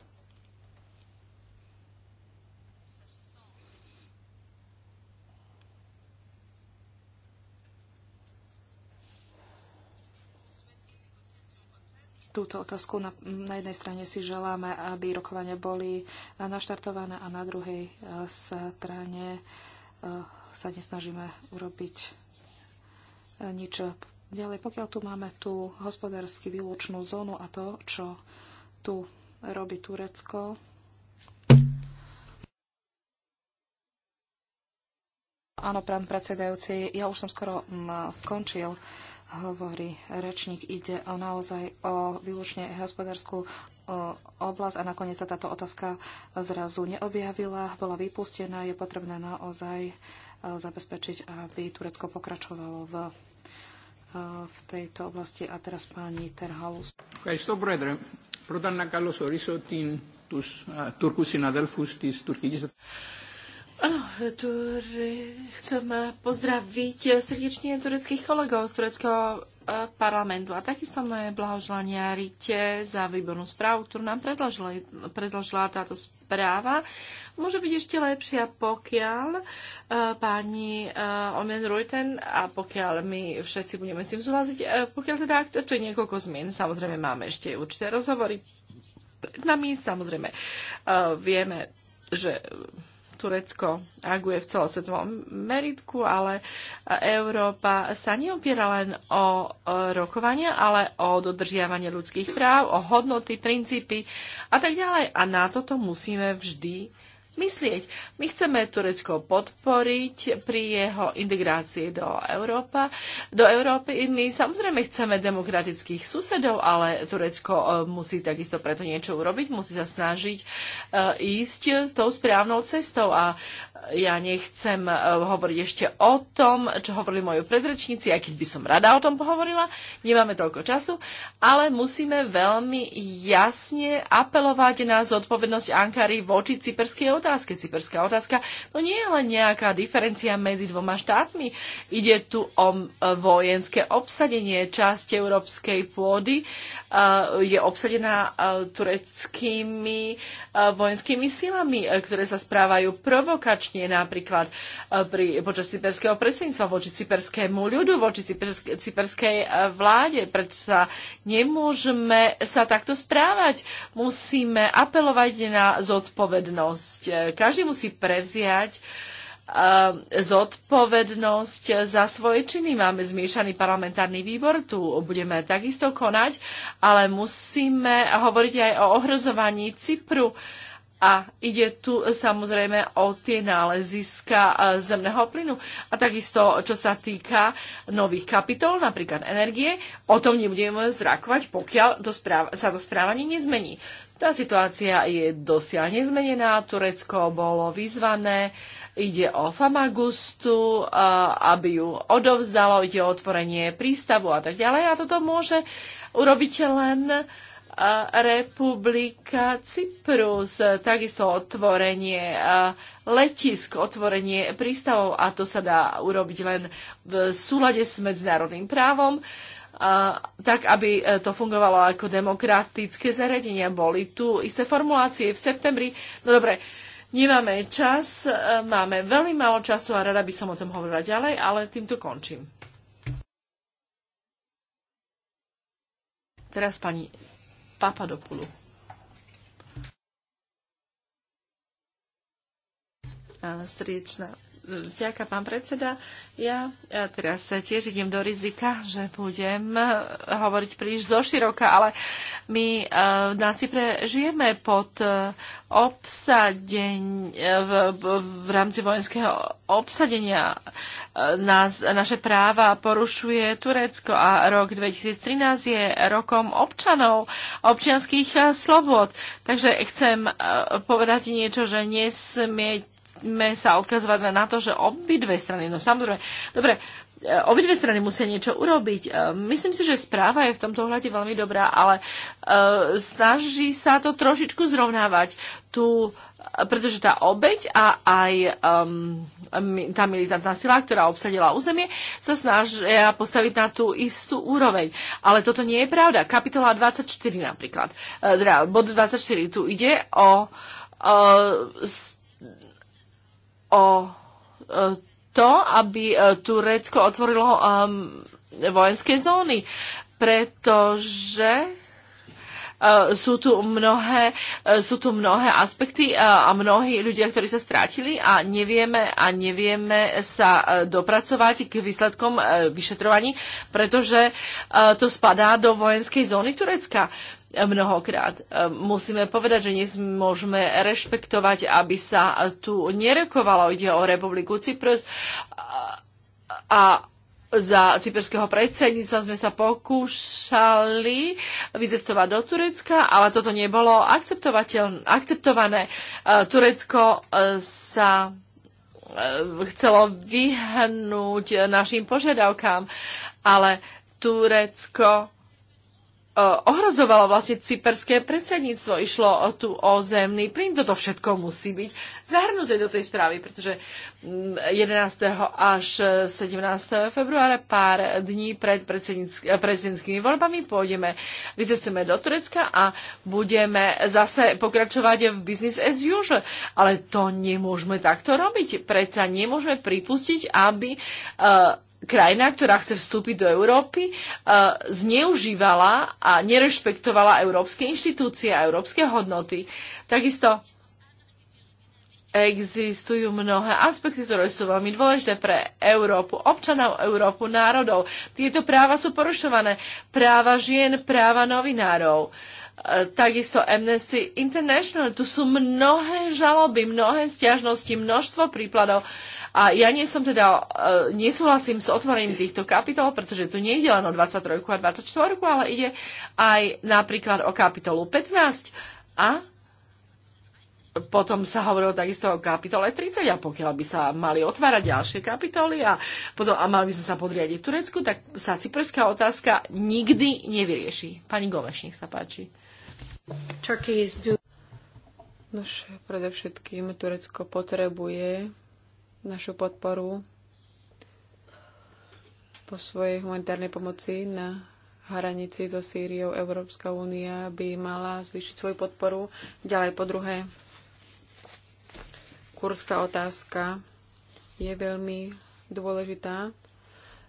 túto otázku. Na, na jednej strane si želáme, aby rokovania boli naštartované a na druhej eh, strane eh, sa nesnažíme urobiť eh, nič ďalej. Pokiaľ tu máme tú hospodársky výlučnú zónu a to, čo tu robí Turecko, Áno, pán predsedajúci, ja už som skoro mm, skončil hovorí rečník, ide o naozaj o výlučne hospodárskú oblasť a nakoniec sa táto otázka zrazu neobjavila, bola vypustená. Je potrebné naozaj e, zabezpečiť, aby Turecko pokračovalo v, e, v tejto oblasti. A teraz pani Terhalus. Πρώτα Áno, chcem pozdraviť srdečne tureckých kolegov z tureckého e, parlamentu a takisto moje blahoželania Rite za výbornú správu, ktorú nám predložila, predložila táto správa. Môže byť ešte lepšia, pokiaľ uh, pani uh, e, Omen Ruiten a pokiaľ my všetci budeme s tým súhlasiť, uh, pokiaľ teda akceptuje niekoľko zmien, samozrejme máme ešte určité rozhovory pred nami, samozrejme uh, vieme, že uh, Turecko aguje v celosvetovom meritku, ale Európa sa neopiera len o rokovania, ale o dodržiavanie ľudských práv, o hodnoty, princípy a tak ďalej. A na toto musíme vždy myslieť. My chceme Turecko podporiť pri jeho integrácii do, Európa, do Európy. My samozrejme chceme demokratických susedov, ale Turecko e, musí takisto preto niečo urobiť, musí sa snažiť e, ísť tou správnou cestou a ja nechcem e, hovoriť ešte o tom, čo hovorili moji predrečníci, aj keď by som rada o tom pohovorila, nemáme toľko času, ale musíme veľmi jasne apelovať na zodpovednosť Ankary voči cyperskej otázke. Cyperská otázka to no nie je len nejaká diferencia medzi dvoma štátmi. Ide tu o vojenské obsadenie. Časť európskej pôdy e, je obsadená e, tureckými vojenskými silami, ktoré sa správajú provokačne spoločne napríklad e, pri, počas cyperského predsedníctva voči cyperskému ľudu, voči cyperskej e, vláde. Prečo sa nemôžeme sa takto správať? Musíme apelovať na zodpovednosť. E, každý musí prevziať zodpovednosť za svoje činy. Máme zmiešaný parlamentárny výbor, tu budeme takisto konať, ale musíme hovoriť aj o ohrozovaní Cypru. Uh, a ide tu samozrejme o tie náleziska e, zemného plynu. A takisto, čo sa týka nových kapitol, napríklad energie, o tom nebudeme zrakovať, pokiaľ to správ- sa to správanie nezmení. Tá situácia je dosiaľ nezmenená. Turecko bolo vyzvané, ide o Famagustu, e, aby ju odovzdalo, ide o otvorenie prístavu a tak ďalej. A toto môže urobiť len uh, republika Cyprus, takisto otvorenie letisk, otvorenie prístavov a to sa dá urobiť len v súlade s medzinárodným právom. tak, aby e, to fungovalo ako demokratické zariadenia. Boli tu isté formulácie v septembri. No dobre, nemáme čas, e, máme veľmi málo času a rada by som o tom hovorila ďalej, ale týmto končím. Teraz pani Papadopoulou. Srdiečná Vďaka, pán predseda. Ja, ja teraz tiež idem do rizika, že budem e, hovoriť príliš zoširoka, ale my e, na Cypre žijeme pod e, obsadeň, v, v, v rámci vojenského obsadenia nás, naše práva porušuje Turecko a rok 2013 je rokom občanov, občianských slobod. Takže chcem povedať niečo, že nesmieť nesmieme sa odkazovať na to, že obidve strany, no samozrejme, dobre, e, obidve strany musia niečo urobiť. E, myslím si, že správa je v tomto ohľade veľmi dobrá, ale e, snaží sa to trošičku zrovnávať. Tu pretože tá obeď a aj um, tá militantná sila, ktorá obsadila územie, sa snažia postaviť na tú istú úroveň. Ale toto nie je pravda. Kapitola 24 napríklad, teda bod 24, tu ide o uh, o e, to, aby e, Turecko otvorilo e, vojenské zóny, pretože sú tu, mnohé, sú tu mnohé aspekty a mnohí ľudia, ktorí sa strátili a nevieme, a nevieme sa dopracovať k výsledkom vyšetrovaní, pretože to spadá do vojenskej zóny Turecka mnohokrát. Ehm, musíme povedať, že nesmôžeme rešpektovať, aby sa tu nerekovalo. Ide o Republiku Cyprus a za cyperského predsedníctva sme sa pokúšali vycestovať do Turecka, ale toto nebolo akceptované. Ehm, Turecko ehm, sa chcelo vyhnúť našim požiadavkám, ale Turecko E, ohrozovalo vlastne cyperské predsedníctvo. Išlo o tu o zemný plyn. Toto všetko musí byť zahrnuté do tej správy, pretože 11. Mm, až 17. februára, pár dní pred predsedníckými voľbami, pôjdeme, vycestujeme do Turecka a budeme zase pokračovať v business as usual. Ale to nemôžeme takto robiť. Predsa nemôžeme pripustiť, aby uh, krajina, ktorá chce vstúpiť do Európy, e, zneužívala a nerešpektovala európske inštitúcie a európske hodnoty. Takisto existujú mnohé aspekty, ktoré sú veľmi dôležité pre Európu, občanov Európu, národov. Tieto práva sú porušované. Práva žien, práva novinárov. Uh, takisto Amnesty International. Tu sú mnohé žaloby, mnohé stiažnosti, množstvo príkladov. A ja nie som teda, e, nesúhlasím s otvorením týchto kapitol, pretože tu nie ide len o 23 a 24, ale ide aj napríklad o kapitolu 15 a potom sa hovorilo takisto o kapitole 30 a pokiaľ by sa mali otvárať ďalšie kapitoly a, potom, a mali by sa sa podriadiť Turecku, tak sa cyperská otázka nikdy nevyrieši. Pani Gomeš, nech sa páči. Nož, predovšetkým Turecko potrebuje našu podporu po svojej humanitárnej pomoci na hranici so Sýriou. Európska únia by mala zvýšiť svoju podporu. Ďalej po druhé, kurská otázka je veľmi dôležitá,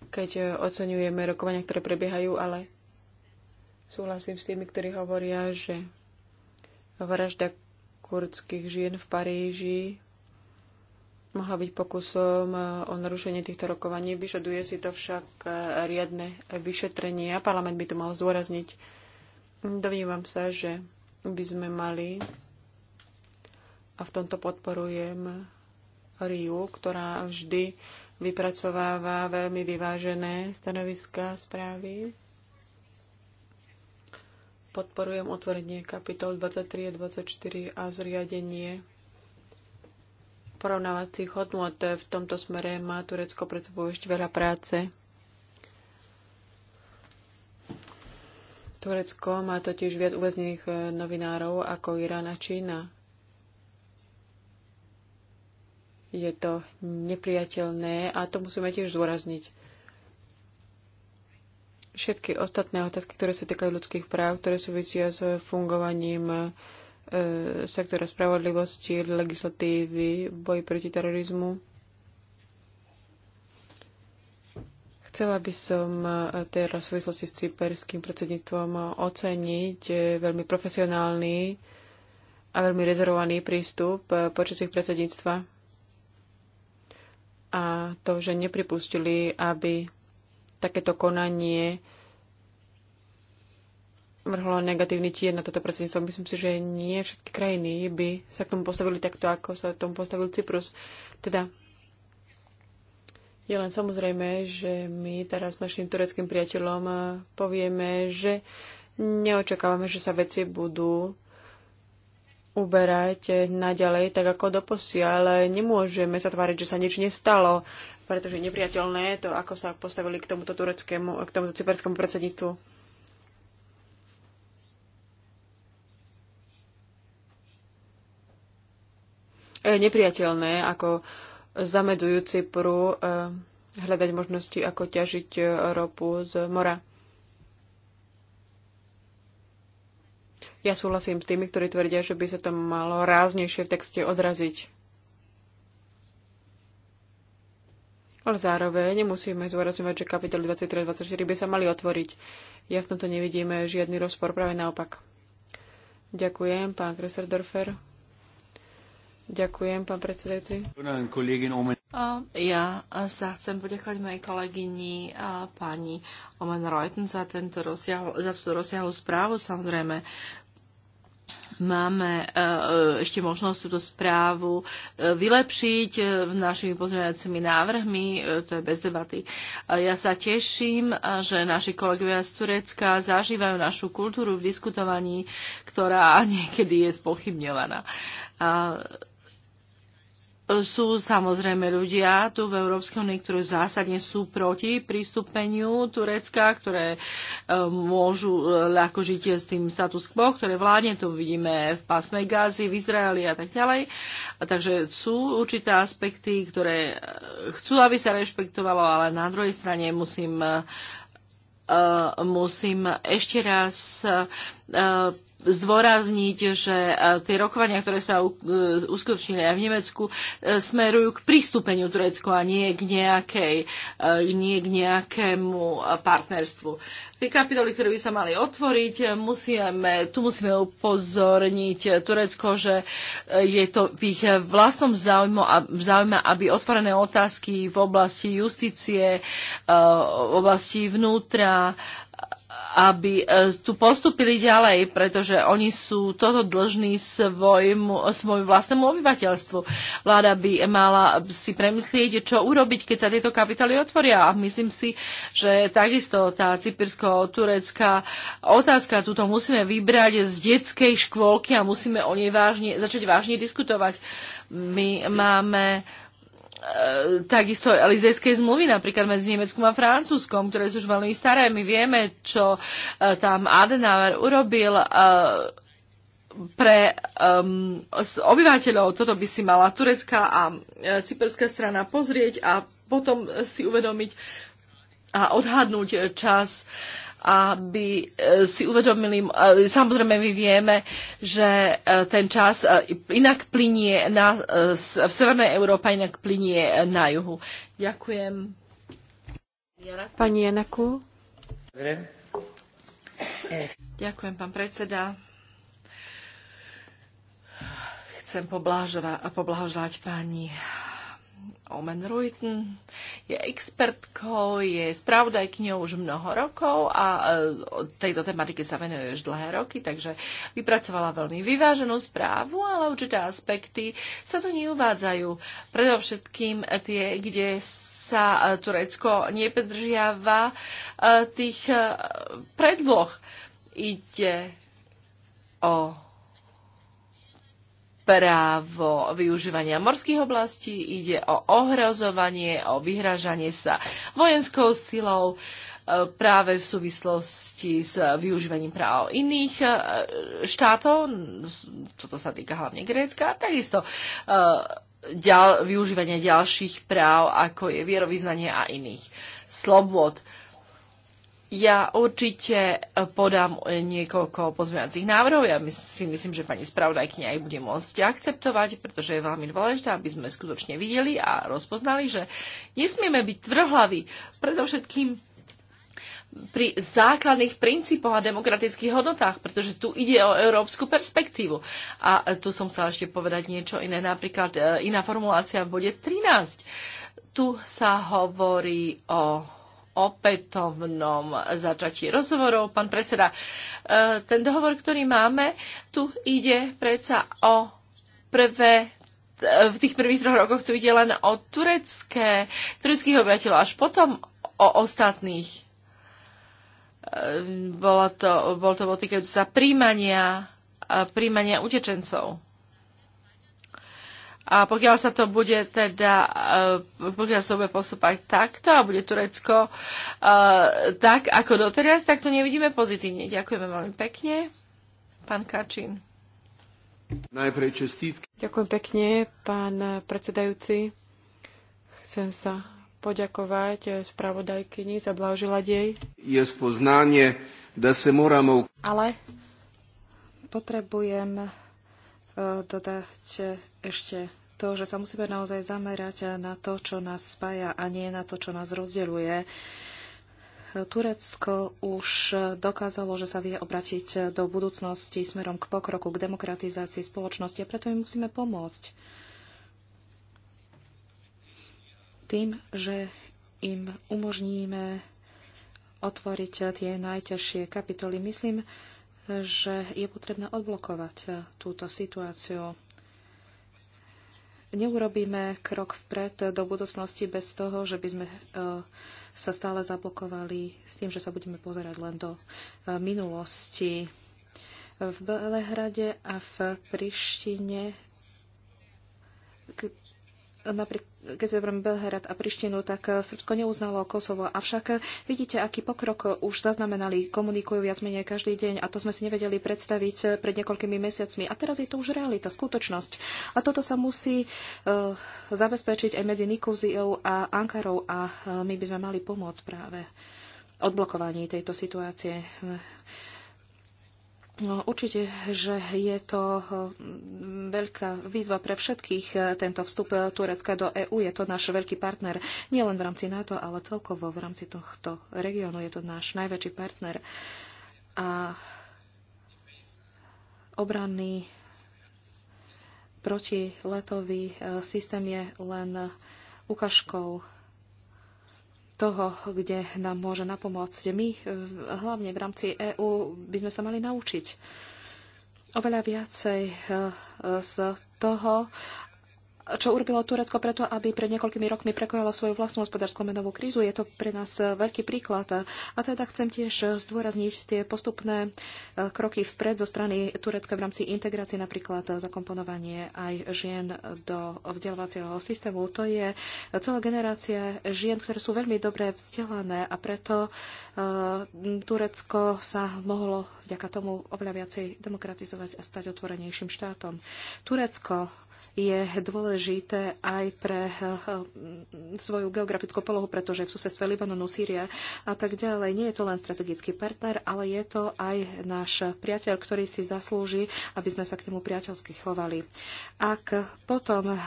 keď oceňujeme rokovania, ktoré prebiehajú, ale Súhlasím s tými, ktorí hovoria, že vražda kurdských žien v Paríži mohla byť pokusom e, o narušenie týchto rokovaní. Vyžaduje si to však e, riadne vyšetrenie a parlament by to mal zdôrazniť. Dovnívam sa, že by sme mali a v tomto podporujem Riu, ktorá vždy vypracováva veľmi vyvážené stanoviska správy. Podporujem otvorenie kapitol 23 a 24 a zriadenie porovnávacích hodnot. V tomto smere má Turecko pred sebou ešte veľa práce. Turecko má totiž viac uväznených eh, novinárov ako Irán a Čína. Je to nepriateľné a to musíme tiež zdôrazniť všetky ostatné otázky, ktoré sa týkajú ľudských práv, ktoré súvisia s fungovaním e, sektora spravodlivosti, legislatívy, boji proti terorizmu. Chcela by som e, teraz v súvislosti s cyperským predsedníctvom oceniť e, veľmi profesionálny a veľmi rezervovaný prístup e, počas ich predsedníctva a to, že nepripustili, aby takéto konanie vrhlo negatívny tier na toto predsedníctvo. Myslím si, že nie všetky krajiny by sa k tomu postavili takto, ako sa k tomu postavil Cyprus. Teda je len samozrejme, že my teraz našim tureckým priateľom eh, povieme, že neočakávame, že sa veci budú uberať naďalej, tak ako doposia, ale Nemôžeme sa tváriť, že sa nič nestalo, pretože je nepriateľné to, ako sa postavili k tomuto tureckému, k tomuto cyperskému predsedníctvu. Je nepriateľné, ako zamedzujúci prú eh, hľadať možnosti, ako ťažiť ropu z mora. Ja súhlasím s tými, ktorí tvrdia, že by sa to malo ráznejšie v texte odraziť. Ale zároveň nemusíme zúrazňovať, že kapitoly 23 a 24 by sa mali otvoriť. Ja v tomto nevidím žiadny rozpor, práve naopak. Ďakujem, pán Kresserdorfer. Ďakujem, pán predsedajúci. Ja sa chcem poďakovať mojej kolegyni pani Omen Reuten za, tento rozsiahlu, za túto rozsiahlu správu. Samozrejme, máme e, e, ešte možnosť túto správu e, vylepšiť našimi pozmeňovacími návrhmi, to je bez debaty. Ja sa teším, že naši kolegovia z Turecka zažívajú našu kultúru v diskutovaní, ktorá niekedy je spochybňovaná sú samozrejme ľudia tu v Európskej unii, ktorí zásadne sú proti prístupeniu Turecka, ktoré e, môžu ľahko e, žiť s tým status quo, ktoré vládne, to vidíme v pásme Gázy, v Izraeli a tak ďalej. A takže sú určité aspekty, ktoré e, chcú, aby sa rešpektovalo, ale na druhej strane musím musím ešte raz zdôrazniť, že e, tie rokovania, ktoré sa e, uskutočnili aj v Nemecku, e, smerujú k prístupeniu Turecku a nie k, nejakej, nie k nejakému partnerstvu. Tie kapitoly, ktoré by sa mali otvoriť, musíme, tu musíme upozorniť Turecko, že je to v ich vlastnom záujme, aby otvorené otázky v oblasti justície, v oblasti vnútra, aby e, tu postupili ďalej, pretože oni sú toto dlžní svojmu, svojmu vlastnému obyvateľstvu. Vláda by mala si premyslieť, čo urobiť, keď sa tieto kapitály otvoria. A myslím si, že takisto tá cypirsko-turecká otázka, túto musíme vybrať z detskej škôlky a musíme o nej vážne, začať vážne diskutovať. My máme E, takisto elizejskej zmluvy napríklad medzi Nemeckom a Francúzskom, ktoré sú už veľmi staré. My vieme, čo e, tam Adenauer urobil e, pre um, obyvateľov. Toto by si mala turecká a cyperská strana pozrieť a potom si uvedomiť a odhadnúť čas uh, aby eh, si uvedomili, eh, samozrejme my vieme, že eh, ten čas inak plinie na, v Severnej Európe, inak plinie na juhu. Ďakujem. Pani Janaku. Ďakujem, pán predseda. Chcem poblahoželať pani Omen Ruiten. Je expertkou, je spravodajkňou už mnoho rokov a e, tejto tematike sa venuje už dlhé roky, takže vypracovala veľmi vyváženú správu, ale určité aspekty sa tu neuvádzajú. Predovšetkým tie, kde sa e, Turecko nepedržiava e, tých predloh. Ide o právo využívania morských oblastí, ide o ohrozovanie, o vyhražanie sa vojenskou silou e, práve v súvislosti s využívaním práv iných e, štátov, toto sa týka hlavne Grécka, a takisto e, ďal, využívania ďalších práv, ako je vierovýznanie a iných slobod. Ja určite e, podám e, niekoľko pozmeňacích návrhov. Ja si myslím, že pani spravodajkňa aj bude môcť akceptovať, pretože je veľmi dôležité, aby sme skutočne videli a rozpoznali, že nesmieme byť tvrhlaví. Predovšetkým pri základných princípoch a demokratických hodnotách, pretože tu ide o európsku perspektívu. A e, tu som chcela ešte povedať niečo iné, napríklad iná formulácia v bode 13. Tu sa hovorí o opätovnom začatí rozhovorov. Pán predseda, e, ten dohovor, ktorý máme, tu ide predsa o prvé e, v tých prvých troch rokoch tu ide len o turecké, tureckých obyvateľov, až potom o ostatných. E, Bolo to, bol to týkajúce sa príjmania, príjmania utečencov. A pokiaľ sa to bude teda, e, pokiaľ sa bude postupovať takto a bude Turecko e, tak ako doteraz, tak to nevidíme pozitívne. Ďakujeme veľmi pekne. Pán Kačín. Najprej čestítky. Ďakujem pekne, pán predsedajúci. Chcem sa poďakovať spravodajkyni za blahoželadej. Je spoznanie, da se moramo... Ale potrebujem e, dodať ešte to, že sa musíme naozaj zamerať na to, čo nás spája a nie na to, čo nás rozdeľuje. Turecko už dokázalo, že sa vie obratiť do budúcnosti smerom k pokroku, k demokratizácii spoločnosti a preto im musíme pomôcť tým, že im umožníme otvoriť tie najťažšie kapitoly. Myslím, že je potrebné odblokovať túto situáciu neurobíme krok vpred do budúcnosti bez toho, že by sme e, sa stále zablokovali s tým, že sa budeme pozerať len do e, minulosti. V Belehrade a v Prištine napríklad keď zoberiem Belherat a Prištinu, tak eh, Srbsko neuznalo Kosovo. Avšak eh, vidíte, aký pokrok eh, už zaznamenali, komunikujú viac menej každý deň a to sme si nevedeli predstaviť pred niekoľkými mesiacmi. A teraz je to už realita, skutočnosť. A toto sa musí uh, zabezpečiť aj medzi Nikúziou a Ankarou a uh, my by sme mali pomôcť práve odblokovaní tejto situácie. No, určite, že je to veľká výzva pre všetkých e, tento vstup e, Turecka do EÚ. Je to náš veľký partner nielen v rámci NATO, ale celkovo v rámci tohto regiónu. Je to náš najväčší partner. A obranný protiletový e, systém je len ukážkou toho, kde nám môže napomôcť. My hlavne v rámci EÚ by sme sa mali naučiť oveľa viacej eh, z toho, čo urobilo Turecko preto, aby pred niekoľkými rokmi prekojalo svoju vlastnú hospodárskú menovú krízu. Je to pre nás eh, veľký príklad. A teda chcem tiež eh, zdôrazniť tie postupné eh, kroky vpred zo strany Turecka v rámci integrácie, napríklad zakomponovanie aj žien do vzdelávacieho systému. To je celá generácia žien, ktoré sú veľmi dobre vzdelané a preto Turecko sa mohlo vďaka tomu oveľa viacej demokratizovať a stať otvorenejším štátom. Turecko je dôležité aj pre eh, svoju geografickú polohu, pretože v susedstve Libanonu, Sýria a tak ďalej nie je to len strategický partner, ale je to aj náš priateľ, ktorý si zaslúži, aby sme sa k nemu priateľsky chovali. Ak potom, eh,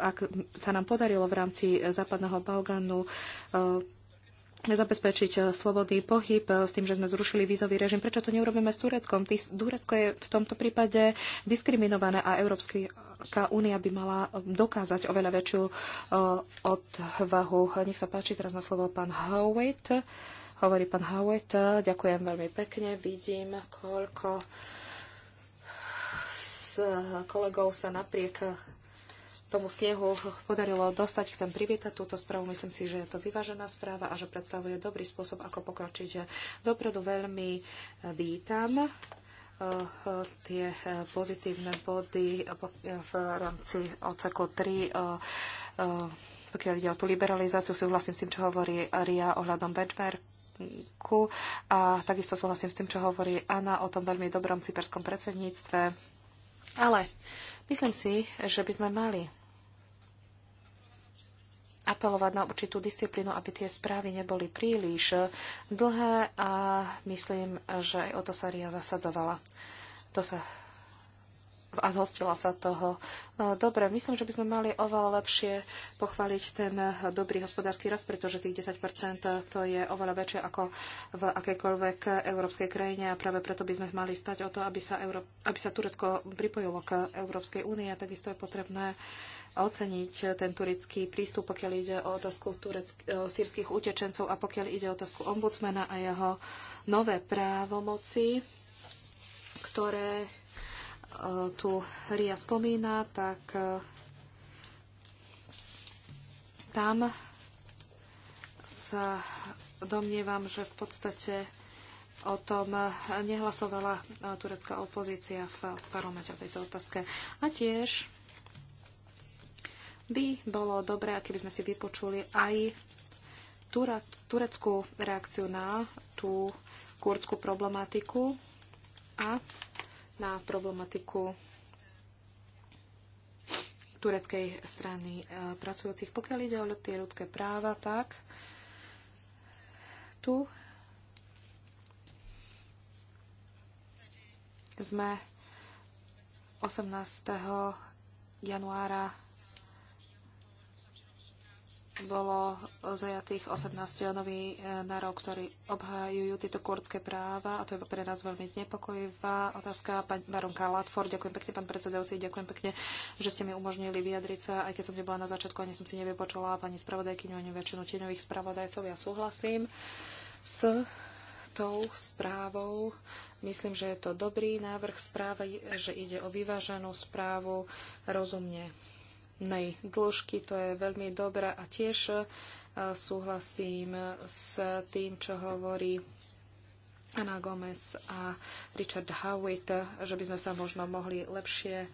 ak sa nám podarilo v rámci Západného Balgánu eh, zabezpečiť eh, slobodný pohyb eh, s tým, že sme zrušili vízový režim. Prečo to neurobíme s Tureckom? Turecko je v tomto prípade diskriminované a Európska únia by mala eh, dokázať oveľa väčšiu odvahu. Nech sa páči, teraz má slovo pán Howitt. Hovorí pán Howitt. Ďakujem veľmi pekne. Vidím, koľko kolegov sa napriek tomu snehu podarilo dostať. Chcem privítať túto správu. Myslím si, že je to vyvážená správa a že predstavuje dobrý spôsob, ako pokročiť dopredu. Veľmi vítam eh, tie pozitívne body v rámci odseku 3 eh, eh, pokiaľ ide o tú liberalizáciu, súhlasím s tým, čo hovorí Ria ohľadom benchmark, A takisto súhlasím s tým, čo hovorí Anna o tom veľmi dobrom cyperskom predsedníctve. Ale myslím si, že by sme mali apelovať na určitú disciplínu, aby tie správy neboli príliš eh, dlhé a myslím, že aj o to sa Ria zasadzovala. To sa a zhostila sa toho. No, dobre, myslím, že by sme mali oveľa lepšie pochváliť ten dobrý hospodársky rast, pretože tých 10% to je oveľa väčšie ako v akejkoľvek európskej krajine a práve preto by sme mali stať o to, aby sa, Euró- aby sa Turecko pripojilo k Európskej únii a takisto je potrebné oceniť ten turecký prístup, pokiaľ ide o otázku tureck- sírskych utečencov a pokiaľ ide o otázku ombudsmana a jeho nové právomoci, ktoré tu Ria spomína, tak e, tam sa domnievam, že v podstate o tom nehlasovala e, turecká opozícia v parlamente o tejto otázke. A tiež by bolo dobré, keby sme si vypočuli aj tureckú reakciu na tú kurdskú problematiku a na problematiku tureckej strany e, pracujúcich. Pokiaľ ide o tie ľudské práva, tak tu sme 18. januára bolo zajatých 18 novinárov, e, ktorí obhajujú tieto kurdské práva a to je pre nás veľmi znepokojivá otázka. Pán baronka Latford, ďakujem pekne, pán predsedajúci, ďakujem pekne, že ste mi umožnili vyjadriť sa, aj keď som nebola na začiatku, ani som si nevypočula pani spravodajkyňu, ani väčšinu tieňových spravodajcov. Ja súhlasím s tou správou. Myslím, že je to dobrý návrh správy, že ide o vyváženú správu rozumne dĺžky, to je veľmi dobré a tiež e, súhlasím s tým, čo hovorí Ana Gomez a Richard Howitt, že by sme sa možno mohli lepšie e,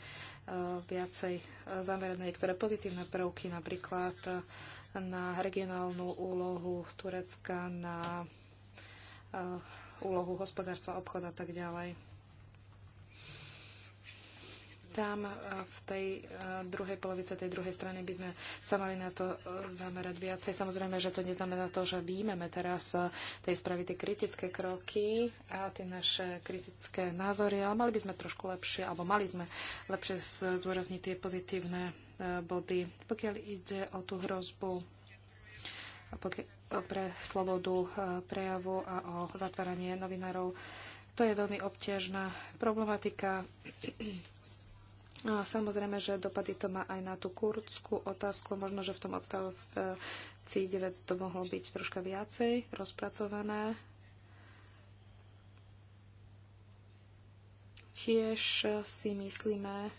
viacej e, zamerať na niektoré pozitívne prvky, napríklad na regionálnu úlohu Turecka, na úlohu hospodárstva, obchoda a tak ďalej tam e, v tej e, druhej polovice, tej druhej strany by sme sa mali na to e, zamerať viacej. Samozrejme, že to neznamená to, že výjmeme teraz tej spravy tie kritické kroky a tie naše kritické názory, ale mali by sme trošku lepšie, alebo mali sme lepšie zdôrazniť tie pozitívne body. Pokiaľ ide o tú hrozbu pre slobodu prejavu a o zatváranie novinárov, to je veľmi obťažná problematika. A samozrejme, že dopady to má aj na tú kurdskú otázku. Možno, že v tom odstavci 9 to mohlo byť troška viacej rozpracované. Tiež si myslíme,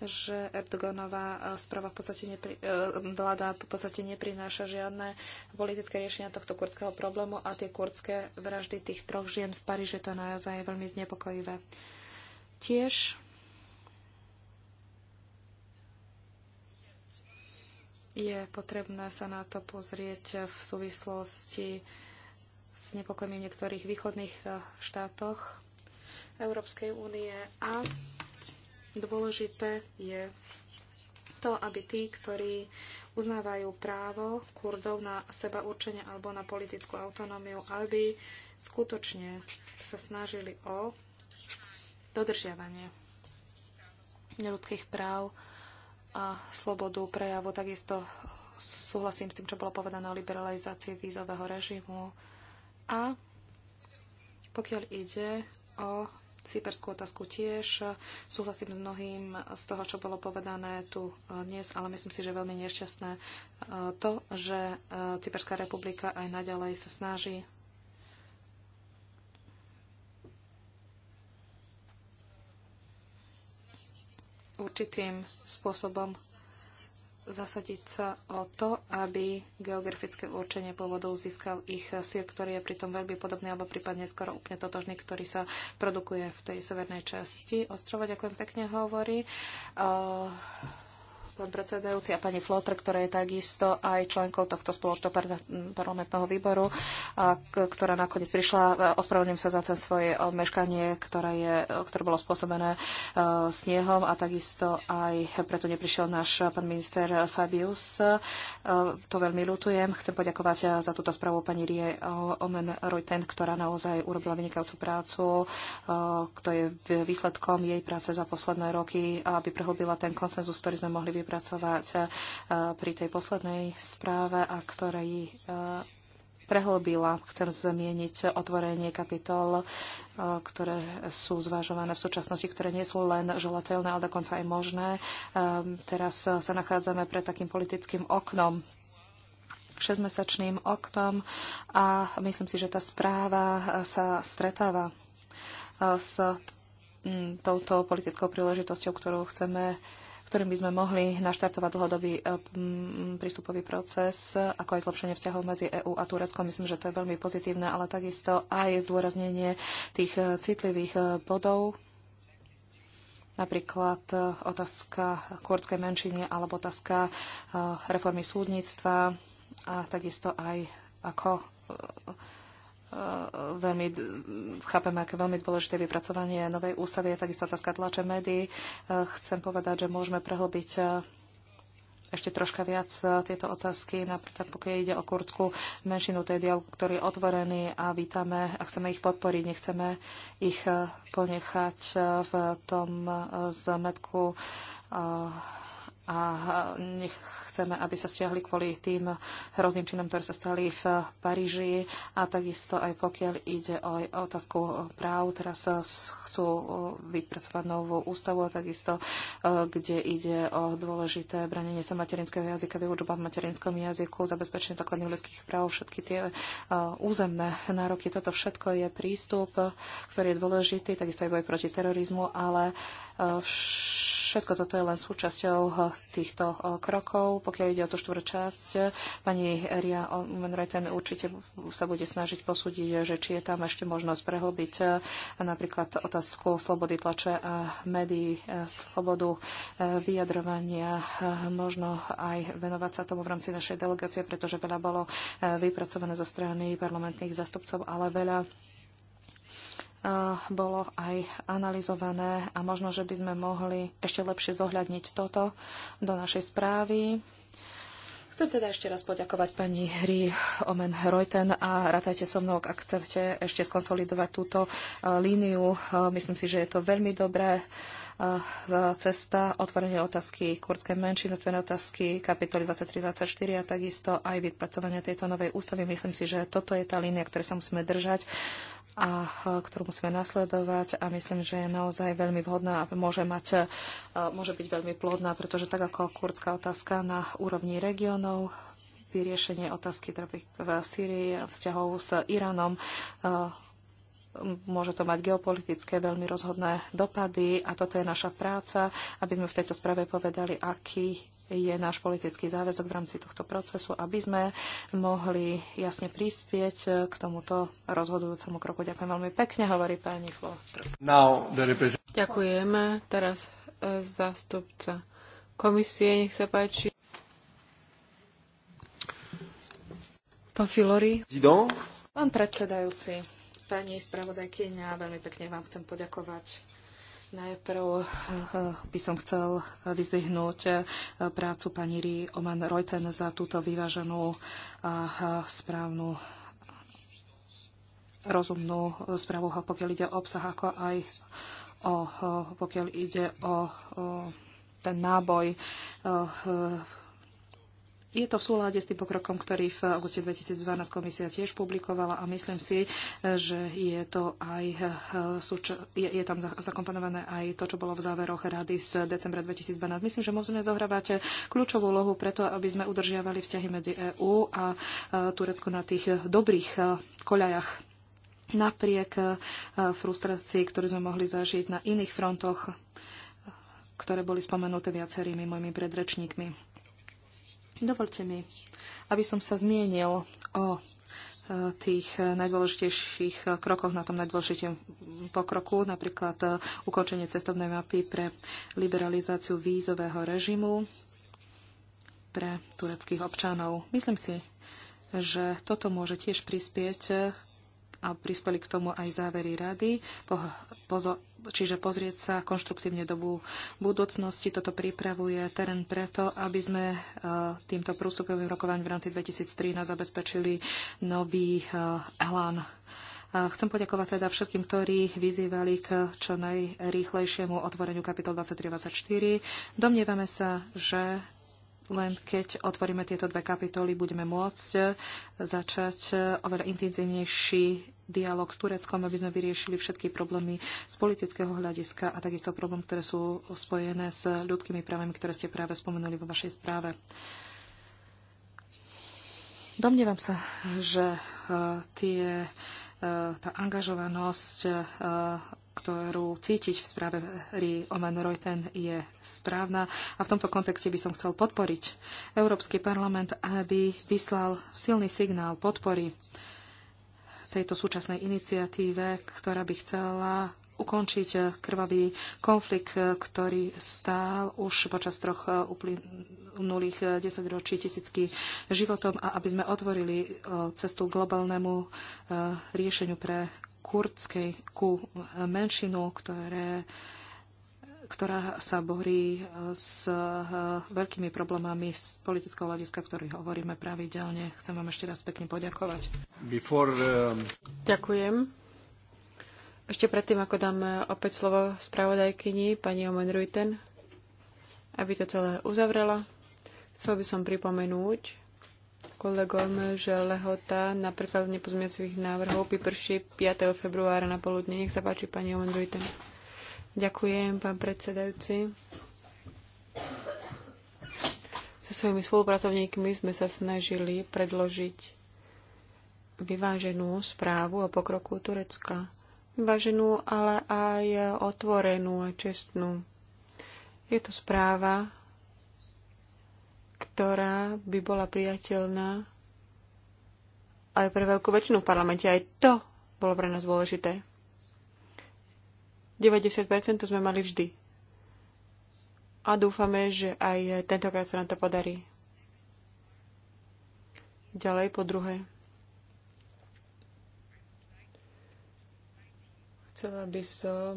že Erdoganová správa v podstate nepri, e, vláda v podstate neprináša žiadne politické riešenia tohto kurdského problému a tie kurdské vraždy tých troch žien v Paríže to naozaj je veľmi znepokojivé. Tiež je potrebné sa na to pozrieť v súvislosti s nepokojmi v niektorých východných eh, štátoch Európskej únie a dôležité je to, aby tí, ktorí uznávajú právo Kurdov na seba určenie alebo na politickú autonómiu, aby skutočne sa snažili o dodržiavanie ľudských práv a slobodu prejavu. Takisto súhlasím s tým, čo bolo povedané o liberalizácii vízového režimu. A pokiaľ ide o cyperskú otázku tiež. Súhlasím s mnohým z toho, čo bolo povedané tu eh, dnes, ale myslím si, že veľmi nešťastné eh, to, že eh, Cyperská republika aj naďalej sa snaží určitým spôsobom zasadiť sa o to, aby geografické určenie pôvodov získal ich sír, ktorý je pritom veľmi podobný alebo prípadne skoro úplne totožný, ktorý sa produkuje v tej severnej časti ostrova. Ďakujem pekne, hovorí. Uh, pán predsedajúci a pani Flotr, ktorá je takisto aj členkou tohto spoločného parlamentného výboru, a ktorá nakoniec prišla. E, ospravedlňujem sa za ten svoje meškanie, ktoré, je, e, ktoré bolo spôsobené e, snehom a takisto aj preto neprišiel náš pán minister Fabius. To veľmi ľutujem. Chcem poďakovať za túto správu pani Rie Omen Reuten, ktorá naozaj urobila vynikajúcu prácu, ktorá je výsledkom jej práce za posledné roky, aby prehlbila ten konsenzus, ktorý sme mohli vypracovať e, pri tej poslednej správe a ktorej e, prehlbila. Chcem zmieniť otvorenie kapitol, e, ktoré sú zvažované v súčasnosti, ktoré nie sú len želateľné, ale dokonca aj možné. Teraz sa nachádzame pred takým politickým oknom, šesťmesačným oknom a myslím si, že tá správa sa stretáva s touto politickou príležitosťou, ktorú chceme ktorým by sme mohli naštartovať dlhodobý eh, prístupový proces, ako aj zlepšenie vzťahov medzi EÚ a Tureckom. Myslím, že to je veľmi pozitívne, ale takisto aj zdôraznenie tých eh, citlivých eh, bodov, napríklad otázka kurdskej menšiny alebo otázka reformy súdnictva a takisto aj ako Eh, veľmi, chápeme, aké veľmi dôležité vypracovanie novej ústavy je takisto otázka tlače médií. Eh, chcem povedať, že môžeme prehlbiť eh, ešte troška viac tieto otázky, napríklad pokiaľ ide o kurdskú menšinu, to je dialog, ktorý je otvorený a vítame a chceme ich podporiť, nechceme ich ponechať v tom zmetku a nechceme, aby sa stiahli kvôli tým hrozným činom, ktoré sa stali v Paríži a takisto aj pokiaľ ide o otázku práv, teraz chcú vypracovať novú ústavu a takisto, e, kde ide o dôležité branenie sa materinského jazyka, vyučba v materinskom jazyku, zabezpečenie základných ľudských práv, všetky tie e, územné nároky. Toto všetko je prístup, ktorý je dôležitý, takisto aj boj proti terorizmu, ale e, všetko toto je len súčasťou týchto krokov. Pokiaľ ide o tú štvrť časť, pani Ria Omenreten určite sa bude snažiť posúdiť, že či je tam ešte možnosť prehlbiť e, napríklad otázku slobody tlače a médií, e, slobodu e, vyjadrovania, možno aj venovať sa tomu v rámci našej delegácie, pretože veľa bolo vypracované zo strany parlamentných zastupcov, ale veľa Eh, bolo aj analyzované a možno, že by sme mohli ešte lepšie zohľadniť toto do našej správy. Chcem teda ešte raz poďakovať pani Hry Omen Reuten a ratajte so mnou, ak chcete ešte skonsolidovať túto eh, líniu. Eh, myslím si, že je to veľmi dobré cesta, otvorenie otázky kurdské menšiny, otvorenie otázky kapitoly 23-24 a takisto aj vypracovanie tejto novej ústavy. Myslím si, že toto je tá línia, ktoré sa musíme držať a ktorú musíme nasledovať a myslím, že je naozaj veľmi vhodná a môže, mať, môže byť veľmi plodná, pretože tak ako kurdská otázka na úrovni regionov, vyriešenie otázky v Sýrii a vzťahov s Iránom, môže to mať geopolitické veľmi rozhodné dopady a toto je naša práca, aby sme v tejto sprave povedali, aký je náš politický záväzok v rámci tohto procesu, aby sme mohli jasne prispieť eh, k tomuto rozhodujúcemu kroku. Ďakujem veľmi pekne, hovorí pani Flo. Ďakujem. Teraz eh, zástupca komisie, nech sa páči. Pán Filori. Pán predsedajúci, pani spravodajkyňa, veľmi pekne vám chcem poďakovať Najprv eh, eh, by som chcel vyzdvihnúť eh, prácu pani Rí Oman Reuten za túto vyváženú a správnu rozumnú správu, pokiaľ ide o obsah, ako aj o, pokiaľ ide o, o ten náboj je to v súlade s tým pokrokom, ktorý v auguste 2012 komisia tiež publikovala a myslím si, že je, to aj, eh, je, tam zakomponované aj to, čo bolo v záveroch rady z decembra 2012. Myslím, že môžeme zohrávať eh, kľúčovú lohu preto, aby sme udržiavali vzťahy medzi EÚ a eh, Turecko na tých dobrých koľajach napriek frustrácii, ktorú sme mohli zažiť na iných frontoch, ktoré boli spomenuté viacerými mojimi predrečníkmi. Dovolte mi, aby som sa zmienil o e, tých najdôležitejších krokoch na tom najdôležitejšom pokroku, napríklad e, ukončenie cestovnej mapy pre liberalizáciu vízového režimu pre tureckých občanov. Myslím si, že toto môže tiež prispieť a prispeli k tomu aj závery rady, po, pozo, čiže pozrieť sa konštruktívne do budúcnosti. Toto pripravuje terén preto, aby sme uh, týmto prústupovým rokovaním v rámci 2013 zabezpečili nový uh, elán Chcem poďakovať teda všetkým, ktorí vyzývali k čo najrýchlejšiemu otvoreniu kapitol 23-24. Domnievame sa, že len keď otvoríme tieto dve kapitoly, budeme môcť e, začať oveľa intenzívnejší dialog s Tureckom, aby sme vyriešili všetky problémy z politického hľadiska a takisto problém, ktoré sú spojené s ľudskými právami, ktoré ste práve spomenuli vo vašej správe. Domnievam sa, že e, tie, e, tá angažovanosť, e, ktorú cítiť v správe Ri Omen Reuten je správna. A v tomto kontexte by som chcel podporiť Európsky parlament, aby vyslal silný signál podpory tejto súčasnej iniciatíve, ktorá by chcela ukončiť krvavý konflikt, ktorý stál už počas troch eh, uplynulých eh, desaťročí tisícky životom a aby sme otvorili eh, cestu globálnemu riešeniu pre kurdskej ku menšinu, ktoré ktorá sa borí e, s e, veľkými problémami z politického hľadiska, ktorých hovoríme pravidelne. Chcem vám ešte raz pekne poďakovať. Before, um... Ďakujem. Ešte predtým, ako dám e, opäť slovo spravodajkyni, pani Omen Ruiten, aby to celé uzavrela, chcel by som pripomenúť kolegom, že lehota na prekladanie pozmiacových návrhov vyprší 5. februára na poludne. Nech sa páči, pani Omen Ruiten. Ďakujem, pán predsedajúci. So svojimi spolupracovníkmi sme sa snažili predložiť vyváženú správu o pokroku Turecka. Vyváženú, ale aj otvorenú a čestnú. Je to správa, ktorá by bola priateľná aj pre veľkú väčšinu v parlamente. Aj to bolo pre nás dôležité. 90% to sme mali vždy. A dúfame, že aj tentokrát sa nám to podarí. Ďalej po druhé. Chcela by som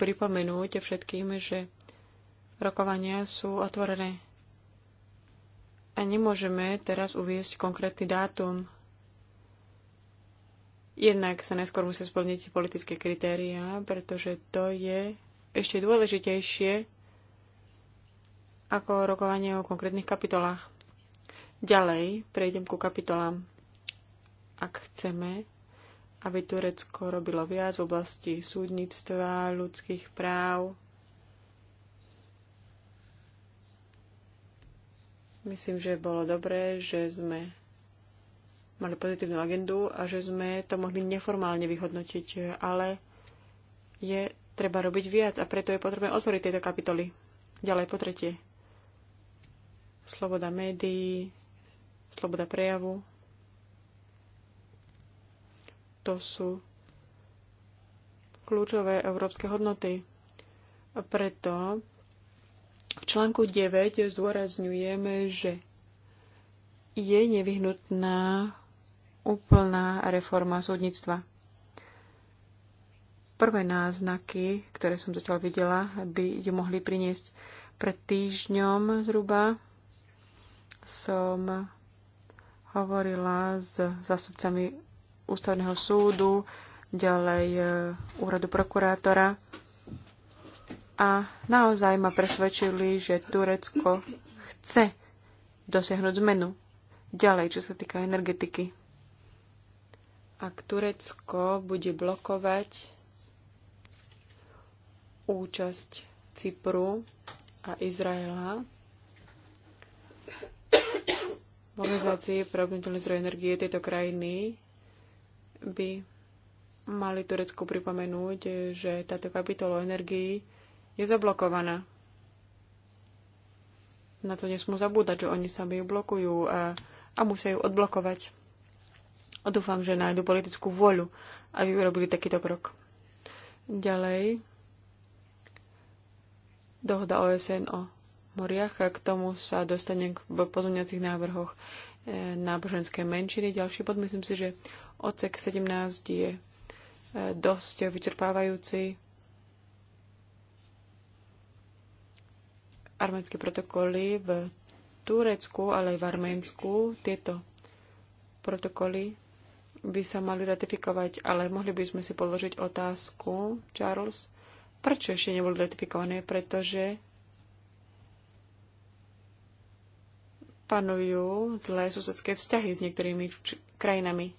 pripomenúť všetkým, že rokovania sú otvorené. A nemôžeme teraz uviesť konkrétny dátum Jednak sa neskôr musia splniť politické kritériá, pretože to je ešte dôležitejšie ako rokovanie o konkrétnych kapitolách. Ďalej prejdem ku kapitolám. Ak chceme, aby Turecko robilo viac v oblasti súdnictva, ľudských práv, myslím, že bolo dobré, že sme mali pozitívnu agendu a že sme to mohli neformálne vyhodnotiť, ale je treba robiť viac a preto je potrebné otvoriť tieto kapitoly. Ďalej po tretie. Sloboda médií, sloboda prejavu. To sú kľúčové európske hodnoty. A preto v článku 9 zdôrazňujeme, že je nevyhnutná úplná reforma súdnictva. Prvé náznaky, ktoré som zatiaľ videla, by ju mohli priniesť. Pred týždňom zhruba som hovorila s zástupcami ústavného súdu, ďalej e, úradu prokurátora a naozaj ma presvedčili, že Turecko chce dosiahnuť zmenu. Ďalej, čo sa týka energetiky ak Turecko bude blokovať účasť Cypru a Izraela v organizácii pre obnoviteľné zdroje energie tejto krajiny by mali Turecku pripomenúť, že táto kapitola energii je zablokovaná. Na to nesmú zabúdať, že oni sami ju blokujú a, a musia ju odblokovať. A Dúfam, že nájdu politickú voľu, aby urobili takýto krok. Ďalej, dohoda OSN o moriach a k tomu sa dostane v pozorňacích návrhoch e, náboženské menšiny. Ďalší bod, myslím si, že odsek 17 je e, dosť vyčerpávajúci. Arménske protokoly v Turecku, ale aj v Arménsku, tieto protokoly by sa mali ratifikovať, ale mohli by sme si položiť otázku, Charles, prečo ešte neboli ratifikované? Pretože panujú zlé susedské vzťahy s niektorými krajinami.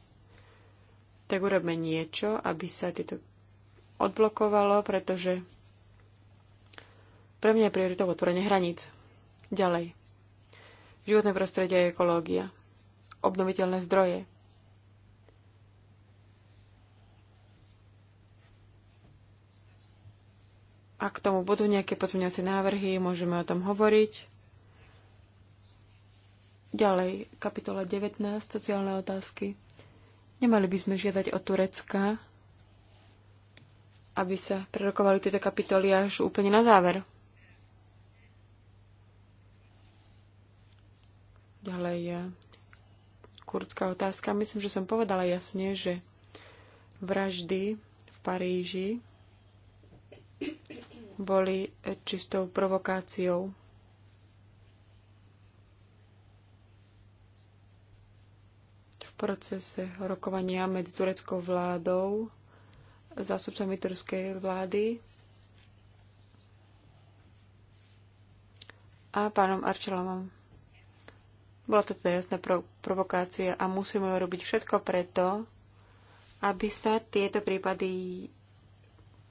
Tak urobme niečo, aby sa tieto odblokovalo, pretože pre mňa je prioritou otvorenie hraníc. Ďalej. Životné prostredie a ekológia. Obnoviteľné zdroje Ak k tomu budú nejaké pozmeňovacie návrhy, môžeme o tom hovoriť. Ďalej, kapitola 19, sociálne otázky. Nemali by sme žiadať od Turecka, aby sa prerokovali tieto kapitoly až úplne na záver. Ďalej, kurdská otázka. Myslím, že som povedala jasne, že vraždy v Paríži boli čistou provokáciou. V procese rokovania medzi tureckou vládou zástupcami turskej vlády a pánom Arčelomom. Bola to teda jasná provokácia a musíme robiť všetko preto, aby sa tieto prípady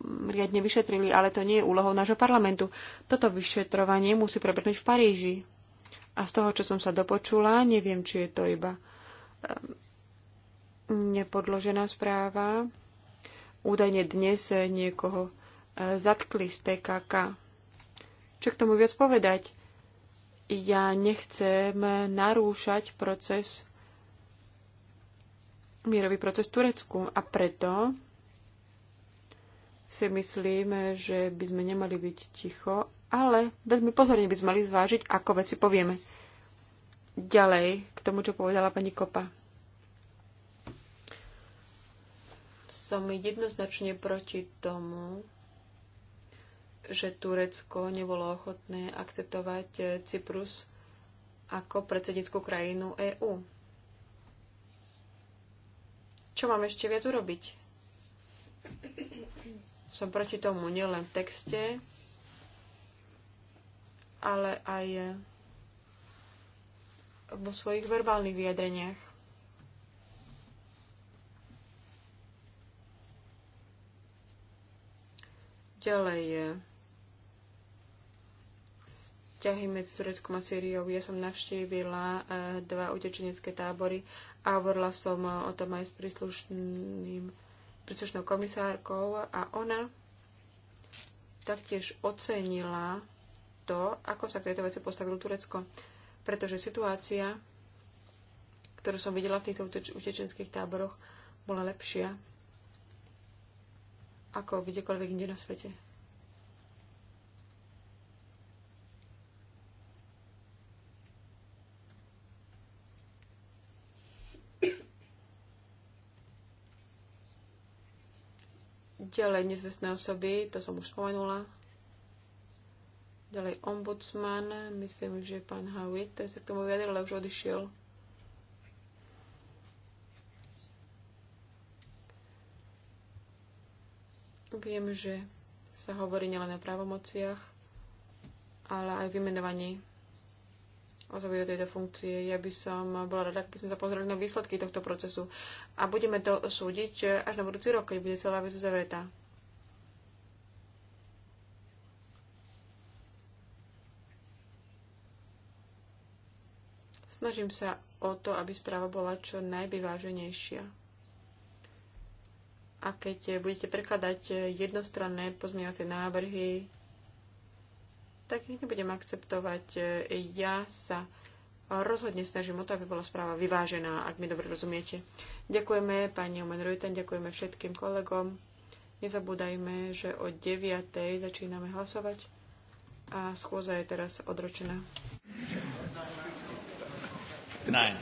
riadne vyšetrili, ale to nie je úlohou nášho parlamentu. Toto vyšetrovanie musí prebrnúť v Paríži. A z toho, čo som sa dopočula, neviem, či je to iba ehm, nepodložená správa. Údajne dnes niekoho e, zatkli z PKK. Čo k tomu viac povedať? Ja nechcem narúšať proces, mierový proces v Turecku a preto si myslím, že by sme nemali byť ticho, ale veľmi pozorne by sme mali zvážiť, ako veci povieme. Ďalej k tomu, čo povedala pani Kopa. Som jednoznačne proti tomu, že Turecko nebolo ochotné akceptovať Cyprus ako predsedickú krajinu EÚ. Čo mám ešte viac urobiť? Som proti tomu nielen v texte, ale aj eh, vo svojich verbálnych vyjadreniach. Ďalej je eh, vzťahy medzi Tureckom a Syriou. Ja som navštívila eh, dva utečenecké tábory a hovorila som o tom aj s príslušným príslušnou komisárkou a ona taktiež ocenila to, ako sa k tejto veci postavilo Turecko. Pretože situácia, ktorú som videla v týchto utečenských táboroch, bola lepšia ako kdekoľvek inde na svete. Ďalej nezvestné osoby, to som už spomenula. Ďalej ombudsman, myslím, že pán Howitt, ten sa k tomu vyjadril, ale už odišiel. Viem, že sa hovorí nielen o právomociach, ale aj vymenovaní osoby do tejto funkcie. Ja by som bola rada, by sme sa pozreli na výsledky tohto procesu. A budeme to súdiť eh, až na budúci rok, keď bude celá vec uzavretá. Snažím sa o to, aby správa bola čo najvyváženejšia. A keď budete prekladať jednostranné pozmeňovacie návrhy, tak ich nebudem akceptovať. Ja sa rozhodne snažím o to, aby bola správa vyvážená, ak mi dobre rozumiete. Ďakujeme pani Omen Rujten, ďakujeme všetkým kolegom. Nezabúdajme, že o 9. začíname hlasovať a schôza je teraz odročená. Nein.